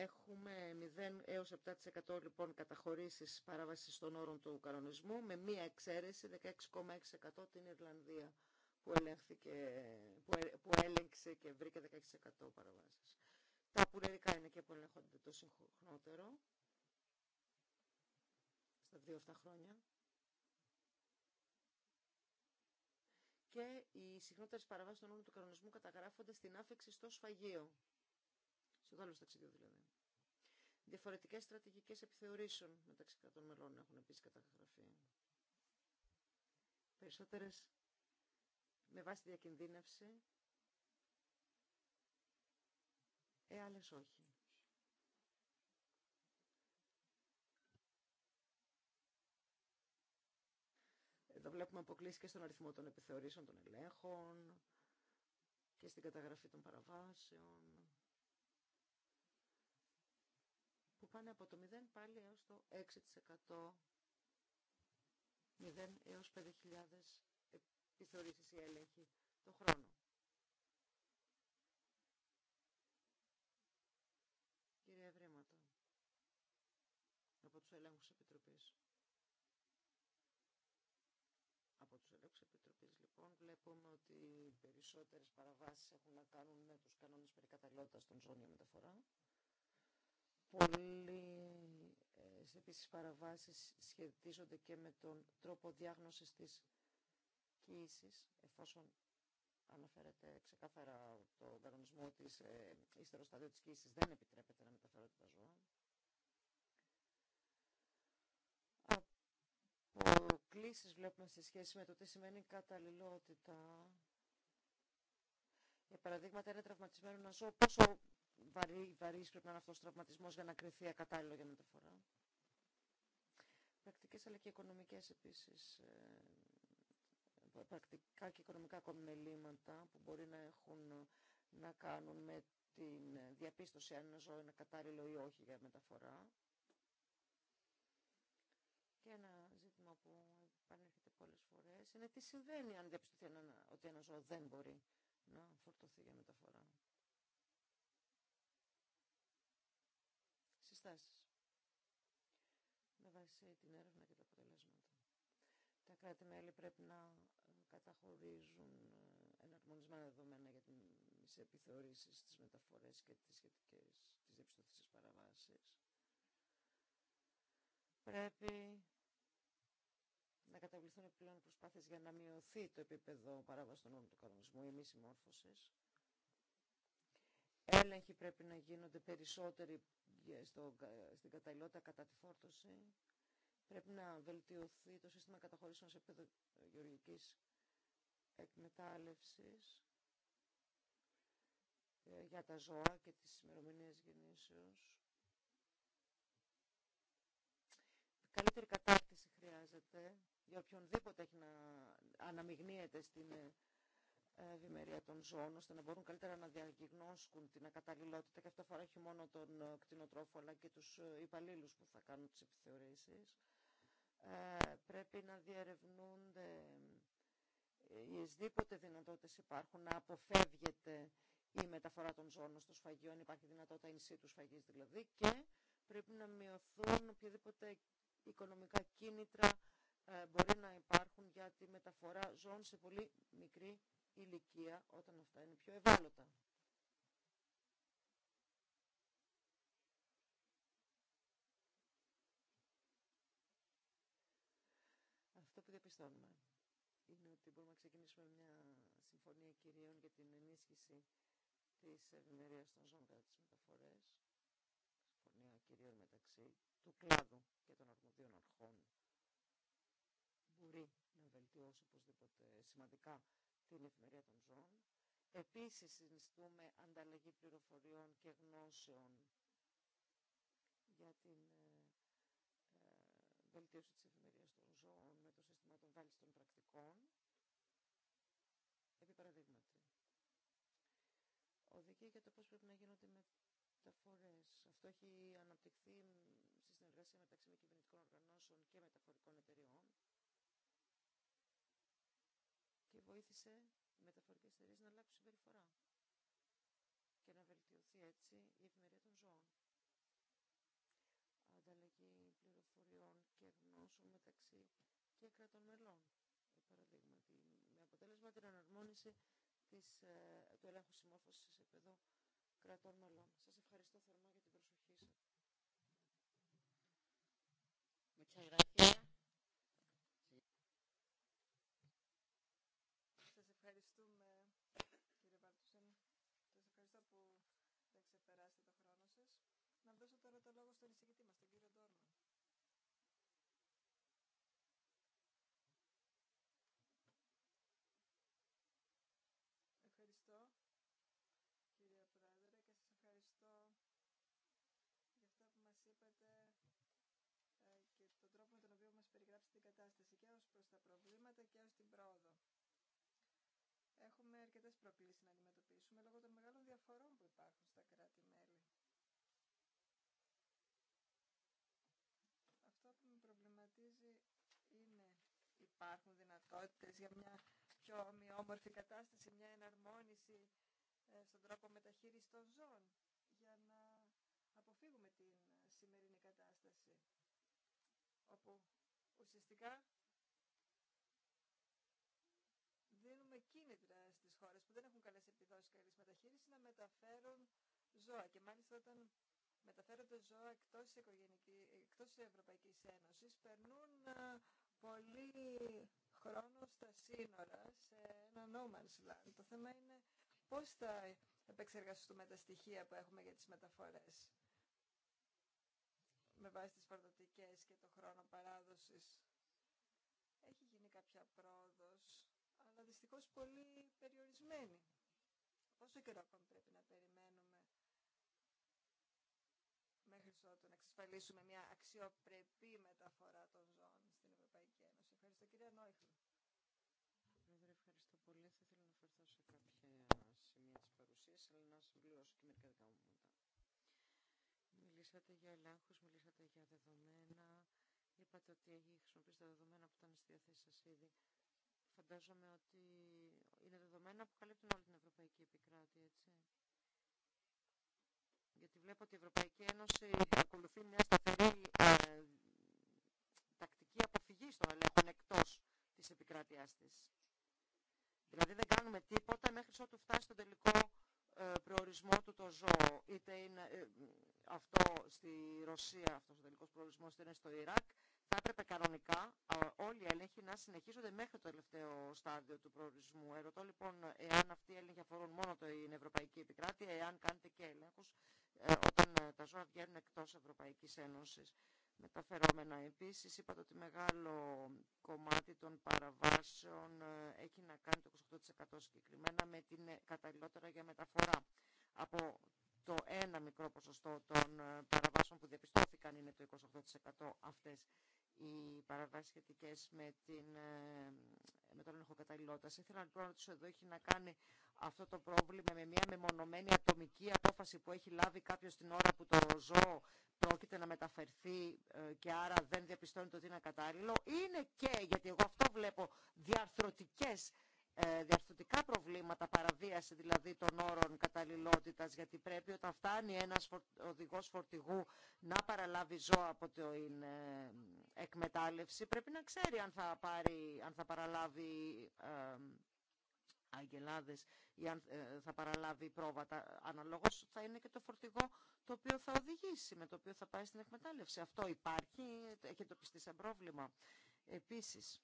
Έχουμε 0 έως 7% λοιπόν καταχωρήσεις παράβασης των όρων του κανονισμού με μία εξαίρεση 16,6% την Ιρλανδία που, ε, που, έλεγξε και βρήκε 16% παραβάσεις. Τα πουλερικά είναι και που ελέγχονται το συγχρονότερο στα 2 αυτά χρόνια. Και οι συχνότερες παραβάσεις των όρων του κανονισμού καταγράφονται στην άφεξη στο σφαγείο. Στο άλλο ταξιδιού δηλαδή. Διαφορετικές στρατηγικές επιθεωρήσεων μεταξύ κρατών μελών έχουν επίσης καταγραφεί. Περισσότερες με βάση διακινδύνευση, ε, άλλες όχι. Εδώ βλέπουμε αποκλήσει και στον αριθμό των επιθεωρήσεων των ελέγχων και στην καταγραφή των παραβάσεων. πάνε από το 0 πάλι έως το 6%. 0 έως 5.000 επιθεωρήσεις ή έλεγχοι το χρόνο. Κύριε Ευρήματα, από τους ελέγχους επιτροπής. Από τους ελέγχους επιτροπής, λοιπόν, βλέπουμε ότι οι περισσότερες παραβάσεις έχουν να κάνουν με τους κανόνες περί των ζώνων μεταφορά. Πολλοί ε, επίσης παραβάσεις σχετίζονται και με τον τρόπο διάγνωσης της κοίησης, εφόσον αναφέρεται ξεκάθαρα το κανονισμό της ε, ύστερο της κοίησης δεν επιτρέπεται να μεταφέρεται τα ζώα. Κλήσεις βλέπουμε σε σχέση με το τι σημαίνει καταλληλότητα. Για παραδείγματα είναι τραυματισμένο να ζω βαρύ, βαρύς πρέπει να είναι αυτός ο τραυματισμός για να κρυθεί ακατάλληλο για μεταφορά. Πρακτικές αλλά και οικονομικές επίσης, ε, πρακτικά και οικονομικά κομμελήματα που μπορεί να έχουν ε, να κάνουν με την ε, διαπίστωση αν ένα ζώο είναι κατάλληλο ή όχι για μεταφορά. Και ένα ζήτημα που επανέρχεται πολλές φορές είναι τι συμβαίνει αν διαπιστωθεί ότι ένα ζώο δεν μπορεί να φορτωθεί για μεταφορά. με βάση την έρευνα και τα αποτελέσματα. Τα κράτη-μέλη πρέπει να ε, καταχωρίζουν ε, εναρμονισμένα δεδομένα για τις επιθεωρήσεις, τις μεταφορές και τις σχετικές, τις διαπιστωθήσεις παραβάσεις. Πρέπει να καταβληθούν επιπλέον προσπάθειες για να μειωθεί το επίπεδο παράβαση των του κανονισμού ή μη συμμόρφωσης. Έλεγχοι πρέπει να γίνονται περισσότεροι στο, στην καταλληλότητα κατά τη φόρτωση. Πρέπει να βελτιωθεί το σύστημα καταχωρήσεων σε επίπεδο γεωργικής εκμετάλλευσης ε, για τα ζώα και τις ημερομηνίε γεννήσεως. Καλύτερη κατάρτιση χρειάζεται για οποιονδήποτε έχει να αναμειγνύεται στην ε, ευημερία των ζώων, ώστε να μπορούν καλύτερα να διαγνώσκουν την ακαταλληλότητα και αυτό αφορά όχι μόνο τον ε, κτηνοτρόφο αλλά και τους ε, υπαλλήλου που θα κάνουν τις επιθεωρήσεις. Ε, πρέπει να διαρευνούνται ε, οι εσδήποτε δυνατότητες υπάρχουν, να αποφεύγεται η μεταφορά των ζώων στο σφαγείο, αν υπάρχει δυνατότητα in situ σφαγής δηλαδή, και πρέπει να μειωθούν οποιαδήποτε οικονομικά κίνητρα μπορεί να υπάρχουν για τη μεταφορά ζώων σε πολύ μικρή ηλικία όταν αυτά είναι πιο ευάλωτα. Αυτό που διαπιστώνουμε είναι ότι μπορούμε να ξεκινήσουμε μια συμφωνία κυρίων για την ενίσχυση της ευημερίας των ζώων κατά τις μεταφορές, συμφωνία κυρίων μεταξύ του κλάδου και των αρμοδίων αρχών, μπορεί να βελτιώσει οπωσδήποτε σημαντικά την Εφημερία των ζώων. Επίσης συνιστούμε ανταλλαγή πληροφοριών και γνώσεων για την ε, ε, βελτίωση της ευημερίας των ζώων με το σύστημα των των πρακτικών. Επί παραδείγματι, οδηγεί για το πώς πρέπει να γίνονται μεταφορές. Αυτό έχει αναπτυχθεί στη συνεργασία μεταξύ με κυβερνητικών οργανώσεων και μεταφορικών εταιριών βοήθησε μεταφορικές εταιρείε να αλλάξουν συμπεριφορά και να βελτιωθεί έτσι η ευημερία των ζώων. Ανταλλαγή πληροφοριών και γνώσεων μεταξύ και κρατών μελών. Παραδείγματι, με αποτέλεσμα την αναρμόνιση της, ε, του ελέγχου συμμόρφωση σε επίπεδο κρατών μελών. Σας ευχαριστώ θερμά για την προσοχή σας. χρόνο σας. Να δώσω τώρα το λόγο στον εισηγητή μας, τον κύριο Ντόρμαν. Ευχαριστώ, κύριε Πρόεδρε, και σας ευχαριστώ για αυτά που μας είπατε ε, και τον τρόπο με τον οποίο μας περιγράψετε την κατάσταση και ως προς τα προβλήματα και ως την πρόοδο. Έχουμε αρκετές προκλήσεις να αντιμετωπίσουμε λόγω των μεγάλων διαφορών που υπάρχουν στα κράτη-μέλη. Αυτό που με προβληματίζει είναι υπάρχουν δυνατότητες για μια πιο ομοιόμορφη κατάσταση, μια εναρμόνιση ε, στον τρόπο μεταχείριση των ζώων για να αποφύγουμε την σημερινή κατάσταση όπου ουσιαστικά δίνουμε κίνητρα στις χώρες που δεν έχουν καλές να μεταφέρουν ζώα. Και μάλιστα όταν μεταφέρονται ζώα εκτός, εκτός της Ευρωπαϊκής Ένωσης, περνούν ε, πολύ χρόνο στα σύνορα, σε ένα no man's Το θέμα είναι πώς θα επεξεργαστούμε τα στοιχεία που έχουμε για τις μεταφορές με βάση τις παραδοτικές και το χρόνο παράδοσης. Έχει γίνει κάποια πρόοδος, αλλά δυστυχώς πολύ περιορισμένη. Πόσο καιρό ακόμη πρέπει να περιμένουμε μέχρι ότου να εξασφαλίσουμε μια αξιοπρεπή μεταφορά των ζώων στην Ευρωπαϊκή Ένωση. Ευχαριστώ κυρία Νόιχλ. Πρόεδρε, ευχαριστώ πολύ. Θα ήθελα να φερθώ σε κάποια σημεία της παρουσίας, αλλά να συμπληρώσω και μερικά δικά μου Μιλήσατε για ελάχους, μιλήσατε για δεδομένα, είπατε ότι έχει χρησιμοποιήσει τα δεδομένα που ήταν στη διαθέση σας ήδη. Φαντάζομαι ότι είναι δεδομένα που καλύπτουν όλη την Ευρωπαϊκή Επικράτη, έτσι. Γιατί βλέπω ότι η Ευρωπαϊκή Ένωση ακολουθεί μια σταθερή ε, τακτική αποφυγή των ελέγχων εκτός της επικράτειάς της. Δηλαδή δεν κάνουμε τίποτα μέχρι ότου φτάσει στον τελικό ε, προορισμό του το ζώο. Είτε είναι ε, αυτό στη Ρωσία, αυτός ο τελικός προορισμός, είτε είναι στο Ιράκ, έπρεπε κανονικά όλοι οι έλεγχοι να συνεχίζονται μέχρι το τελευταίο στάδιο του προορισμού. Ερωτώ λοιπόν εάν αυτοί οι έλεγχοι αφορούν μόνο την Ευρωπαϊκή Επικράτεια, εάν κάνετε και έλεγχου ε, όταν ε, τα ζώα βγαίνουν εκτό Ευρωπαϊκή Ένωση. Μεταφερόμενα επίση, είπατε ότι μεγάλο κομμάτι των παραβάσεων ε, έχει να κάνει το 28% συγκεκριμένα με την καταλληλότερα για μεταφορά. Από το ένα μικρό ποσοστό των παραβάσεων που διαπιστώθηκαν είναι το 28% αυτές οι παραβάσει σχετικέ με, την, ε, με τον έλεγχο καταλληλότητα. Ήθελα λοιπόν να ρωτήσω εδώ έχει να κάνει αυτό το πρόβλημα με μια μεμονωμένη ατομική απόφαση που έχει λάβει κάποιο την ώρα που το ζώο πρόκειται να μεταφερθεί ε, και άρα δεν διαπιστώνεται ότι είναι κατάλληλο. Είναι και, γιατί εγώ αυτό βλέπω, διαρθρωτικές ε, διαρθρωτικά προβλήματα, παραβίαση δηλαδή των όρων καταλληλότητας, γιατί πρέπει όταν φτάνει ένας οδηγός φορτηγού να παραλάβει ζώα από το, εκμετάλλευση πρέπει να ξέρει αν θα, πάρει, αν θα παραλάβει ε, ή αν ε, θα παραλάβει πρόβατα. Αναλόγως θα είναι και το φορτηγό το οποίο θα οδηγήσει, με το οποίο θα πάει στην εκμετάλλευση. Αυτό υπάρχει, έχει πιστεί σαν πρόβλημα. Επίσης,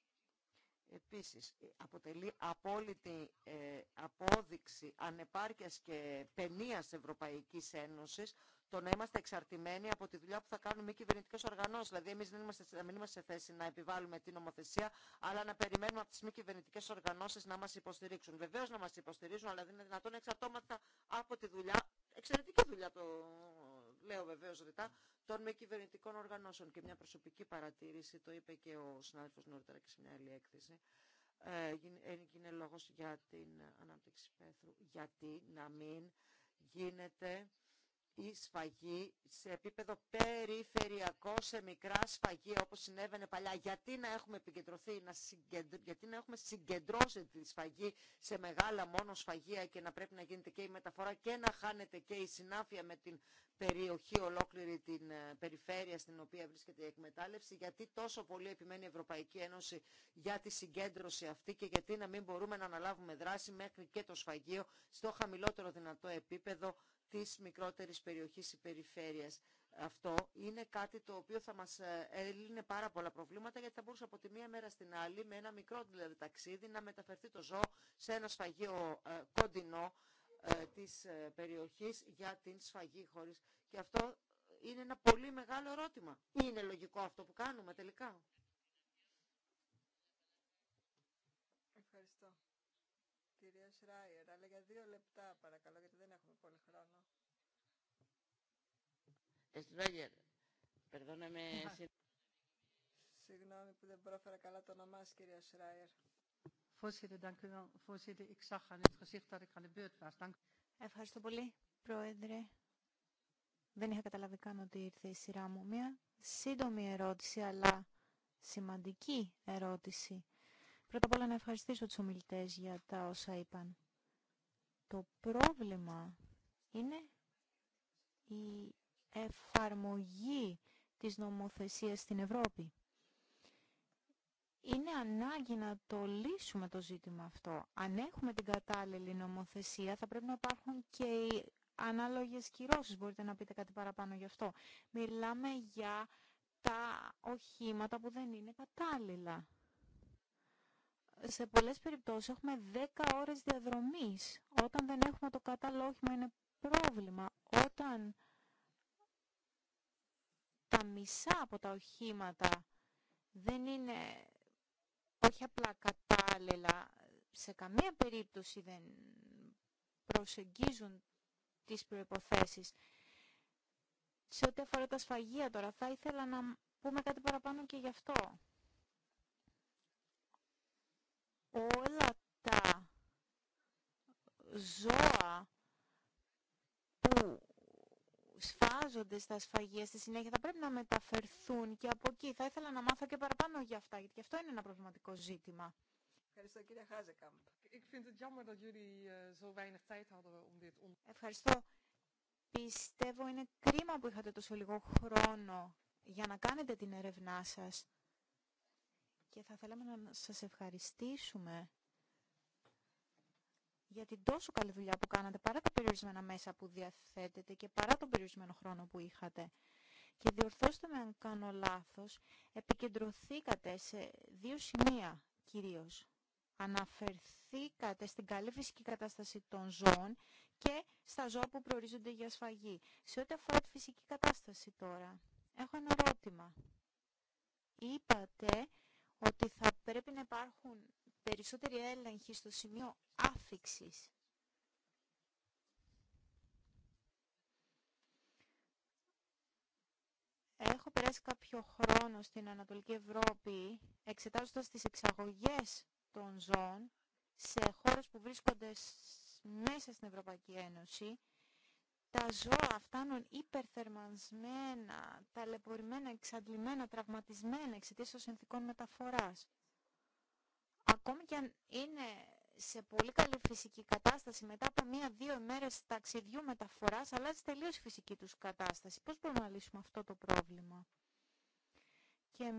Επίσης, αποτελεί απόλυτη ε, απόδειξη ανεπάρκειας και παινίας Ευρωπαϊκής Ένωσης το να είμαστε εξαρτημένοι από τη δουλειά που θα κάνουν μη κυβερνητικέ οργανώσει. Δηλαδή, εμεί δεν είμαστε, μην είμαστε σε θέση να επιβάλλουμε την νομοθεσία, αλλά να περιμένουμε από τι μη κυβερνητικέ οργανώσει να μα υποστηρίξουν. Βεβαίω να μα υποστηρίζουν, αλλά δεν είναι δυνατόν εξαρτώματα από τη δουλειά, εξαιρετική δουλειά το λέω βεβαίω ρητά, των μη κυβερνητικών οργανώσεων. Και μια προσωπική παρατήρηση, το είπε και ο συνάδελφο νωρίτερα και σε μια άλλη έκθεση. Ε, έγινε λόγος για την ανάπτυξη πέθρου. Γιατί να μην γίνεται η σφαγή σε επίπεδο περιφερειακό, σε μικρά σφαγεία όπως συνέβαινε παλιά. Γιατί να έχουμε επικεντρωθεί, να γιατί να έχουμε συγκεντρώσει τη σφαγή σε μεγάλα μόνο σφαγεία και να πρέπει να γίνεται και η μεταφορά και να χάνεται και η συνάφεια με την περιοχή ολόκληρη την ε, περιφέρεια στην οποία βρίσκεται η εκμετάλλευση, γιατί τόσο πολύ επιμένει η Ευρωπαϊκή Ένωση για τη συγκέντρωση αυτή και γιατί να μην μπορούμε να αναλάβουμε δράση μέχρι και το σφαγείο στο χαμηλότερο δυνατό επίπεδο της μικρότερης περιοχής ή περιφέρειας. Αυτό είναι κάτι το οποίο θα μας ε, έλυνε πάρα πολλά προβλήματα γιατί θα μπορούσε από τη μία μέρα στην άλλη με ένα μικρό δηλαδή, ταξίδι να μεταφερθεί το ζώο σε ένα σφαγείο ε, κοντινό ε, της ε, περιοχής για την σφαγή χωρίς. Και αυτό είναι ένα πολύ μεγάλο ερώτημα. Είναι λογικό αυτό που κάνουμε τελικά. Ευχαριστώ. Κυρία Σράιερ, αλλά για δύο λεπτά παρακαλώ, γιατί πολύ χρόνο. Συγγνώμη που δεν πρόφερα καλά το όνομά σας, κυρία Σράιερ. Ευχαριστώ πολύ, Πρόεδρε. Δεν είχα καταλάβει καν ότι ήρθε η σειρά μου. Μια σύντομη ερώτηση, αλλά σημαντική ερώτηση. Πρώτα απ' όλα να ευχαριστήσω τους ομιλητές για τα όσα είπαν. Το πρόβλημα είναι η εφαρμογή της νομοθεσίας στην Ευρώπη. Είναι ανάγκη να το λύσουμε το ζήτημα αυτό. Αν έχουμε την κατάλληλη νομοθεσία θα πρέπει να υπάρχουν και οι ανάλογες κυρώσεις. Μπορείτε να πείτε κάτι παραπάνω γι' αυτό. Μιλάμε για τα οχήματα που δεν είναι κατάλληλα. Σε πολλές περιπτώσεις έχουμε 10 ώρες διαδρομής. Όταν δεν έχουμε το κατάλληλο όχημα είναι πρόβλημα όταν τα μισά από τα οχήματα δεν είναι όχι απλά κατάλληλα, σε καμία περίπτωση δεν προσεγγίζουν τις προϋποθέσεις. Σε ό,τι αφορά τα σφαγεία τώρα, θα ήθελα να πούμε κάτι παραπάνω και γι' αυτό. Όλα τα ζώα σφάζονται στα σφαγεία στη συνέχεια θα πρέπει να μεταφερθούν και από εκεί. Θα ήθελα να μάθω και παραπάνω για αυτά, γιατί και αυτό είναι ένα προβληματικό ζήτημα. Ευχαριστώ κύριε Χάζεκαμπ. Ευχαριστώ. Πιστεύω είναι κρίμα που είχατε τόσο λίγο χρόνο για να κάνετε την έρευνά σας. Και θα θέλαμε να σας ευχαριστήσουμε για την τόσο καλή δουλειά που κάνατε παρά τα περιορισμένα μέσα που διαθέτετε και παρά τον περιορισμένο χρόνο που είχατε. Και διορθώστε με αν κάνω λάθος, επικεντρωθήκατε σε δύο σημεία κυρίως. Αναφερθήκατε στην καλή φυσική κατάσταση των ζώων και στα ζώα που προορίζονται για σφαγή. Σε ό,τι αφορά τη φυσική κατάσταση τώρα, έχω ένα ερώτημα. Είπατε ότι θα πρέπει να υπάρχουν περισσότερη έλεγχη στο σημείο άφηξης. Έχω περάσει κάποιο χρόνο στην Ανατολική Ευρώπη εξετάζοντας τις εξαγωγές των ζώων σε χώρες που βρίσκονται μέσα στην Ευρωπαϊκή Ένωση. Τα ζώα φτάνουν υπερθερμανσμένα, ταλαιπωρημένα, εξαντλημένα, τραυματισμένα εξαιτίας των συνθήκων μεταφοράς ακόμη και αν είναι σε πολύ καλή φυσική κατάσταση μετά από μία-δύο ημέρες ταξιδιού μεταφοράς, αλλάζει τελείως η φυσική τους κατάσταση. Πώς μπορούμε να λύσουμε αυτό το πρόβλημα. Και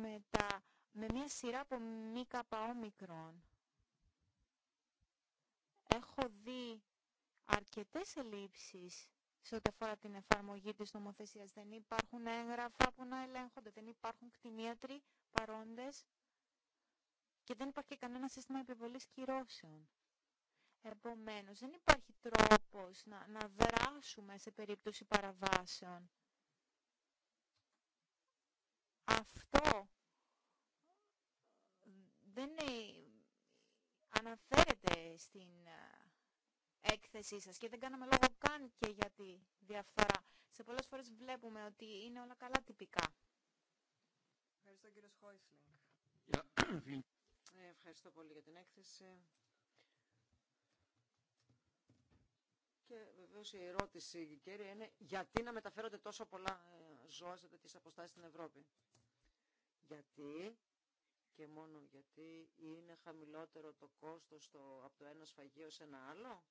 με μία σειρά από μη καπαόμικρον. Έχω δει αρκετές ελλείψεις σε ό,τι αφορά την εφαρμογή της νομοθεσίας. Δεν υπάρχουν έγγραφα που να ελέγχονται, δεν υπάρχουν κτηνίατροι παρόντες και δεν υπάρχει κανένα σύστημα επιβολής κυρώσεων. Επομένως, δεν υπάρχει τρόπος να, να δράσουμε σε περίπτωση παραβάσεων. Αυτό δεν αναφέρεται στην ε, έκθεσή σας και δεν κάναμε λόγο καν και για τη διαφθορά. Σε πολλές φορές βλέπουμε ότι είναι όλα καλά τυπικά. *clears throat* Ναι, ευχαριστώ πολύ για την έκθεση. Και βεβαίω η ερώτηση, κύριε, είναι γιατί να μεταφέρονται τόσο πολλά ε, ζώα σε τέτοιε αποστάσει στην Ευρώπη. Γιατί και μόνο γιατί είναι χαμηλότερο το κόστος το, από το ένα σφαγείο σε ένα άλλο.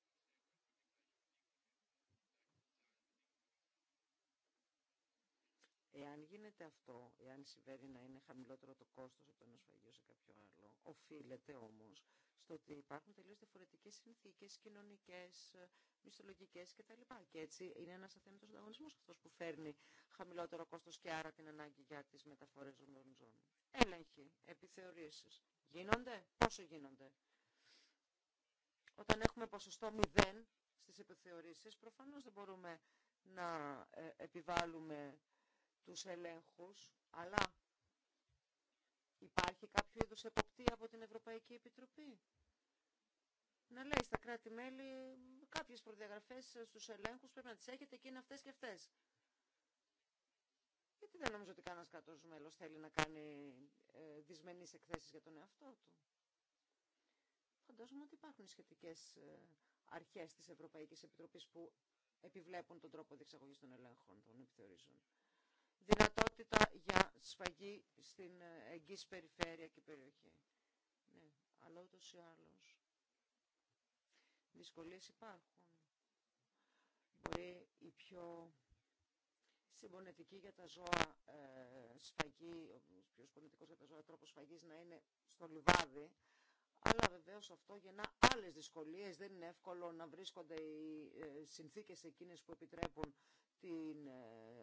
Εάν γίνεται αυτό, εάν συμβαίνει να είναι χαμηλότερο το κόστος από το ένα σφαγείο σε κάποιο άλλο, οφείλεται όμως στο ότι υπάρχουν τελείως διαφορετικές συνθήκες κοινωνικές, μισθολογικές κτλ. Και έτσι είναι ένας αθέμητο ανταγωνισμός αυτός που φέρνει χαμηλότερο κόστος και άρα την ανάγκη για τις μεταφορές των ζώνων. Έλεγχοι, επιθεωρήσεις. Γίνονται, πόσο γίνονται. Όταν έχουμε ποσοστό 0 στις επιθεωρήσεις, προφανώς δεν μπορούμε να ε, επιβάλλουμε τους ελέγχους, αλλά υπάρχει κάποιο είδους εποπτεία από την Ευρωπαϊκή Επιτροπή. Να λέει στα κράτη-μέλη κάποιες προδιαγραφές στους ελέγχους πρέπει να τις έχετε και είναι αυτές και αυτές. Γιατί δεν νομίζω ότι κανένα κάνας μέλο θέλει να κάνει ε, δυσμενεί εκθέσει για τον εαυτό του. Φαντάζομαι ότι υπάρχουν σχετικέ ε, αρχές της Ευρωπαϊκής Επιτροπής που επιβλέπουν τον τρόπο διεξαγωγής των ελέγχων των επιθεωρήσεων δυνατότητα για σφαγή στην ε, εγγύς περιφέρεια και περιοχή. Ναι, αλλά ούτως ή άλλως δυσκολίες υπάρχουν. Μπορεί η πιο συμπονετική για τα ζώα ε, σφαγή, ο πιο πολιτικός για τα ζώα τρόπος σφαγής να είναι στο λιβάδι, αλλά βεβαίως αυτό γεννά άλλες δυσκολίες. Δεν είναι εύκολο να βρίσκονται οι ε, συνθήκες εκείνες που επιτρέπουν την ε,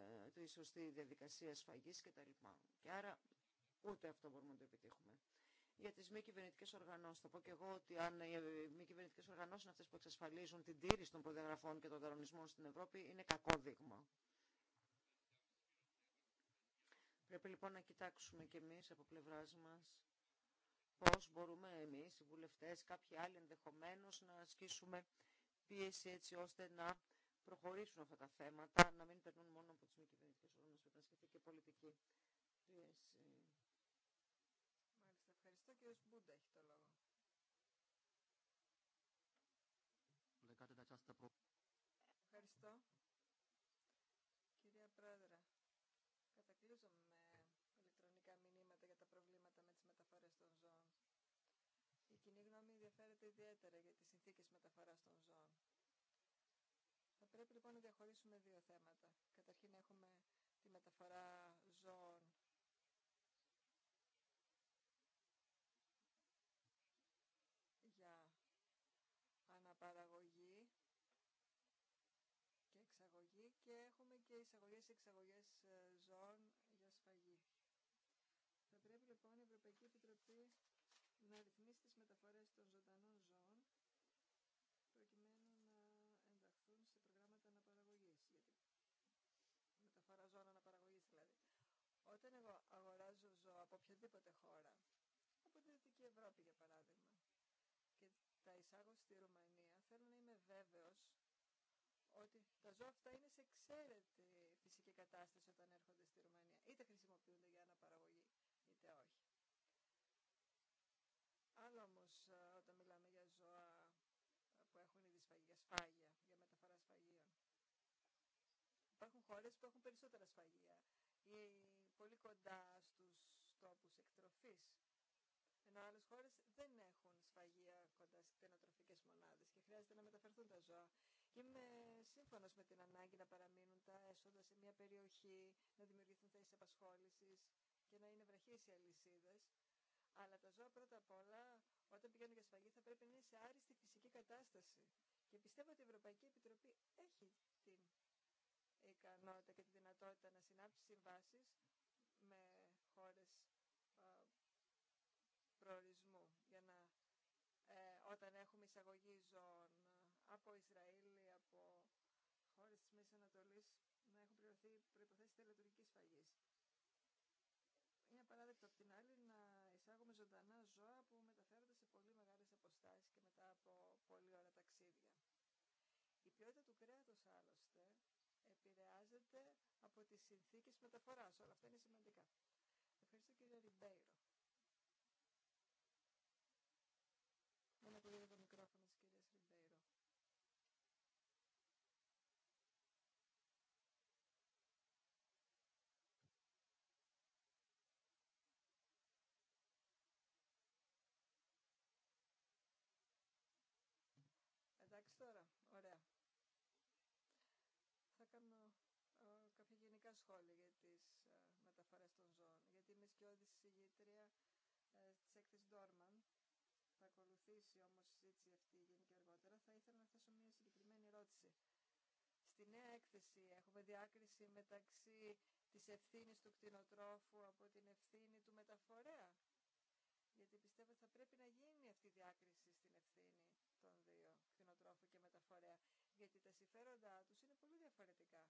η σωστή διαδικασία σφαγή κτλ. Και άρα ούτε αυτό μπορούμε να το επιτύχουμε. Για τι μη κυβερνητικέ οργανώσει, Θα πω και εγώ ότι αν οι μη κυβερνητικέ οργανώσει είναι αυτές που εξασφαλίζουν την τήρηση των προδιαγραφών και των κανονισμών στην Ευρώπη, είναι κακό δείγμα. Πρέπει λοιπόν να κοιτάξουμε κι εμεί από πλευρά μα πώ μπορούμε εμεί, οι βουλευτέ, κάποιοι άλλοι ενδεχομένω, να ασκήσουμε πίεση έτσι ώστε να προχωρήσουν αυτά τα θέματα, να μην περνούν μόνο από τι μη Ευχαριστώ. Κυρία Πρόεδρε, κατακλείζομαι ηλεκτρονικά μηνύματα για τα προβλήματα με τις μεταφορές των ζώων. Η κοινή γνώμη ενδιαφέρεται ιδιαίτερα για τις συνθήκες μεταφοράς των ζώων. Θα πρέπει λοιπόν να διαχωρίσουμε δύο θέματα. Καταρχήν έχουμε τη μεταφορά ζώων και έχουμε και εισαγωγές και εξαγωγές ε, ζώων για σφαγή. Θα πρέπει λοιπόν η Ευρωπαϊκή Επιτροπή να ρυθμίσει τις μεταφορές των ζωντανών ζώων προκειμένου να ενταχθούν σε προγράμματα αναπαραγωγής. Γιατί μεταφορά ζώων αναπαραγωγής δηλαδή. Όταν εγώ αγοράζω ζώα από οποιαδήποτε χώρα, από την Δυτική Ευρώπη για παράδειγμα, και τα εισάγω στη Ρουμανία, θέλω να είμαι βέβαιος τα ζώα αυτά είναι σε εξαίρετη φυσική κατάσταση όταν έρχονται στη Ρουμανία. Είτε χρησιμοποιούνται για αναπαραγωγή, είτε όχι. Άλλο όμω ε, όταν μιλάμε για ζώα ε, που έχουν ήδη σφαγεία, σφάγια, για μεταφορά σφαγείων. Υπάρχουν χώρε που έχουν περισσότερα σφαγεία ή πολύ κοντά στου τόπου εκτροφή. Ενώ άλλε χώρε δεν έχουν σφαγεία κοντά στι κτηνοτροφικέ μονάδε και χρειάζεται να μεταφερθούν τα ζώα είμαι σύμφωνος με την ανάγκη να παραμείνουν τα έσοδα σε μια περιοχή, να δημιουργηθούν θέσεις απασχόλησης και να είναι βραχίες οι αλυσίδες. Αλλά τα ζώα πρώτα απ' όλα, όταν πηγαίνουν για σφαγή, θα πρέπει να είναι σε άριστη φυσική κατάσταση. Και πιστεύω ότι η Ευρωπαϊκή Επιτροπή έχει την ικανότητα και τη δυνατότητα να συνάψει συμβάσει με χώρες προορισμού για να ε, όταν έχουμε εισαγωγή από Ισραήλ, προϋποθέσεις προποθέσει τελετουργική φαγή. Είναι απαράδεκτο απ' την άλλη να εισάγουμε ζωντανά ζώα που μεταφέρονται σε πολύ μεγάλε αποστάσει και μετά από πολλή ώρα ταξίδια. Η ποιότητα του κρέατος, άλλωστε επηρεάζεται από τι συνθήκε μεταφορά. Όλα αυτά είναι σημαντικά. Ευχαριστώ κύριε Ριμπέιρο. σχόλιο για τις ε, μεταφορές των ζώων, γιατί είμαι σκιώδης συγγήτρια ε, της έκθεσης Dorman Θα ακολουθήσει όμως η συζήτηση αυτή γίνει και αργότερα. Θα ήθελα να θέσω μια συγκεκριμένη ερώτηση. Στη νέα έκθεση έχουμε διάκριση μεταξύ της ευθύνης του κτηνοτρόφου από την ευθύνη του μεταφορέα. Γιατί πιστεύω ότι θα πρέπει να γίνει αυτή η διάκριση στην ευθύνη των δύο, κτηνοτρόφου και μεταφορέα. Γιατί τα συμφέροντά τους είναι πολύ διαφορετικά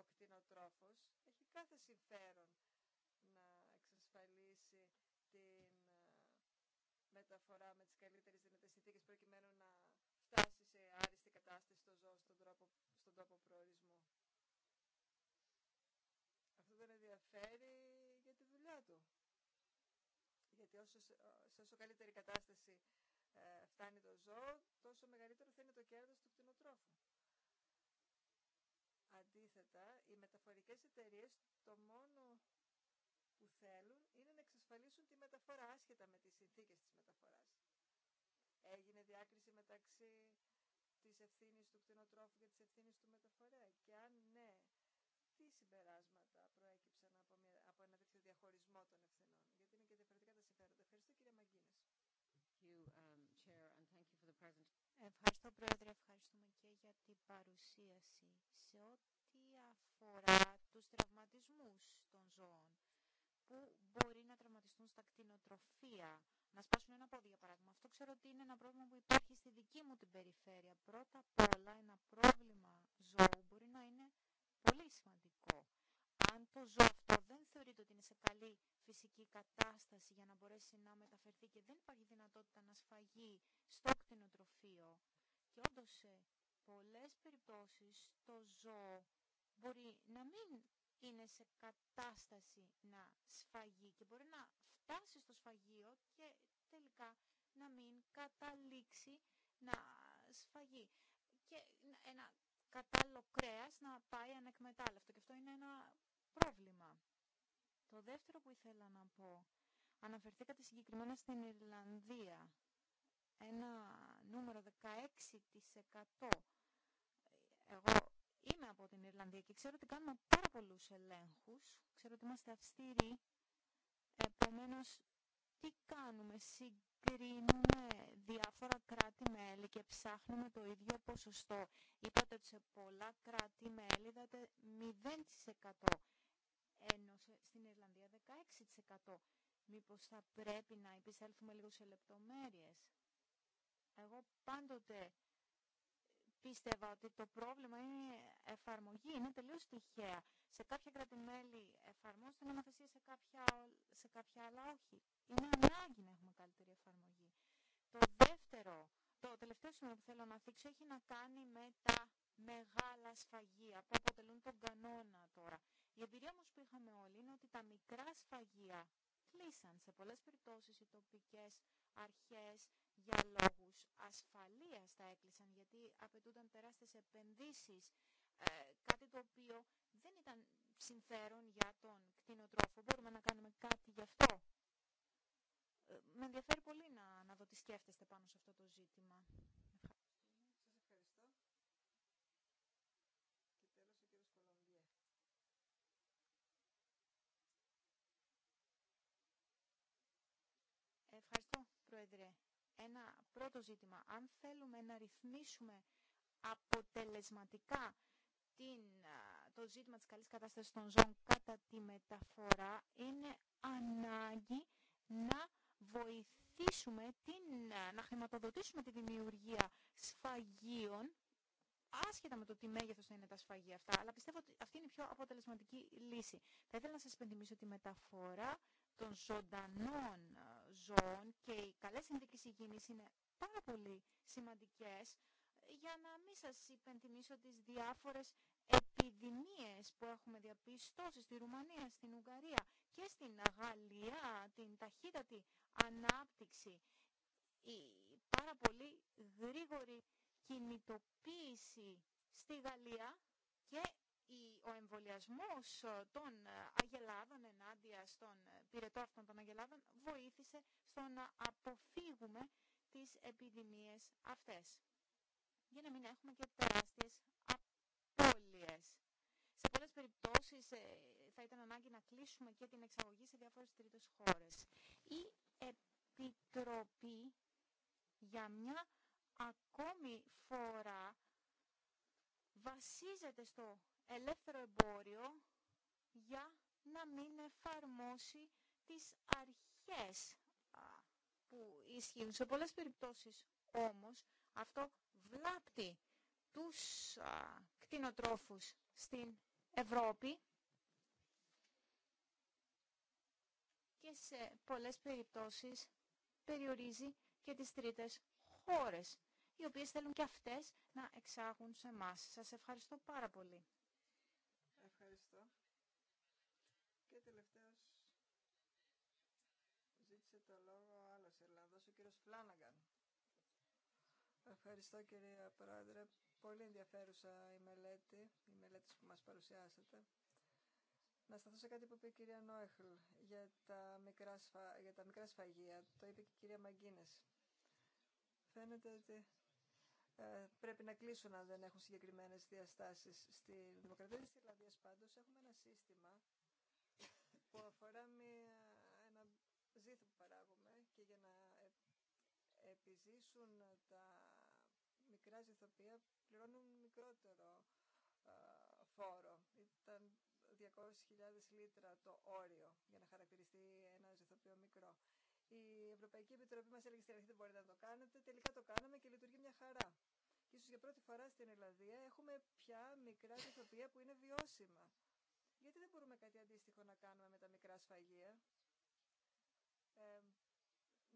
ο κτηνοτρόφος έχει κάθε συμφέρον να εξασφαλίσει την ε, μεταφορά με τις καλύτερες δυνατές συνθήκες προκειμένου να φτάσει σε άριστη κατάσταση το ζώο στον, τρόπο, προορισμού. Αυτό τον ενδιαφέρει για τη δουλειά του. Γιατί όσο, σε όσο καλύτερη κατάσταση ε, φτάνει το ζώο, τόσο μεγαλύτερο θα είναι το κέρδος του κτηνοτρόφου οι μεταφορικές εταιρείες το μόνο που θέλουν είναι να εξασφαλίσουν τη μεταφορά άσχετα με τις συνθήκες της μεταφοράς. Έγινε διάκριση μεταξύ της ευθύνης του κτηνοτρόφου και της ευθύνης του μεταφορέα και αν ναι, τι συμπεράσματα προέκυψαν από, μια, από ένα τέτοιο διαχωρισμό των ευθυνών, γιατί είναι και διαφορετικά τα συμφέροντα. Ευχαριστώ κύριε Μαγκίνες. Um, Ευχαριστώ Πρόεδρε, ευχαριστούμε και για την παρουσίαση. Σε ό,τι αφορά τους τραυματισμούς των ζώων που μπορεί να τραυματιστούν στα κτηνοτροφία, να σπάσουν ένα πόδι για παράδειγμα. Αυτό ξέρω ότι είναι ένα πρόβλημα που υπάρχει στη δική μου την περιφέρεια. Πρώτα απ' όλα ένα πρόβλημα ζώου μπορεί να είναι πολύ σημαντικό. Αν το ζώο αυτό δεν θεωρείται ότι είναι σε καλή φυσική κατάσταση για να μπορέσει να μεταφερθεί και δεν υπάρχει δυνατότητα να σφαγεί στο κτηνοτροφείο, και όντω σε πολλέ περιπτώσει το ζώο μπορεί να μην είναι σε κατάσταση να σφαγεί και μπορεί να φτάσει στο σφαγείο και τελικά να μην καταλήξει να σφαγεί. Και ένα κατάλληλο κρέα να πάει ανεκμετάλλευτο. Και αυτό είναι ένα πρόβλημα. Το δεύτερο που ήθελα να πω, αναφερθήκατε συγκεκριμένα στην Ιρλανδία. Ένα νούμερο 16% εγώ Είμαι από την Ιρλανδία και ξέρω ότι κάνουμε πάρα πολλούς ελέγχους. Ξέρω ότι είμαστε αυστηροί. Επομένως, τι κάνουμε, συγκρίνουμε διάφορα κράτη-μέλη και ψάχνουμε το ίδιο ποσοστό. Είπατε ότι σε πολλά κράτη-μέλη είδατε 0%. Ενώ στην Ιρλανδία 16%. Μήπως θα πρέπει να επισέλθουμε λίγο σε λεπτομέρειες. Εγώ πάντοτε πίστευα ότι το πρόβλημα είναι εφαρμογή, είναι τελείως τυχαία. Σε κάποια κρατημέλη εφαρμόζεται νομοθεσία, σε κάποια, σε κάποια άλλα όχι. Είναι ανάγκη να έχουμε καλύτερη εφαρμογή. Το δεύτερο, το τελευταίο σημείο που θέλω να θίξω έχει να κάνει με τα μεγάλα σφαγεία που αποτελούν τον κανόνα τώρα. Η εμπειρία όμω που είχαμε όλοι είναι ότι τα μικρά σφαγεία κλείσαν. Σε πολλές περιπτώσεις οι τοπικές αρχές για λόγους ασφαλείας τα έκλεισαν, γιατί απαιτούνταν τεράστιες επενδύσεις, ε, κάτι το οποίο δεν ήταν συμφέρον για τον κτηνοτρόφο. Μπορούμε να κάνουμε κάτι γι' αυτό. Ε, με ενδιαφέρει πολύ να, να δω τι σκέφτεστε πάνω σε αυτό το ζήτημα. ένα πρώτο ζήτημα. Αν θέλουμε να ρυθμίσουμε αποτελεσματικά την, το ζήτημα της καλής κατάστασης των ζώων κατά τη μεταφορά, είναι ανάγκη να βοηθήσουμε, την, να χρηματοδοτήσουμε τη δημιουργία σφαγίων, άσχετα με το τι μέγεθος θα είναι τα σφαγεία αυτά, αλλά πιστεύω ότι αυτή είναι η πιο αποτελεσματική λύση. Θα ήθελα να σας πενθυμίσω τη μεταφορά των ζωντανών ζώων και οι καλές συνθήκες υγιεινής είναι πάρα πολύ σημαντικές ε, για να μην σας υπενθυμίσω τις διάφορες επιδημίες που έχουμε διαπιστώσει στη Ρουμανία, στην Ουγγαρία και στην Γαλλία, την ταχύτατη ανάπτυξη, η πάρα πολύ γρήγορη κινητοποίηση στη Γαλλία και ο εμβολιασμό ε, των ε, αγελάδων ενάντια στον ε, πυρετό αυτών των αγελάδων βοήθησε στο να αποφύγουμε τις επιδημίες αυτές. Για να μην έχουμε και τεράστιες απώλειες. Σε πολλές περιπτώσεις θα ήταν ανάγκη να κλείσουμε και την εξαγωγή σε διάφορες τρίτες χώρες. Η Επιτροπή για μια ακόμη φορά βασίζεται στο ελεύθερο εμπόριο για να μην εφαρμόσει τις αρχές που ισχύουν. Σε πολλές περιπτώσεις όμως αυτό βλάπτει τους κτηνοτρόφους στην Ευρώπη και σε πολλές περιπτώσεις περιορίζει και τις τρίτες χώρες, οι οποίες θέλουν και αυτές να εξάγουν σε εμά. Σας ευχαριστώ πάρα πολύ. Ευχαριστώ κυρία Πρόεδρε. Πολύ ενδιαφέρουσα η μελέτη, που μας παρουσιάσατε. Να σταθώ σε κάτι που είπε η κυρία Νόεχλ για τα μικρά, για τα μικρά σφαγεία. Το είπε και η κυρία Μαγκίνες. Φαίνεται ότι ε, πρέπει να κλείσουν αν δεν έχουν συγκεκριμένες διαστάσεις. Στη Δημοκρατία της Ιρλανδίας πάντως έχουμε ένα σύστημα που αφορά ένα ζήθο που παράγουμε και για να ε, επιζήσουν τα μικρά ζυθοποιία πληρώνουν μικρότερο φόρο. Ήταν 200.000 λίτρα το όριο για να χαρακτηριστεί ένα ζυθοποιό μικρό. Η Ευρωπαϊκή Επιτροπή μα έλεγε στην αρχή δεν μπορείτε να το κάνετε. Τελικά το κάναμε και λειτουργεί μια χαρά. Και ίσως για πρώτη φορά στην Ελλαδία έχουμε πια μικρά ζυθοποιία που είναι βιώσιμα. Γιατί δεν μπορούμε κάτι αντίστοιχο να κάνουμε με τα μικρά σφαγεία. Ε,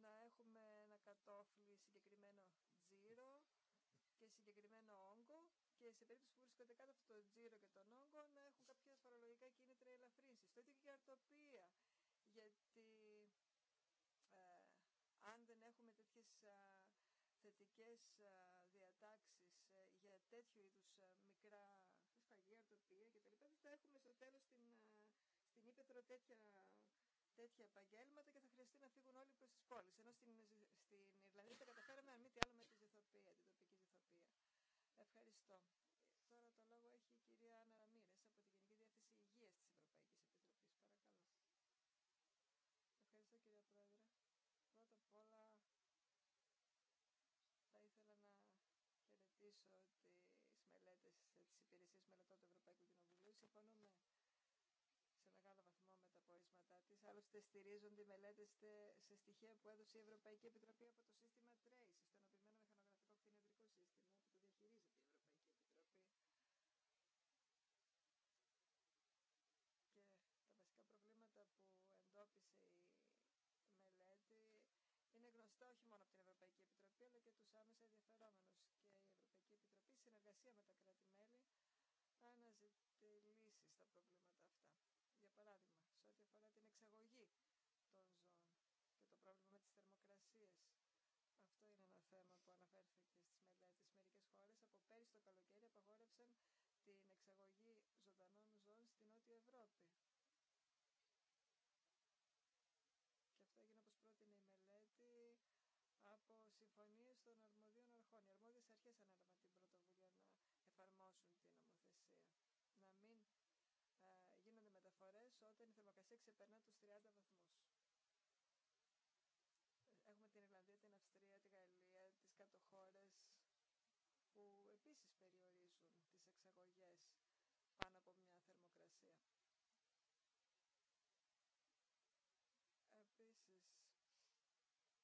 να έχουμε ένα κατόφλι σε περίπτωση που βρίσκονται κάτω από τον τζίρο και τον όγκο να έχουν κάποια φορολογικά κίνητρα ελαφρύνσης. Το ίδιο και για αρτοπία, γιατί ε, αν δεν έχουμε τέτοιες θετικέ θετικές ε, διατάξεις ε, για τέτοιου είδους ε, μικρά σφαγεία, αρτοπία κτλ. Δεν θα έχουμε στο τέλος στην, στην Ήπεθρο τέτοια επαγγέλματα και θα χρειαστεί να φύγουν όλοι προς τις πόλεις. Ενώ στην, στην Ιρλανδία τα καταφέραμε, αν μη τι άλλο, με τη την τοπική ζηθοποιία. Ευχαριστώ. τι τις μελέτες της Υπηρεσίας Μελετών του Ευρωπαϊκού Κοινοβουλίου. Συμφωνούμε σε μεγάλο βαθμό με τα πορίσματά της. Άλλωστε στηρίζονται οι μελέτες σε στοιχεία που έδωσε η Ευρωπαϊκή Επιτροπή από το σύστημα TRACE, στο ενοποιημένο μηχανογραφικό κτηνιατρικό σύστημα που το διαχειρίζεται η Ευρωπαϊκή Επιτροπή. Και τα βασικά προβλήματα που εντόπισε η μελέτη είναι γνωστά όχι μόνο από την Ευρωπαϊκή Επιτροπή αλλά και τους άμεσα ενδιαφερόμενους συνεργασία με τα κράτη-μέλη αναζητεί λύσεις στα προβλήματα αυτά. Για παράδειγμα, σε ό,τι αφορά την εξαγωγή των ζώων και το πρόβλημα με τις θερμοκρασίες. Αυτό είναι ένα θέμα που αναφέρθηκε στις μελέτες. Μερικές χώρες από πέρυσι το καλοκαίρι απαγόρευσαν την εξαγωγή ζωντανών ζώων στην Νότια Ευρώπη. Και αυτό έγινε όπως πρότεινε η μελέτη από συμφωνίες των αρμοδίων αρχών. Οι αρμόδιες αρχές να μην ε, γίνονται μεταφορές όταν η θερμοκρασία ξεπερνά τους 30 βαθμούς. Έχουμε την Ιρλανδία, την Αυστρία, τη Γαλλία, τις κάτω χώρες που επίσης περιορίζουν τις εξαγωγές πάνω από μια θερμοκρασία. Επίσης, για μερικά προβλήματα οι λύσεις δεν είναι εύκολες.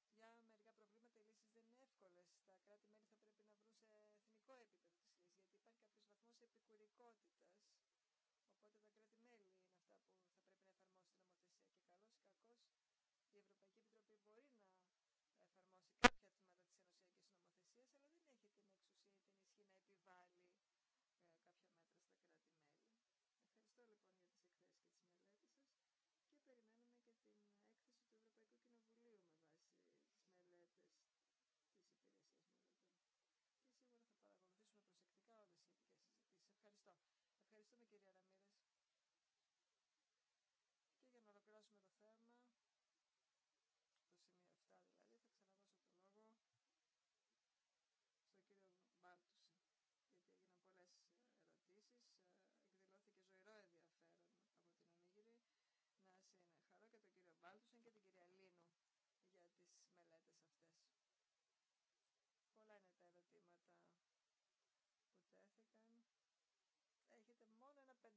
Τα κράτη-μέλη θα πρέπει να βρουν σε εθνικό επίπεδο Οπότε τα κράτη-μέλη είναι αυτά που θα πρέπει να εφαρμόσουν την νομοθεσία. Και καλώς ή κακώς η Ευρωπαϊκή Επιτροπή μπορεί να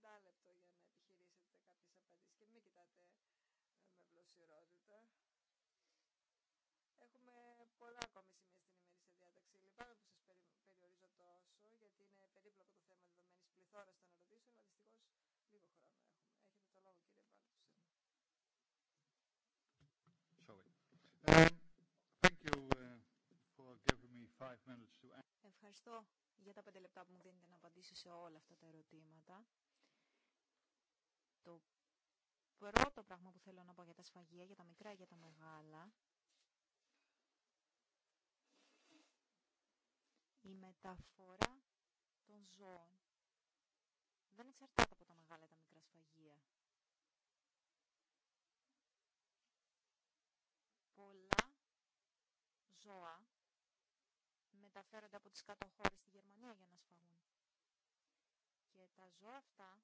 πεντάλεπτο για να επιχειρήσετε κάποιες απαντήσεις και μην κοιτάτε ε, με βλωσιρότητα. Έχουμε πολλά ακόμη σημεία στην ημερήσια διάταξη. Λυπάμαι που σας περιορίζω τόσο, γιατί είναι περίπλοκο το θέμα δεδομένης πληθώρας των ερωτήσεων, αλλά δυστυχώς λίγο χρόνο έχουμε. Έχετε το λόγο κύριε Βάλτους. Ε, ε, Ευχαριστώ για τα πέντε λεπτά που μου δίνετε να απαντήσω σε όλα αυτά τα ερωτήματα. Το πρώτο πράγμα που θέλω να πω για τα σφαγεία, για τα μικρά ή για τα μεγάλα, η μεταφορά των ζώων δεν εξαρτάται από τα μεγάλα ή τα μικρά σφαγεία. Πολλά ζώα μεταφέρονται από τις κάτω χώρες στη Γερμανία για να σφαγούν. Και τα ζώα αυτά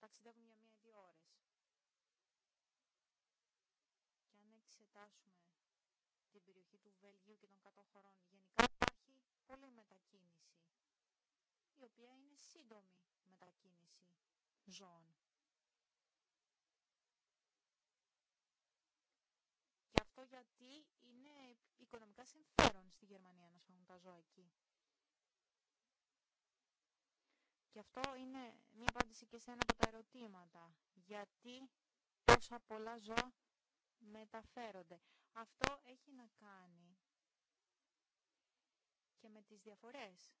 ταξιδεύουν για μία-δύο ώρες. Και αν εξετάσουμε την περιοχή του Βελγίου και των κατοχωρών, γενικά υπάρχει πολλή μετακίνηση, η οποία είναι σύντομη μετακίνηση ζώων. Και αυτό γιατί είναι οικονομικά συμφέρον στη Γερμανία να σφαγούν τα ζώα εκεί. Και αυτό είναι μια απάντηση και σε ένα από τα ερωτήματα. Γιατί τόσα πολλά ζώα μεταφέρονται. Αυτό έχει να κάνει και με τις διαφορές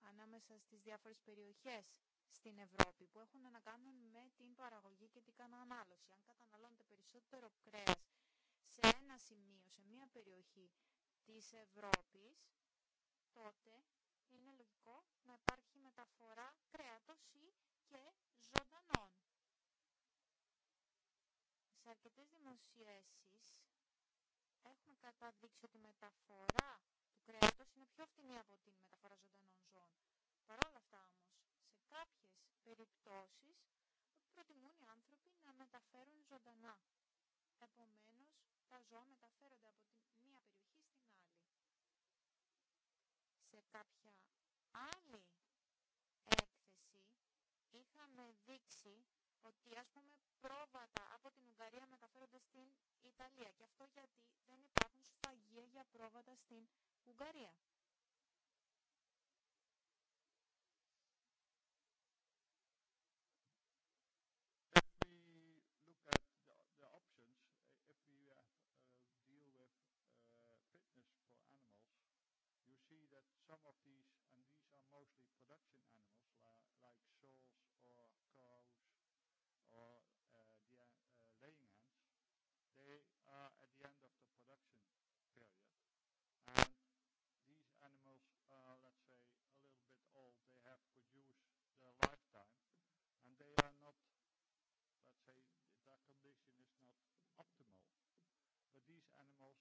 ανάμεσα στις διάφορες περιοχές στην Ευρώπη που έχουν να κάνουν με την παραγωγή και την κατανάλωση. Αν καταναλώνεται περισσότερο κρέας σε ένα σημείο, σε μια περιοχή της Ευρώπης, τότε είναι λογικό να υπάρχει μεταφορά κρέατος ή και ζωντανών. Σε αρκετές δημοσιεύσεις έχουμε καταδείξει ότι η μεταφορά του κρέατος είναι πιο φτηνή από την μεταφορά ζωντανών ζώων. Παρ' όλα αυτά όμως, σε κάποιες περιπτώσεις προτιμούν οι άνθρωποι να μεταφέρουν ζωντανά. Επομένως, τα ζώα μεταφέρονται από τη μία περιοχή στην άλλη. Σε κάποια άλλη έκθεση είχαμε δείξει ότι ας πούμε πρόβατα από την Ουγγαρία μεταφέρονται στην Ιταλία και αυτό γιατί δεν υπάρχουν σφαγεία για πρόβατα στην Ουγγαρία mostly production animals like souls or cows or the laying hens. They are at the end of the production period. And these animals are, let's say, a little bit old. They have produced their lifetime. And they are not, let's say, their condition is not optimal. But these animals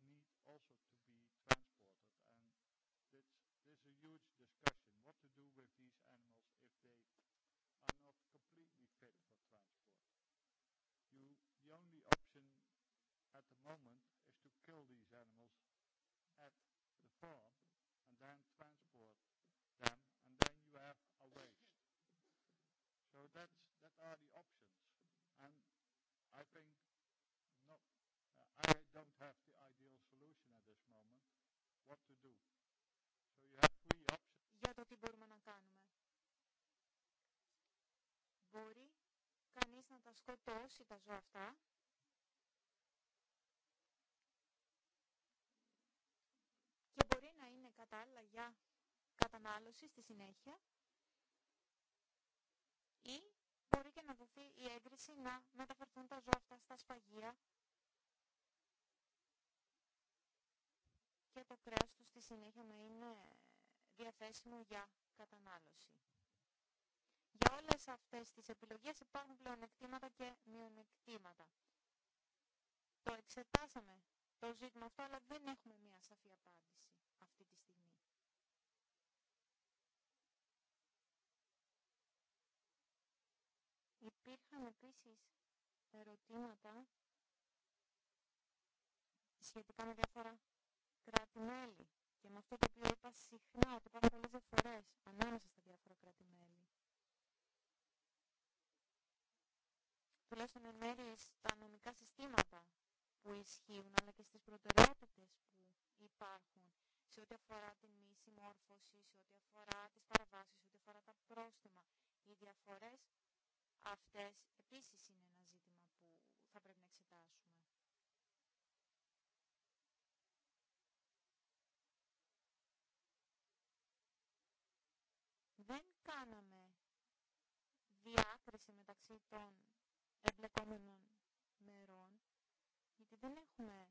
need also to huge discussion what to do with these animals if they are not completely fit for transport. You, the only option at the moment is to kill these animals at the farm and then transport them and then you have a waste. So that's, that are the options. And I think not, I don't have the ideal solution at this moment what to do. μπορεί κανείς να τα σκοτώσει τα ζώα αυτά. Και μπορεί να είναι κατάλληλα για κατανάλωση στη συνέχεια. Ή μπορεί και να δοθεί η έγκριση να μεταφερθούν τα ζώα αυτά στα σφαγεία και το κρέας του στη συνέχεια να είναι διαθέσιμο για κατανάλωση. Για όλες αυτές τις επιλογές υπάρχουν πλεονεκτήματα και μειονεκτήματα. Το εξετάσαμε το ζήτημα αυτό, αλλά δεν έχουμε μια σαφή απάντηση αυτή τη στιγμή. Υπήρχαν επίσης ερωτήματα σχετικά με διάφορα κράτη-μέλη. Και με αυτό το οποίο είπα συχνά, ότι υπάρχουν πολλές διαφορές ανάμεσα στα διάφορα κράτη-μέλη. τουλάχιστον εν μέρει στα νομικά συστήματα που ισχύουν, αλλά και στις προτεραιότητες που υπάρχουν σε ό,τι αφορά την μη συμμόρφωση, σε ό,τι αφορά τις παραβάσεις, σε ό,τι αφορά τα πρόστιμα. Οι διαφορές αυτές επίσης είναι ένα ζήτημα που θα πρέπει να εξετάσουμε. Δεν κάναμε διάκριση μεταξύ των εμπλεκόμενων μερών, γιατί δεν έχουμε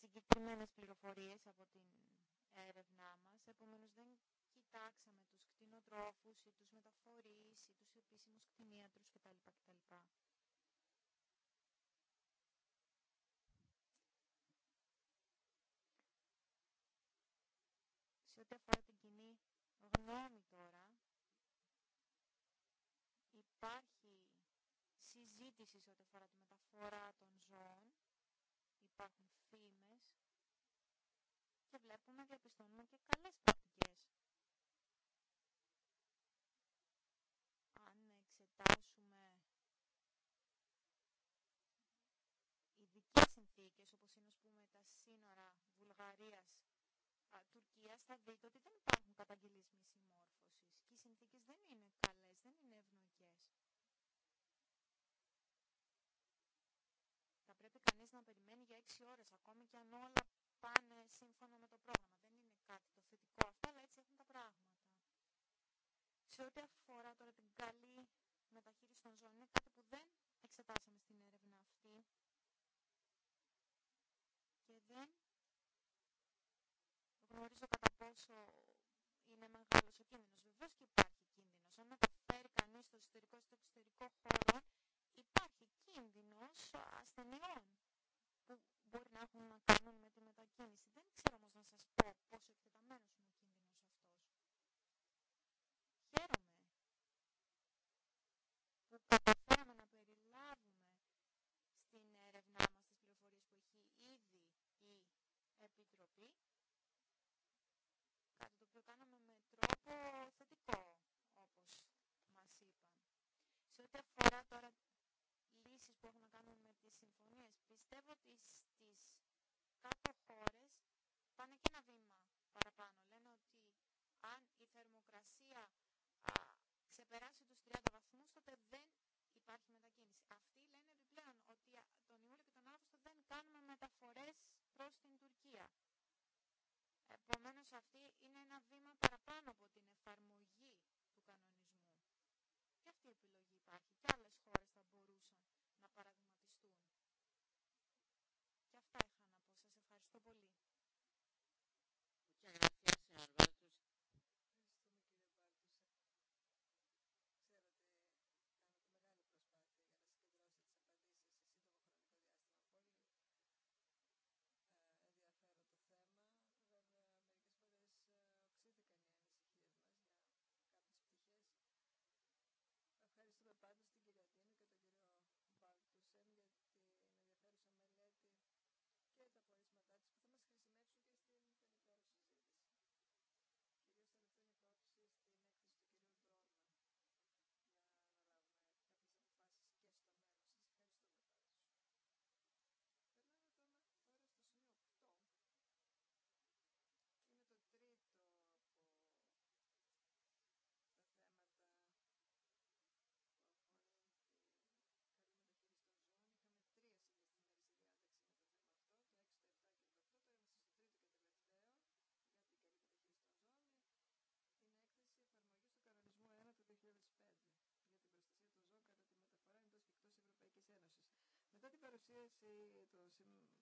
συγκεκριμένες πληροφορίες από την έρευνά μας, επομένως δεν κοιτάξαμε τους κτηνοτρόφους ή τους μεταφορείς ή τους επίσημους κτηνίατρους κτλ. κτλ. Σε ό,τι αφορά την κοινή γνώμη τώρα, υπάρχει συζήτηση σε ό,τι τη μεταφορά των ζώων. Υπάρχουν φήμες και βλέπουμε, διαπιστώνουμε και καλές πρακτικές. Αν εξετάσουμε ειδικέ συνθήκες, όπως είναι ας πούμε, τα σύνορα Βουλγαρίας Τουρκία θα δείτε ότι δεν υπάρχουν καταγγελίες μισή και οι συνθήκες δεν είναι καλές, δεν είναι ευνοϊκές. περιμένει για 6 ώρες ακόμη και αν όλα πάνε σύμφωνα με το πρόγραμμα. Δεν είναι κάτι το θετικό αυτό, αλλά έτσι έχουν τα πράγματα. Σε ό,τι αφορά τώρα την καλή μεταχείριση των ζώων, είναι κάτι που δεν εξετάσαμε στην έρευνα αυτή και δεν γνωρίζω κατά πόσο είναι μεγάλο ο κίνδυνο. Βεβαιώς και υπάρχει κίνδυνο. Αν φέρει κανεί στο εσωτερικό ή στο εξωτερικό χώρο, υπάρχει κίνδυνο ασθενειών μπορεί να έχουν να κάνουν με τη μετακίνηση. Δεν ξέρω όμως να σας πω πόσο εκτεταμένος είναι ο κίνδυνος αυτός. Χαίρομαι που καταφέραμε να περιλάβουμε στην έρευνά μας τις πληροφορίες που έχει ήδη η Επιτροπή, κάτι το οποίο κάναμε με τρόπο θετικό, όπως μας είπαν. Σε ό,τι αφορά τώρα που έχουν να κάνουν με τις συμφωνίες. Πιστεύω ότι στις κάτω χώρες πάνε και ένα βήμα παραπάνω. Λένε ότι αν η θερμοκρασία α, ξεπεράσει τους 30 βαθμούς, τότε δεν υπάρχει μετακίνηση. Αυτοί λένε επιπλέον ότι τον Ιούλιο και τον Αύγουστο δεν κάνουμε μεταφορές προς την Τουρκία. Επομένως, αυτή είναι ένα βήμα παραπάνω από την εφαρμογή του κανονισμού. Και αυτή η επιλογή υπάρχει. Και άλλες χώρες παραδείγματα το,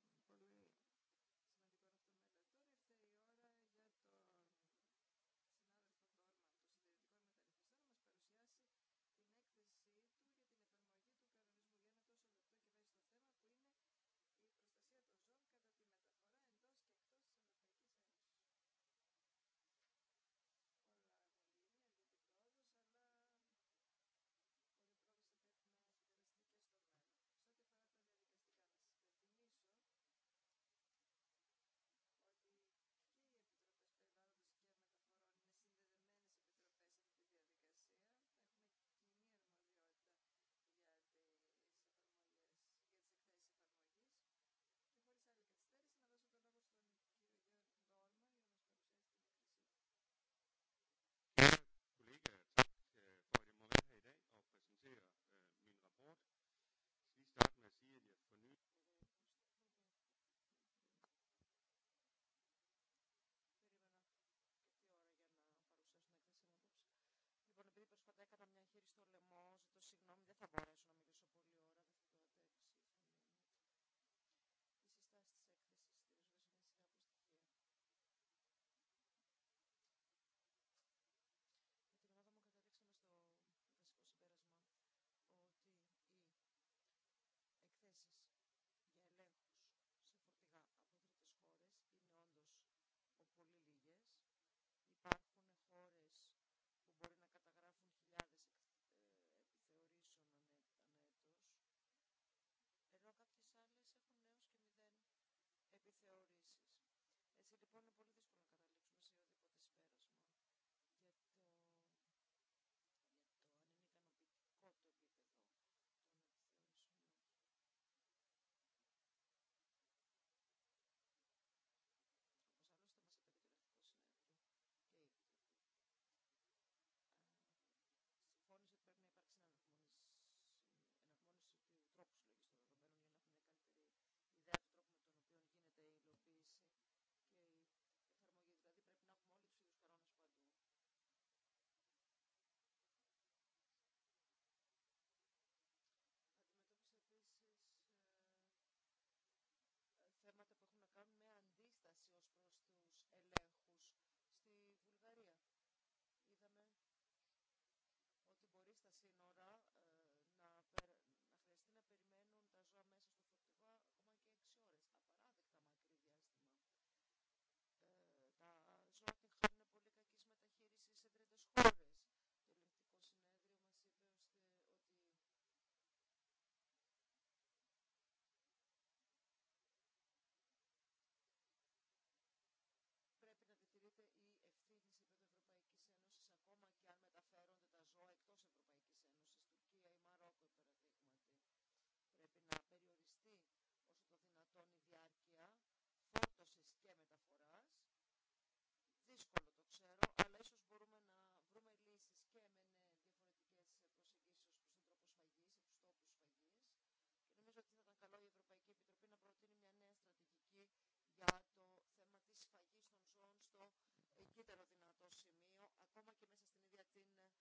ακόμα και μέσα στην ίδια την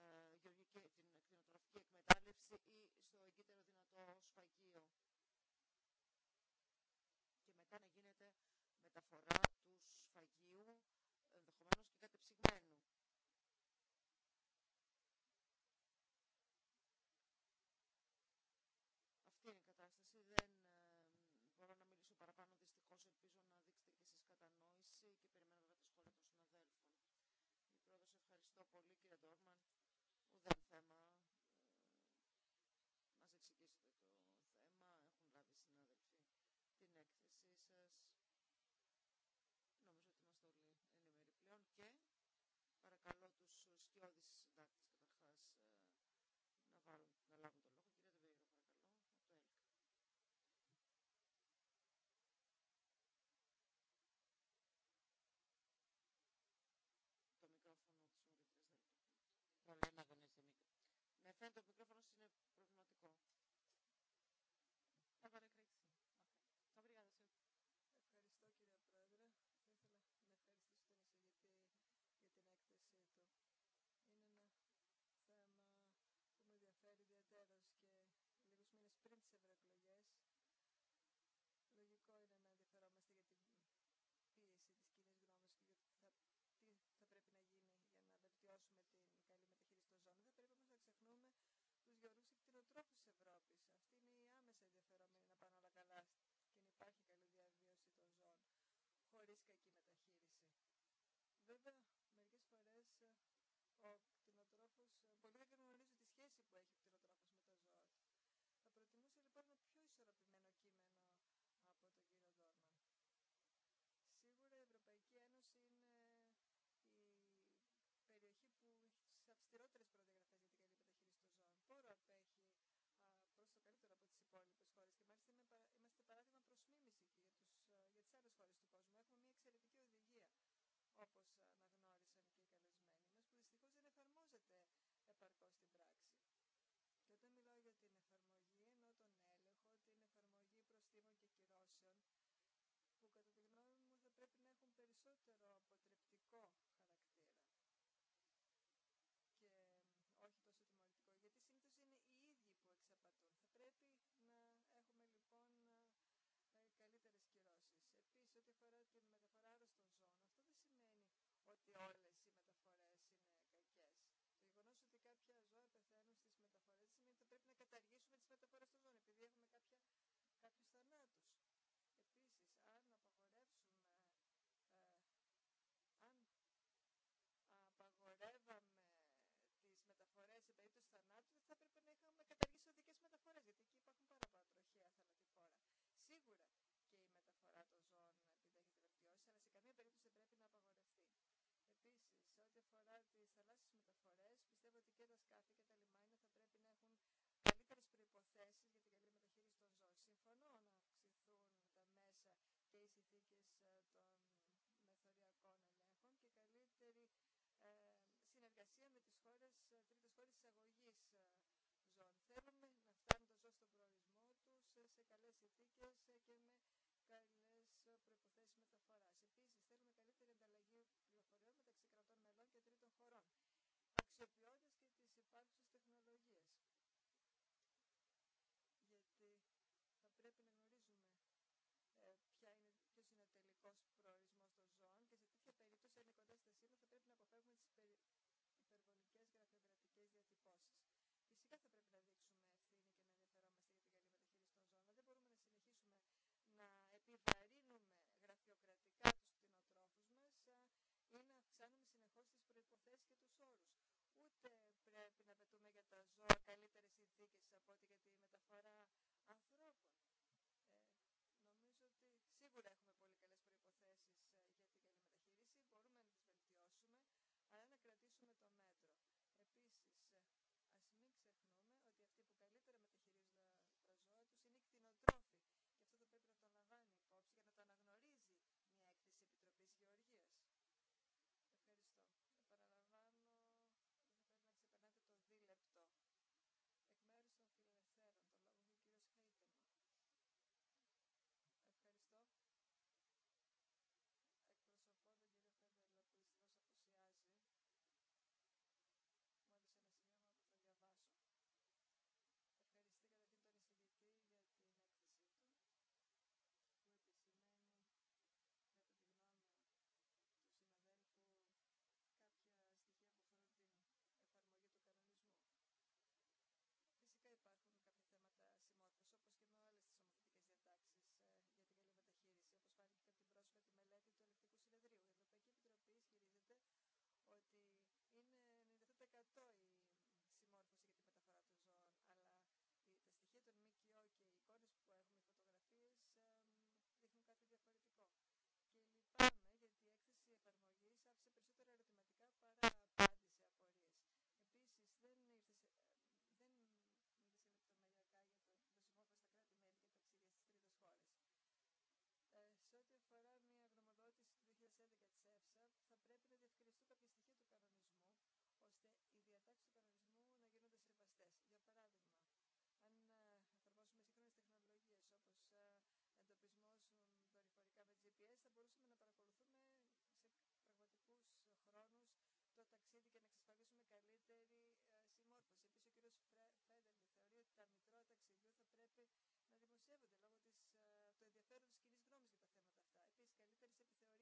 ε, γεωργική, την εκμετάλλευση ή στο εγκύτερο δυνατό και περισσότερο αποτρεπτικό χαρακτήρα και όχι τόσο τιμωρητικό, γιατί συνήθως είναι οι ίδιοι που εξαπατούν. Θα πρέπει να έχουμε λοιπόν ε, ε, καλύτερες κυρώσεις. Επίσης, ό,τι αφορά τη μεταφορά άρρωστων ζώων, αυτό δεν σημαίνει ότι όλες οι μεταφορές είναι κακές. Το γεγονό ότι κάποια ζώα πεθαίνουν στις μεταφορές σημαίνει ότι πρέπει να καταργήσουμε τις μεταφορές των απαγορεύαμε τις μεταφορές σε περίπτωση θανάτου, θα έπρεπε να είχαμε καταργήσει οδικέ μεταφορές, γιατί εκεί υπάρχουν πάρα πολλά τροχαία χώρα. Σίγουρα και η μεταφορά των ζώων επιδέχεται βελτιώσει, αλλά σε καμία περίπτωση πρέπει να απαγορευτεί. Επίσης, ό,τι αφορά τι θαλάσσιες μεταφορέ, συνεργασία με τις χώρες, ε, τρίτες χώρες εισαγωγής ε, ζώων. Θέλουμε να φτάνουν το ζώα στον προορισμό τους ε, σε καλές συνθήκε και με καλές προϋποθέσεις μεταφοράς. Επίσης, θέλουμε καλύτερη ανταλλαγή πληροφοριών μεταξύ κρατών μελών και τρίτων χωρών, αξιοποιώντας και τις υπάρχουσες τεχνολογίες. Γιατί θα πρέπει να γνωρίζουμε είναι, ποιος είναι ο τελικός πρέπει να πετούμε για τα ζώα καλύτερες συνθήκες από ό,τι για τη μεταφορά ενδιαφέρον τη κοινή γνώμη για τα θέματα αυτά. Επίση, καλύτερη επιθεωρήση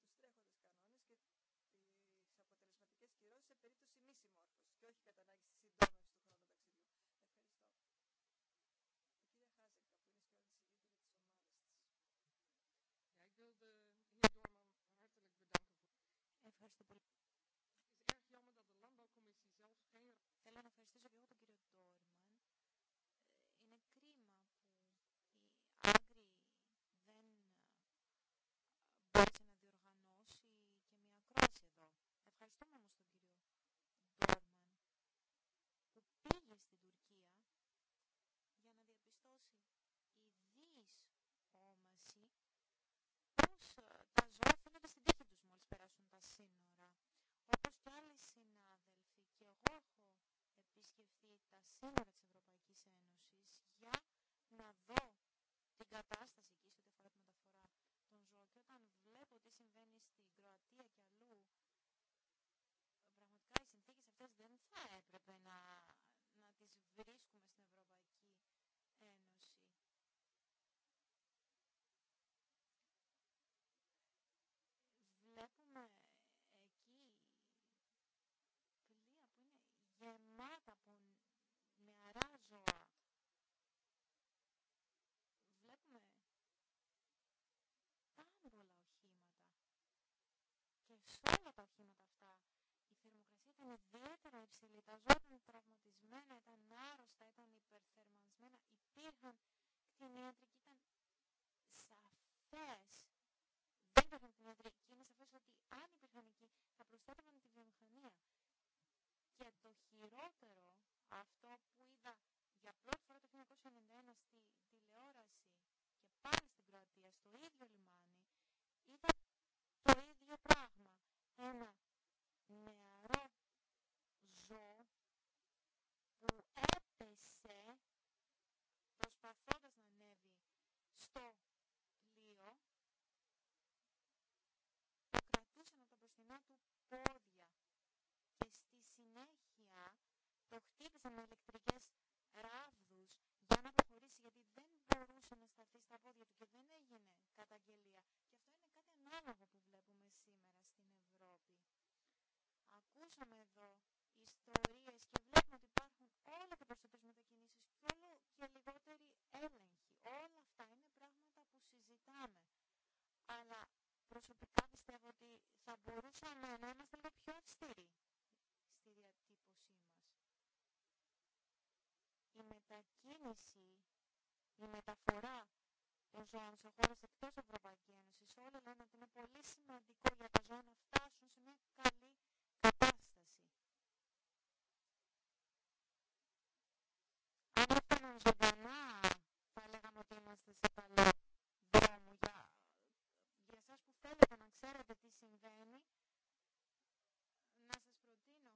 τους τρέχοντες κανόνες και τις αποτελεσματικές κυρώσεις σε περίπτωση μη συμμόρφωσης και όχι κατά ανάγκη επισκεφθεί τα σύνορα της Ευρωπαϊκής Ένωσης για να δω την κατάσταση εκεί σε ό,τι αφορά τη μεταφορά των ζώων. Και όταν βλέπω τι συμβαίνει στην Κροατία και αλλού, πραγματικά οι συνθήκες αυτές δεν θα έπρεπε να, να τις ήταν ιδιαίτερα υψηλή. Τα ζώα ήταν τραυματισμένα, ήταν άρρωστα, ήταν υπερθερμανισμένα. Υπήρχαν κτηνίατρικοι, ήταν σαφές. Δεν υπήρχαν κτηνίατρικοι. Είναι σαφές ότι αν υπήρχαν εκεί θα προστάτευαν τη βιομηχανία. Και το χειρότερο, αυτό που είδα για πρώτη φορά το 1991 στη τηλεόραση και πάλι στην Κροατία, στο ίδιο λιμάνι, ήταν το ίδιο πράγμα. Ένα πλοίο το κρατούσαν από τα μπροστινά του πόδια και στη συνέχεια το χτύπησαν με ηλεκτρικές ράβδους για να προχωρήσει γιατί δεν μπορούσε να σταθεί στα πόδια του και δεν έγινε καταγγελία. Και αυτό είναι κάτι ανάλογο που βλέπουμε σήμερα στην Ευρώπη. Ακούσαμε εδώ θα μπορούσαμε να είμαστε λίγο πιο αυστηροί στη διατύπωσή μας. Η μετακίνηση, η μεταφορά των ζώων σε χώρες εκτός Ευρωπαϊκής Ένωσης, όλοι λένε ότι είναι πολύ σημαντικό για τα ζώα να φτάσουν σε μια καλή κατάσταση. Αν ξέρετε τι συμβαίνει, να σας προτείνω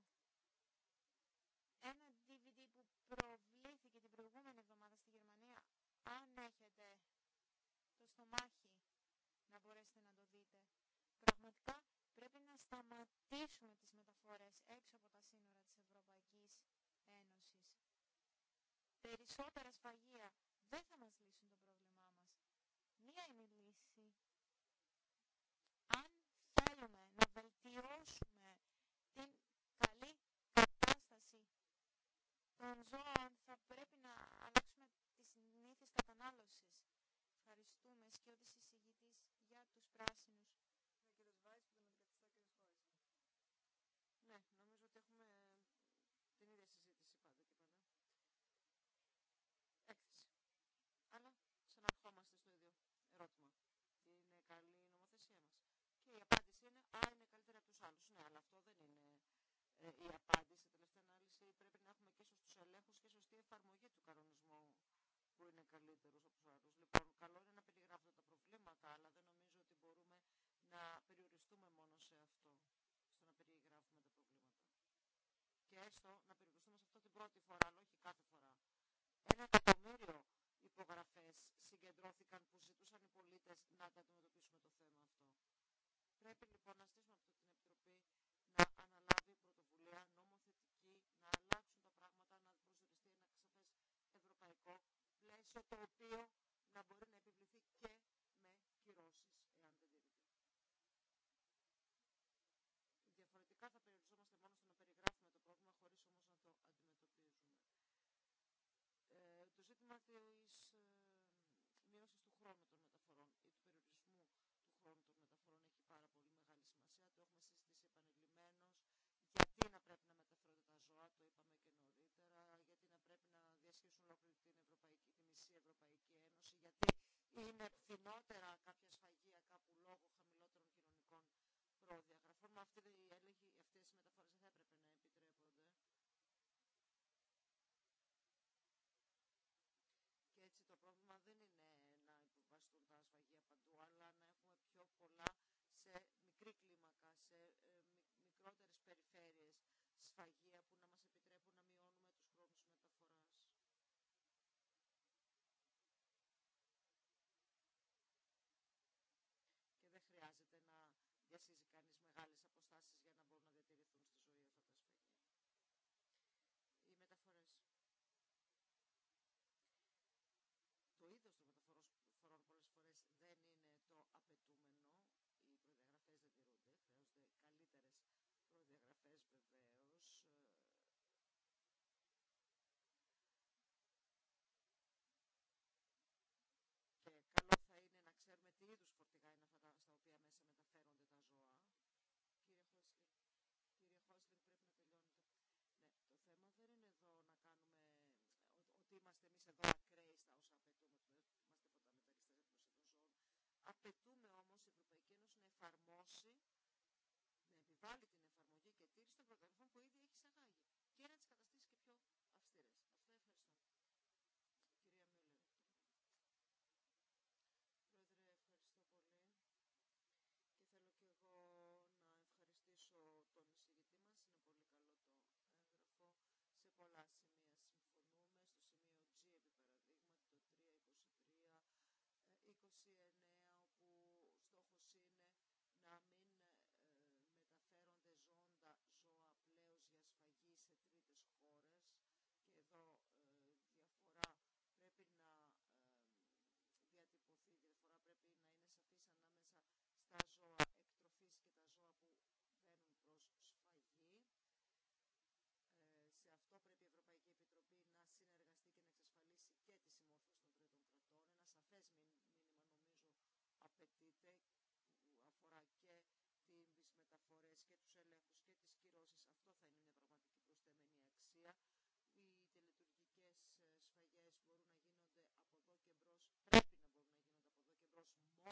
ένα DVD που προβλήθηκε την προηγούμενη εβδομάδα στη Γερμανία, αν έχετε το στομάχι να μπορέσετε να το δείτε. Πραγματικά πρέπει να σταματήσουμε τις μεταφορές έξω από τα σύνορα της Ευρωπαϊκής Ένωσης. Περισσότερα σφαγεία δεν θα μας λύσουν το πρόβλημά μας. Μία είναι των ζώων θα πρέπει να αλλάξουμε τις συνήθειες κατανάλωσης. Ευχαριστούμε και ότι για τους πράσινους. Ναι, ναι, νομίζω ότι έχουμε την ίδια συζήτηση πάντα και πάντα. Έκθεση. Αλλά ξαναρχόμαστε στο ίδιο ερώτημα. Είναι καλή η νομοθεσία μας. Και η απάντηση είναι, α, είναι καλύτερα από τους άλλους. Ναι, αλλά αυτό δεν είναι ε, η απάντηση, η τελευταία ανάλυση, πρέπει να έχουμε και σωστούς ελέγχους και σωστή εφαρμογή του κανονισμού που είναι καλύτερος από τους άλλους. Λοιπόν, καλό είναι να περιγράφουμε τα προβλήματα, αλλά δεν νομίζω ότι μπορούμε να περιοριστούμε μόνο σε αυτό, στο να περιγράφουμε τα προβλήματα. Και έστω να περιοριστούμε σε αυτό την πρώτη φορά, αλλά όχι κάθε φορά. Ένα εκατομμύριο υπογραφές συγκεντρώθηκαν που ζητούσαν οι πολίτες να τα αντιμετωπίσουμε το θέμα αυτό. Πρέπει λοιπόν να στήσουμε αυτή την Επιτροπή να αναλάβουμε στο το οποίο να μπορεί να επιβληθεί και με κυρώσεις, εάν δεν τηρείται. Διαφορετικά θα περιοριζόμαστε μόνο στο να περιγράφουμε το πρόβλημα, χωρίς όμως να το αντιμετωπίζουμε. Ε, το ζήτημα της ε, μείωσης του χρόνου των μεταφορών ή του περιορισμού του χρόνου των μεταφορών έχει πάρα πολύ μεγάλη σημασία. Το έχουμε συζητήσει επανειλημμένως. Γιατί να πρέπει να μεταφέρονται τα ζώα, το είπαμε και νωρίτερα, γιατί να πρέπει να διασχίσουν ολόκληρη την Ευρωπαϊκή η Ευρωπαϊκή Ένωση, γιατί είναι φθηνότερα κάποια σφαγεία κάπου λόγω χαμηλότερων κοινωνικών προδιαγραφών. Μα αυτή η αυτές οι μεταφορές δεν θα έπρεπε να επιτρέπονται. Και έτσι το πρόβλημα δεν είναι να υποβαστούν τα σφαγεία παντού, αλλά να έχουμε πιο πολλά σε μικρή κλίμακα, σε ε, μικρότερες περιφέρειες σφαγεία που να μας είμαστε εμείς όσα απαιτούμε, είμαστε των όμως η Ευρωπαϊκή Ένωση να εφαρμόσει, είναι μήνυμα νομίζω απαιτείται που αφορά και τις μεταφορές και τους ελέγχους και τις κυρώσεις. Αυτό θα είναι μια πραγματική προσθέμενη αξία. Οι τελετουργικές ε, σφαγές μπορούν να γίνονται από εδώ και μπρος, πρέπει να μπορούν να γίνονται από εδώ και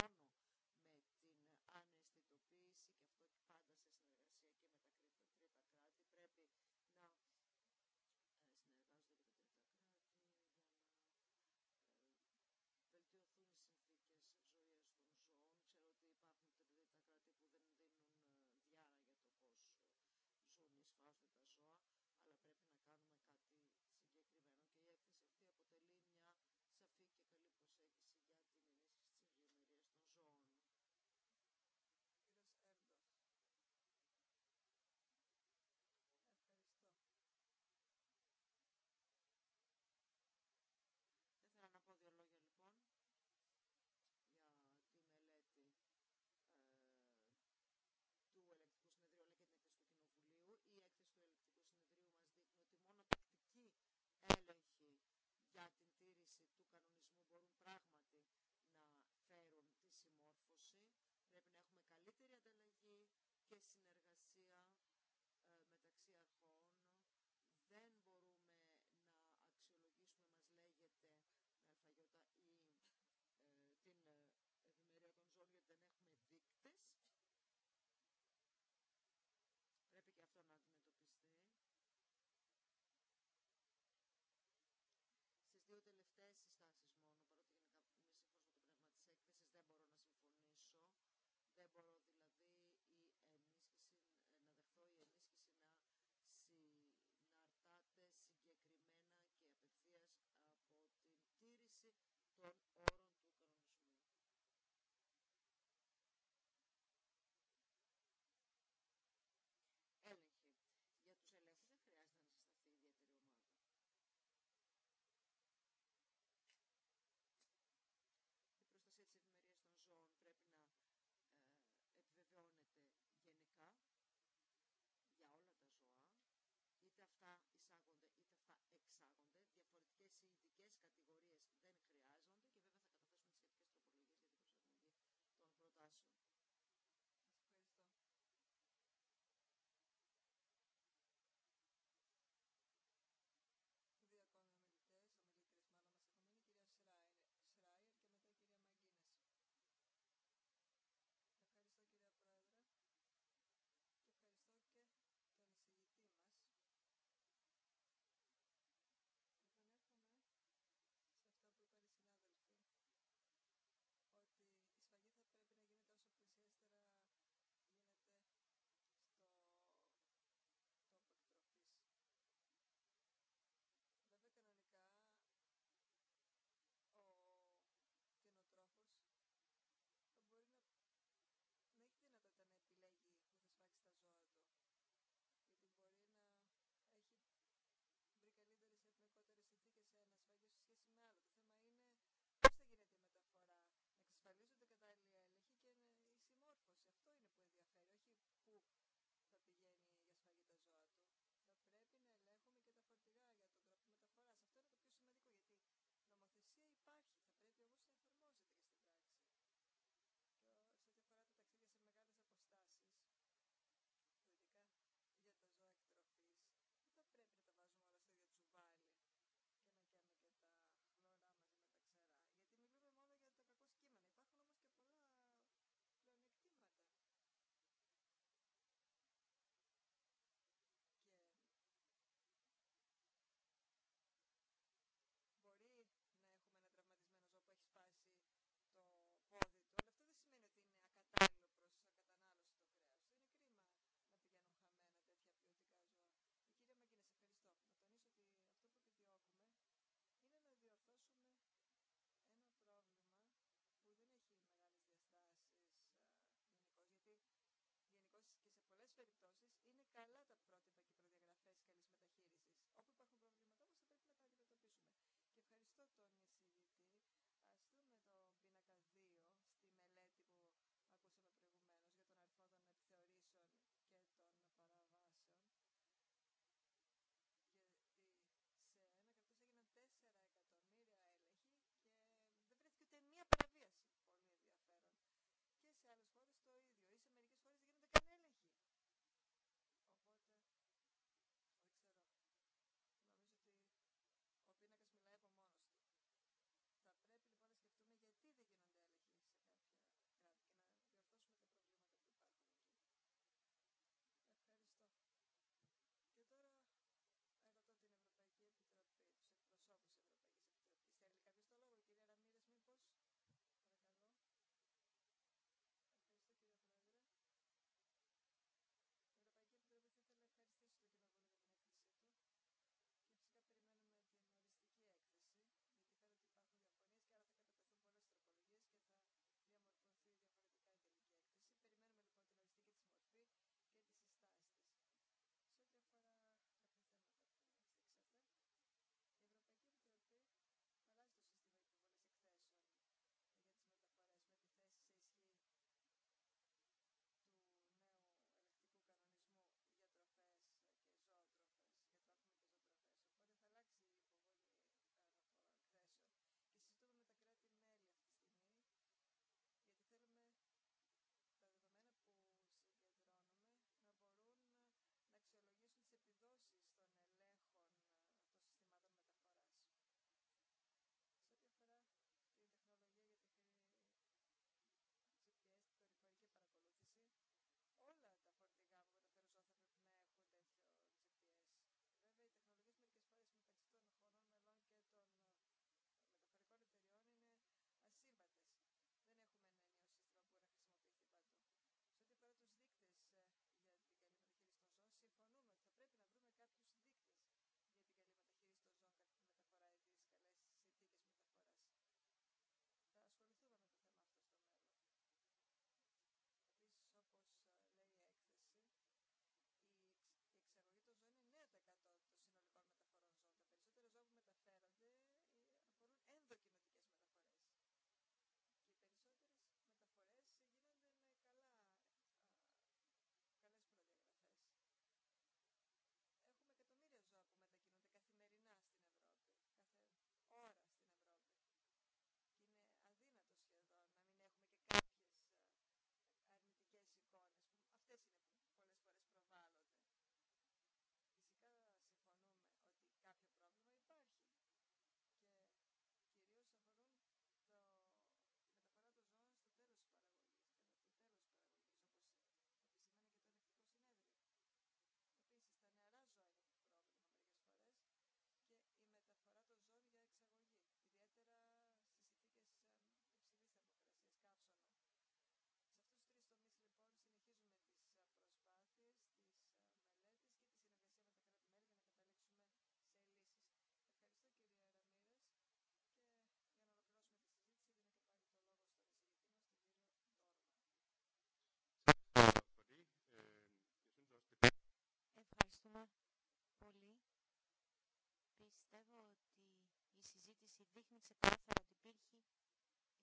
μπρος μόνο συζήτηση δείχνει ξεκάθαρα ότι υπήρχε,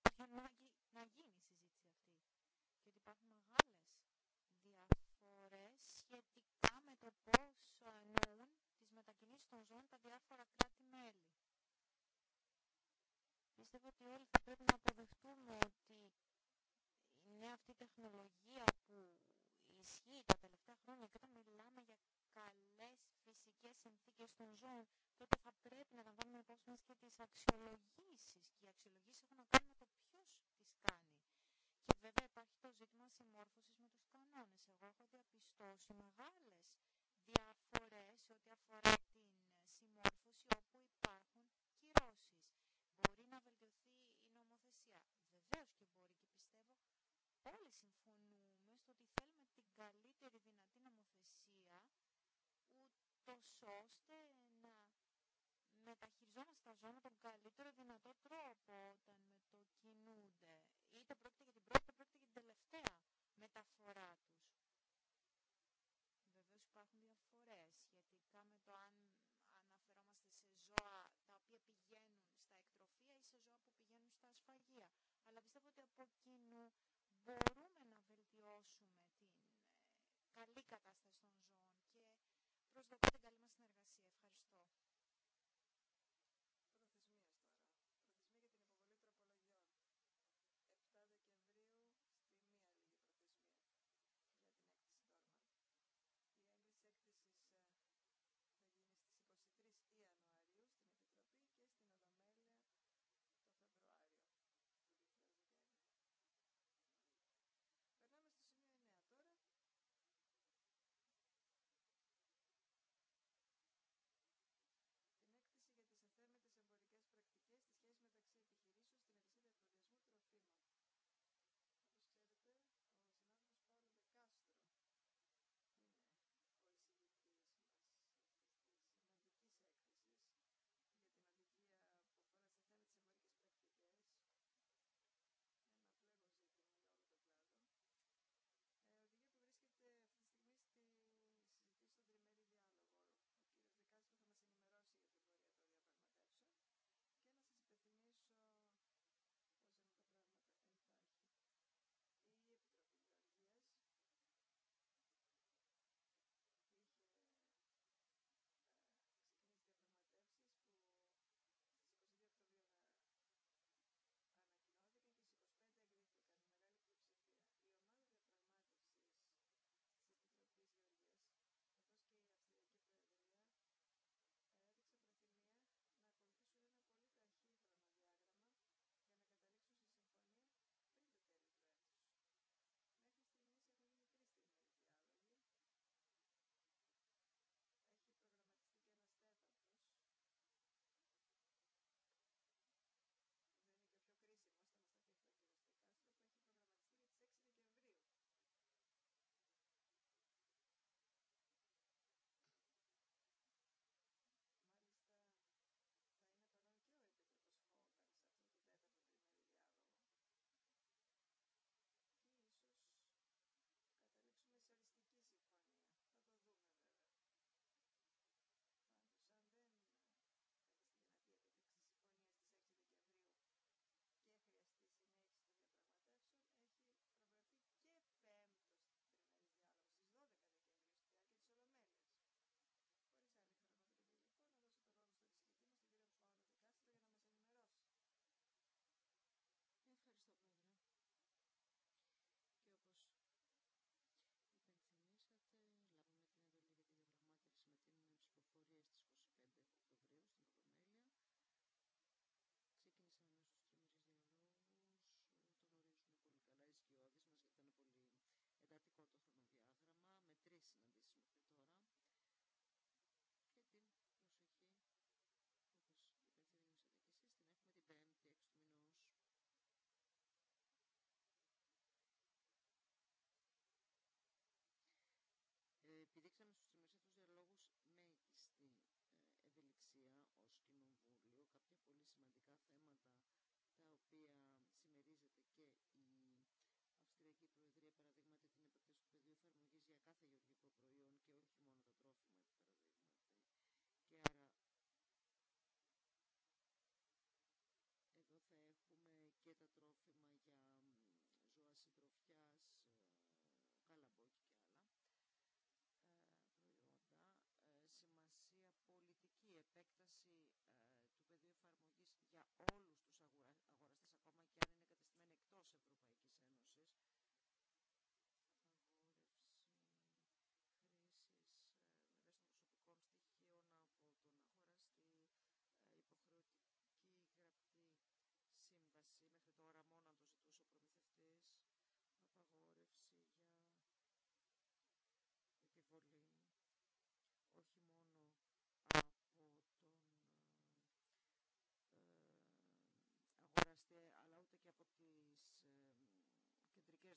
υπήρχε να γίνει η συζήτηση αυτή και ότι υπάρχουν μεγάλες διαφορές σχετικά με το πώς εννοούν τις μετακινήσεις των ζώων τα διάφορα κράτη-μέλη. Πιστεύω ότι όλοι θα πρέπει να αποδεχτούμε ότι είναι αυτή η τεχνολογία που ισχύει τα τελευταία χρόνια και όταν μιλάμε για καλές φυσικές συνθήκες των ζώων, τότε θα πρέπει να λαμβάνουμε υπόψη μας και τις αξιολογήσεις. Και οι αξιολογήσεις έχουν να κάνουν με το ποιος τις κάνει. Και βέβαια υπάρχει το ζήτημα συμμόρφωσης με τους κανόνες. Εγώ έχω διαπιστώσει μεγάλες διαφορές ό,τι αφορά την συμμόρφωση όπου υπάρχουν κυρώσεις. Μπορεί να βελτιωθεί η νομοθεσία. Βεβαίως και μπορεί και πιστεύω όλοι συμφωνούμε στο ότι καλύτερη δυνατή νομοθεσία, ούτως ώστε να μεταχειριζόμαστε τα ζώα με τον καλύτερο δυνατό τρόπο όταν μετοκινούνται. Είτε πρόκειται για την πρώτη, είτε πρόκειται για την τελευταία μεταφορά τους. Βεβαίως υπάρχουν διαφορές σχετικά με το αν αναφερόμαστε σε ζώα τα οποία πηγαίνουν στα εκτροφία ή σε ζώα που πηγαίνουν στα ασφαγεία. Αλλά πιστεύω ότι από κοινού μπορούμε να βελτιώσουμε καλή κατάσταση των ζώων και προσδοκώ την καλή μας συνεργασία. Ευχαριστώ.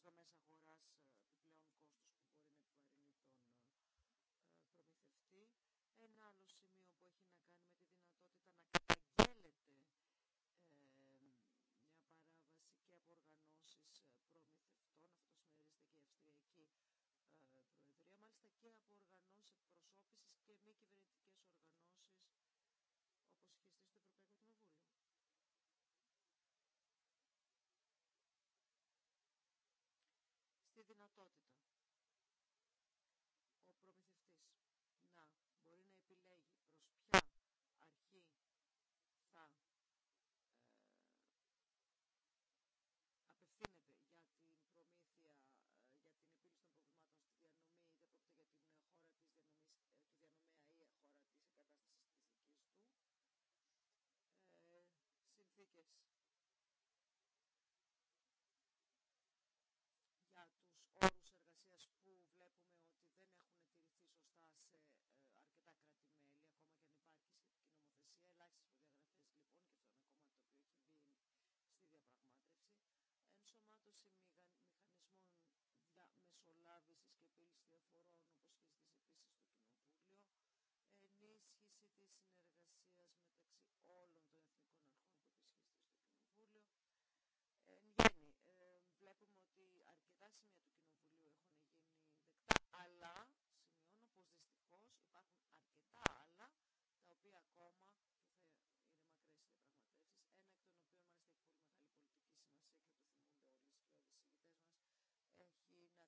δομές του ε, επιπλέον κόστο που μπορεί να επιβαρύνει τον ε, ε, προμηθευτή. Ένα άλλο σημείο που έχει να κάνει με τη δυνατότητα να καταγγέλλεται μια παράβαση και από προμηθευτών, αυτό συμμερίζεται και η Αυστριακή Προεδρία, μάλιστα και από οργανώσει εκπροσώπηση και μη κυβερνητικέ οργανώσεις σε ε, αρκετά κράτη-μέλη, ακόμα και αν υπάρχει σχετική νομοθεσία, ελάχιστε προδιαγραφέ λοιπόν, και αυτό είναι ακόμα το οποίο έχει μπει στη διαπραγμάτευση. Ενσωμάτωση μηχανισμών μεσολάβηση και επίλυση διαφορών, όπω και στι επίση στο Κοινοβούλιο. Ενίσχυση τη συνεργασία μεταξύ όλων των εθνικών αρχών που επισχύστηκε στο Κοινοβούλιο. Εν γέννη, ε, βλέπουμε ότι αρκετά σημεία του Κοινοβουλίου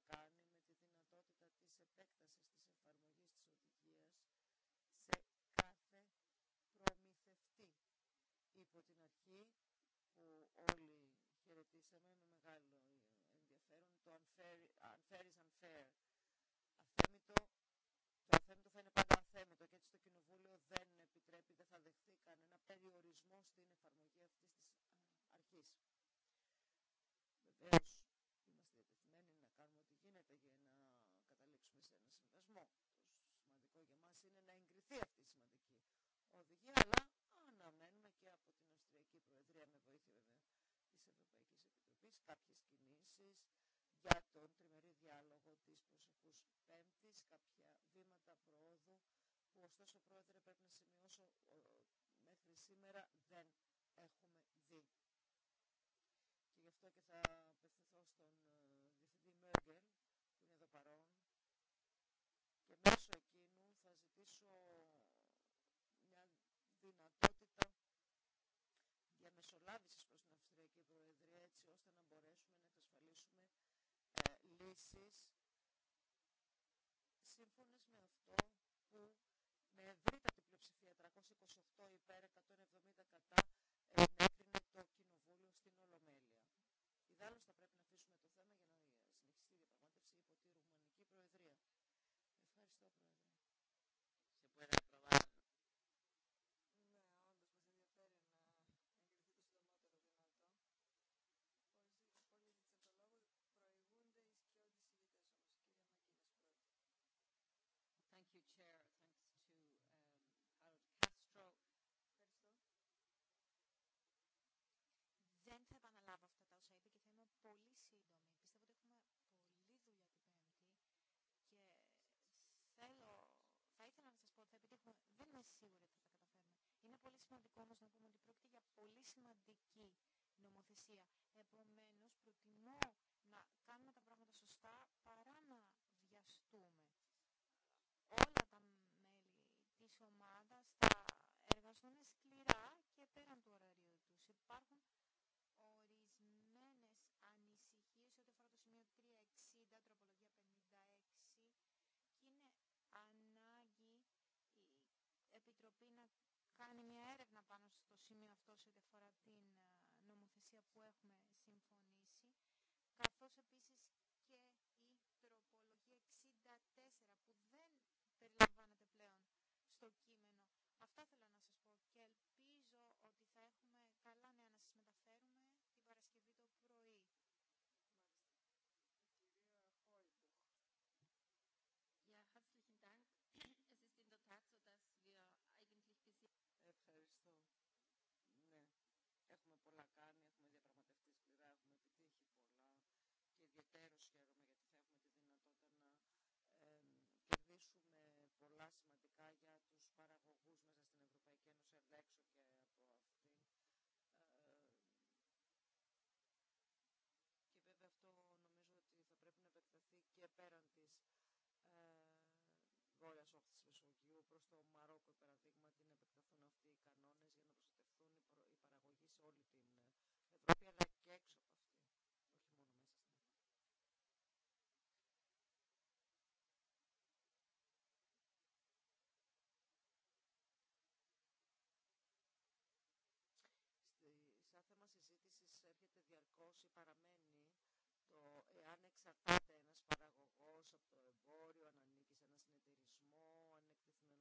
κάνει με τη δυνατότητα της επέκτασης της εφαρμογής της οδηγίας σε κάθε προμηθευτή. Υπό την αρχή που όλοι χαιρετήσαμε με μεγάλο ενδιαφέρον, το unfair, unfair is unfair. Αθέμητο, το αθέμητο θα είναι πάντα αθέμητο και έτσι το Κοινοβούλιο δεν επιτρέπει, δεν θα δεχθεί κανένα περιορισμό στην εφαρμογή αυτής της αρχής. για να καταλήξουμε σε ένα συμβασμό. Το σημαντικό για μας είναι να εγκριθεί αυτή η σημαντική οδηγία, αλλά αναμένουμε και από την Αυστριακή Προεδρία, με βοήθεια βέβαια της Ευρωπαϊκής Επιτροπής, κάποιες κινήσεις για τον τριμερή διάλογο της προσεχούς Πέμπτης, κάποια βήματα προόδου, που ωστόσο, Πρόεδρε, πρέπει να σημειώσω, μέχρι σήμερα δεν έχουμε δει. Και γι' αυτό και θα μια δυνατότητα διαμεσολάβησης προς την Αυστριακή Προεδρία έτσι ώστε να μπορέσουμε να εξασφαλίσουμε ε, λύσεις σύμφωνες με αυτό που με ευρύτατη πλειοψηφία 328 υπέρ 170 κατά Είναι πολύ σημαντικό όμως να πούμε ότι πρόκειται για πολύ σημαντική νομοθεσία. Επομένως, προτιμώ να κάνουμε τα πράγματα σωστά παρά να βιαστούμε. Όλα τα μέλη της ομάδας θα εργαζόμενοι σκληρά και πέραν του ωραρίου τους. Υπάρχουν να κάνει μια έρευνα πάνω στο σημείο αυτό σε διαφορά την ε, νομοθεσία που έχουμε συμφωνήσει, καθώς επίσης και η τροπολογία 64 που δεν περιλαμβάνεται πλέον στο κείμενο. Αυτά θέλω να σας πολλά κάνει, έχουμε διαπραγματευτεί σκληρά, έχουμε επιτύχει πολλά και ιδιαίτερω χαίρομαι γιατί θα έχουμε τη δυνατότητα να ε, κερδίσουμε πολλά σημαντικά για τους παραγωγούς μέσα στην Ευρωπαϊκή Ένωση, αλλά έξω και από αυτή. Ε, και βέβαια αυτό νομίζω ότι θα πρέπει να επεκταθεί και πέραν τη εξαρτάται ένας παραγωγός από το εμπόριο, αν ανήκει σε ένα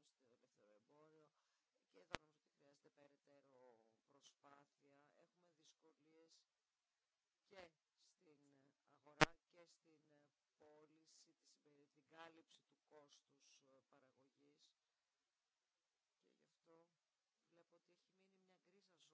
συνεταιρισμό, αν είναι εκτεθειμένος στο ελεύθερο εμπόριο και εδώ νομίζω ότι χρειάζεται περαιτέρω προσπάθεια. Έχουμε δυσκολίες και στην αγορά και στην πώληση, την κάλυψη του κόστους ε, παραγωγής και γι' αυτό βλέπω ότι έχει μείνει μια γκρίζα ζώνη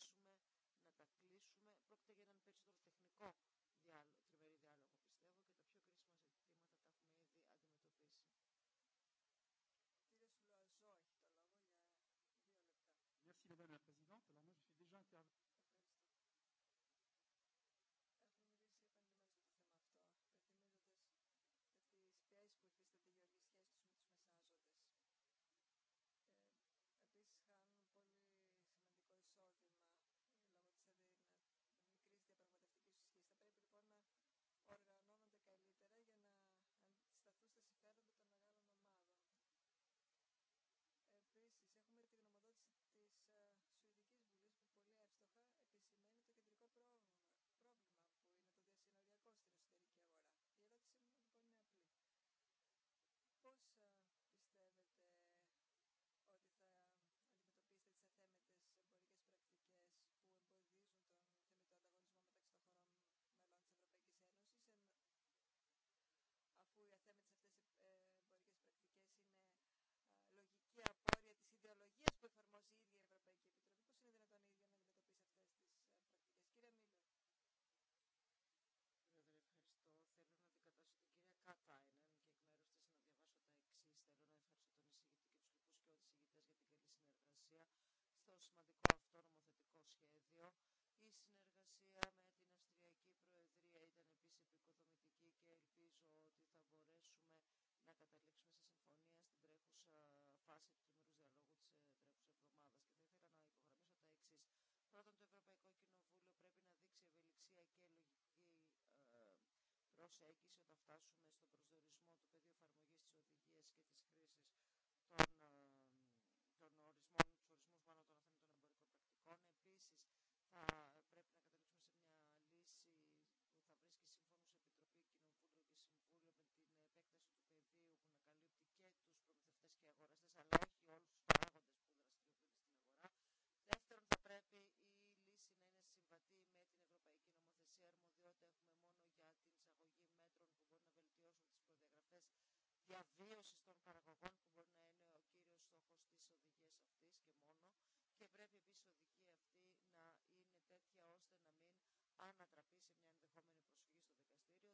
να τα κλείσουμε. Πρόκειται για έναν περισσότερο τεχνικό διάλογο, σημαντικό αυτό νομοθετικό σχέδιο. Η συνεργασία με την Αυστριακή Προεδρία ήταν επίσης επικοδομητική και ελπίζω ότι θα μπορέσουμε να καταλήξουμε σε συμφωνία στην τρέχουσα φάση του τριμερούς διαλόγου τη ε, τρέχουσας Εβδομάδα. Και θα ήθελα να υπογραμμίσω τα εξή. Πρώτον, το Ευρωπαϊκό Κοινοβούλιο πρέπει να δείξει ευελιξία και λογική ε, προσέγγιση όταν φτάσουμε στον προσδορισμό του πεδίου εφαρμογή τη οδηγία και τη χρήση διότι έχουμε μόνο για την εισαγωγή μέτρων που μπορεί να βελτιώσουν τις προδιαγραφές διαβίωσης των παραγωγών που μπορεί να είναι ο κύριος στόχος της οδηγίας αυτής και μόνο και πρέπει επίσης η οδηγία αυτή να είναι τέτοια ώστε να μην ανατραπεί σε μια ενδεχόμενη προσφυγή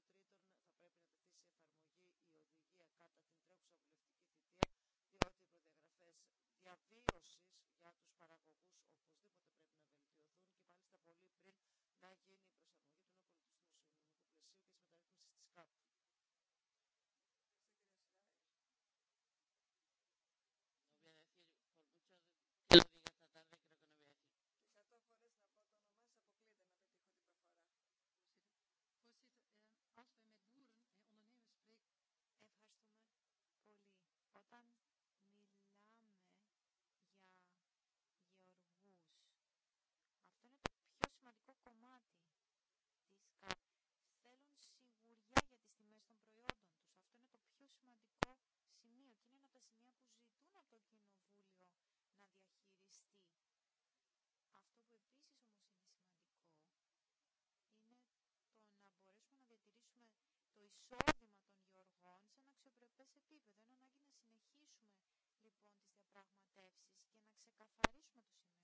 στο δικαστήριο. Τρίτον, θα πρέπει να τεθεί σε εφαρμογή η οδηγία κατά την τρέχουσα βουλευτική θητεία, διότι οι προδιαγραφές διαβίωσης για τους παραγωγούς οπωσδήποτε πρέπει να βελτιωθούν και μάλιστα πολύ πριν να γίνει η Κοινοβούλιο να διαχειριστεί. Αυτό που επίσης όμως είναι σημαντικό είναι το να μπορέσουμε να διατηρήσουμε το εισόδημα των γεωργών σε ένα αξιοπρεπές επίπεδο. Είναι ανάγκη να συνεχίσουμε λοιπόν τις διαπραγματεύσεις και να ξεκαθαρίσουμε το σημείο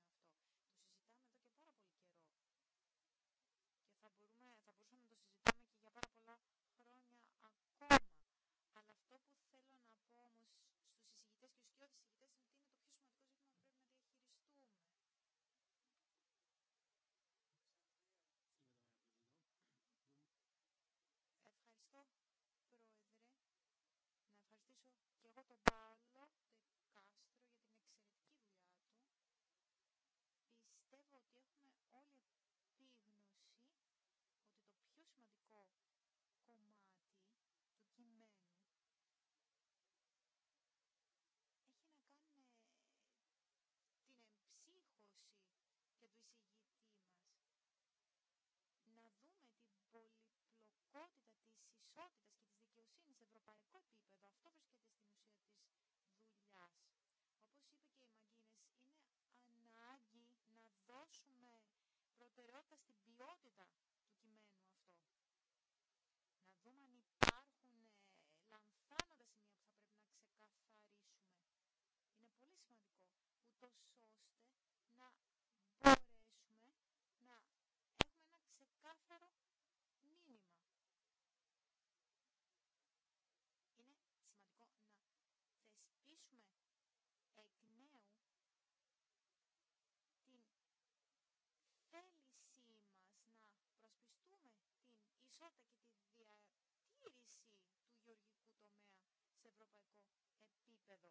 και της δικαιοσύνης σε ευρωπαϊκό επίπεδο. Αυτό βρίσκεται στην ουσία της δουλειάς. Όπως είπε και η Μαγκίνες, είναι ανάγκη να δώσουμε προτεραιότητα στην ποιότητα του κειμένου αυτό. Να δούμε αν υπάρχουν ε, λανθάνοντα σημεία που θα πρέπει να ξεκαθαρίσουμε. Είναι πολύ σημαντικό, ούτως ώστε και τη διατήρηση του γεωργικού τομέα σε ευρωπαϊκό επίπεδο.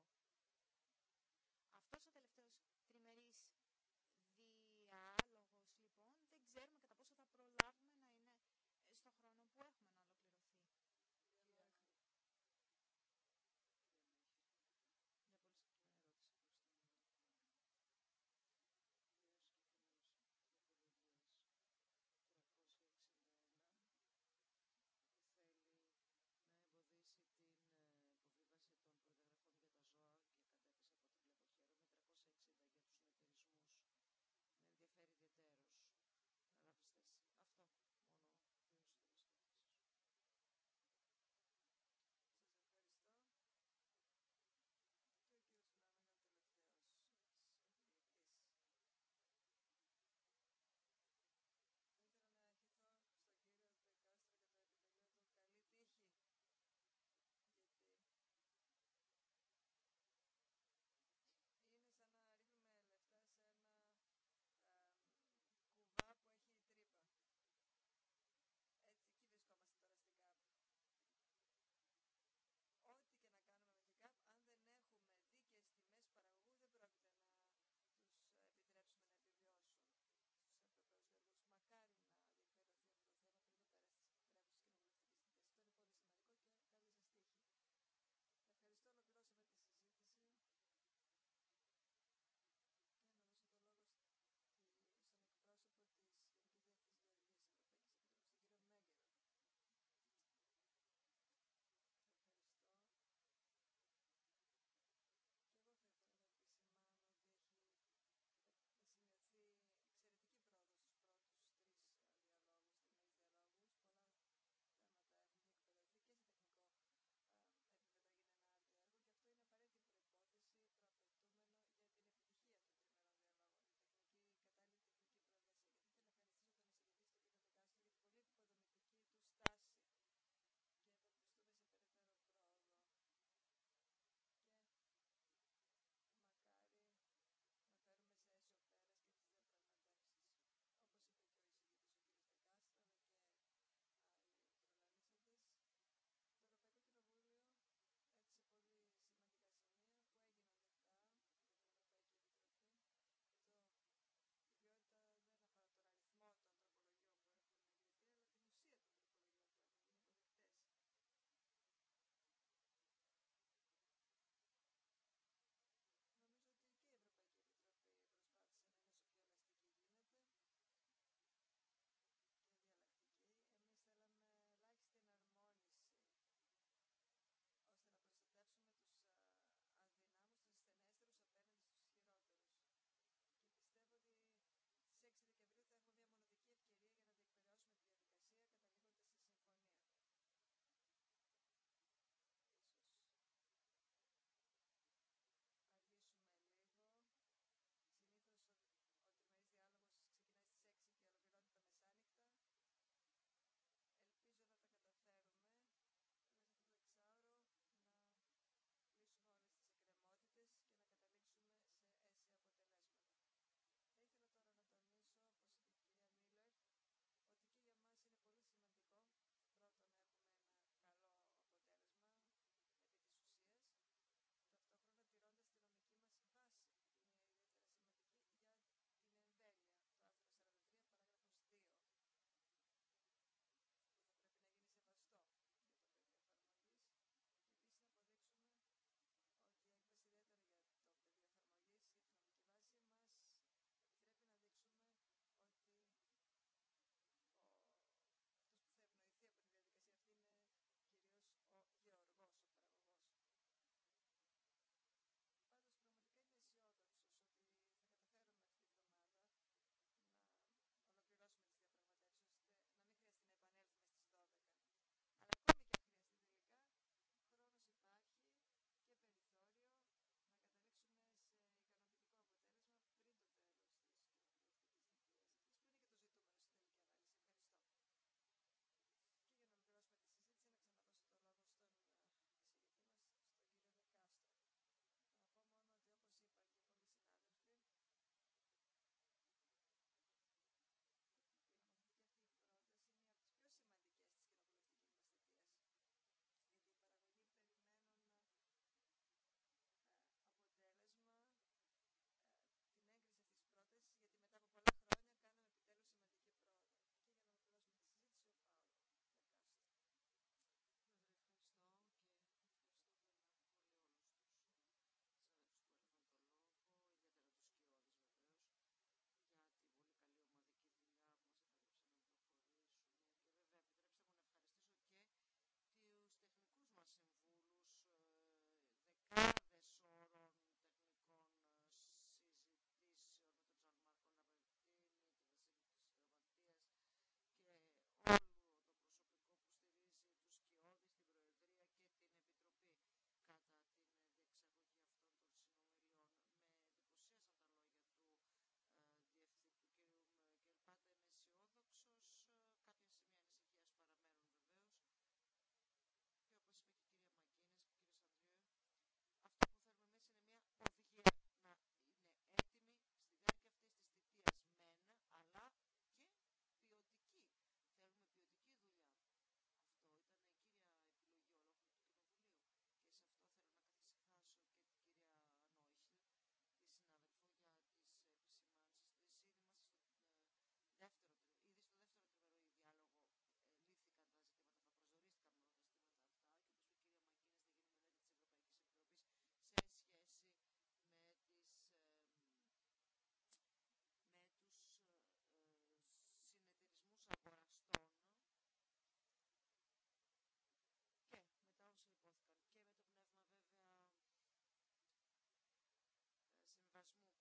μου.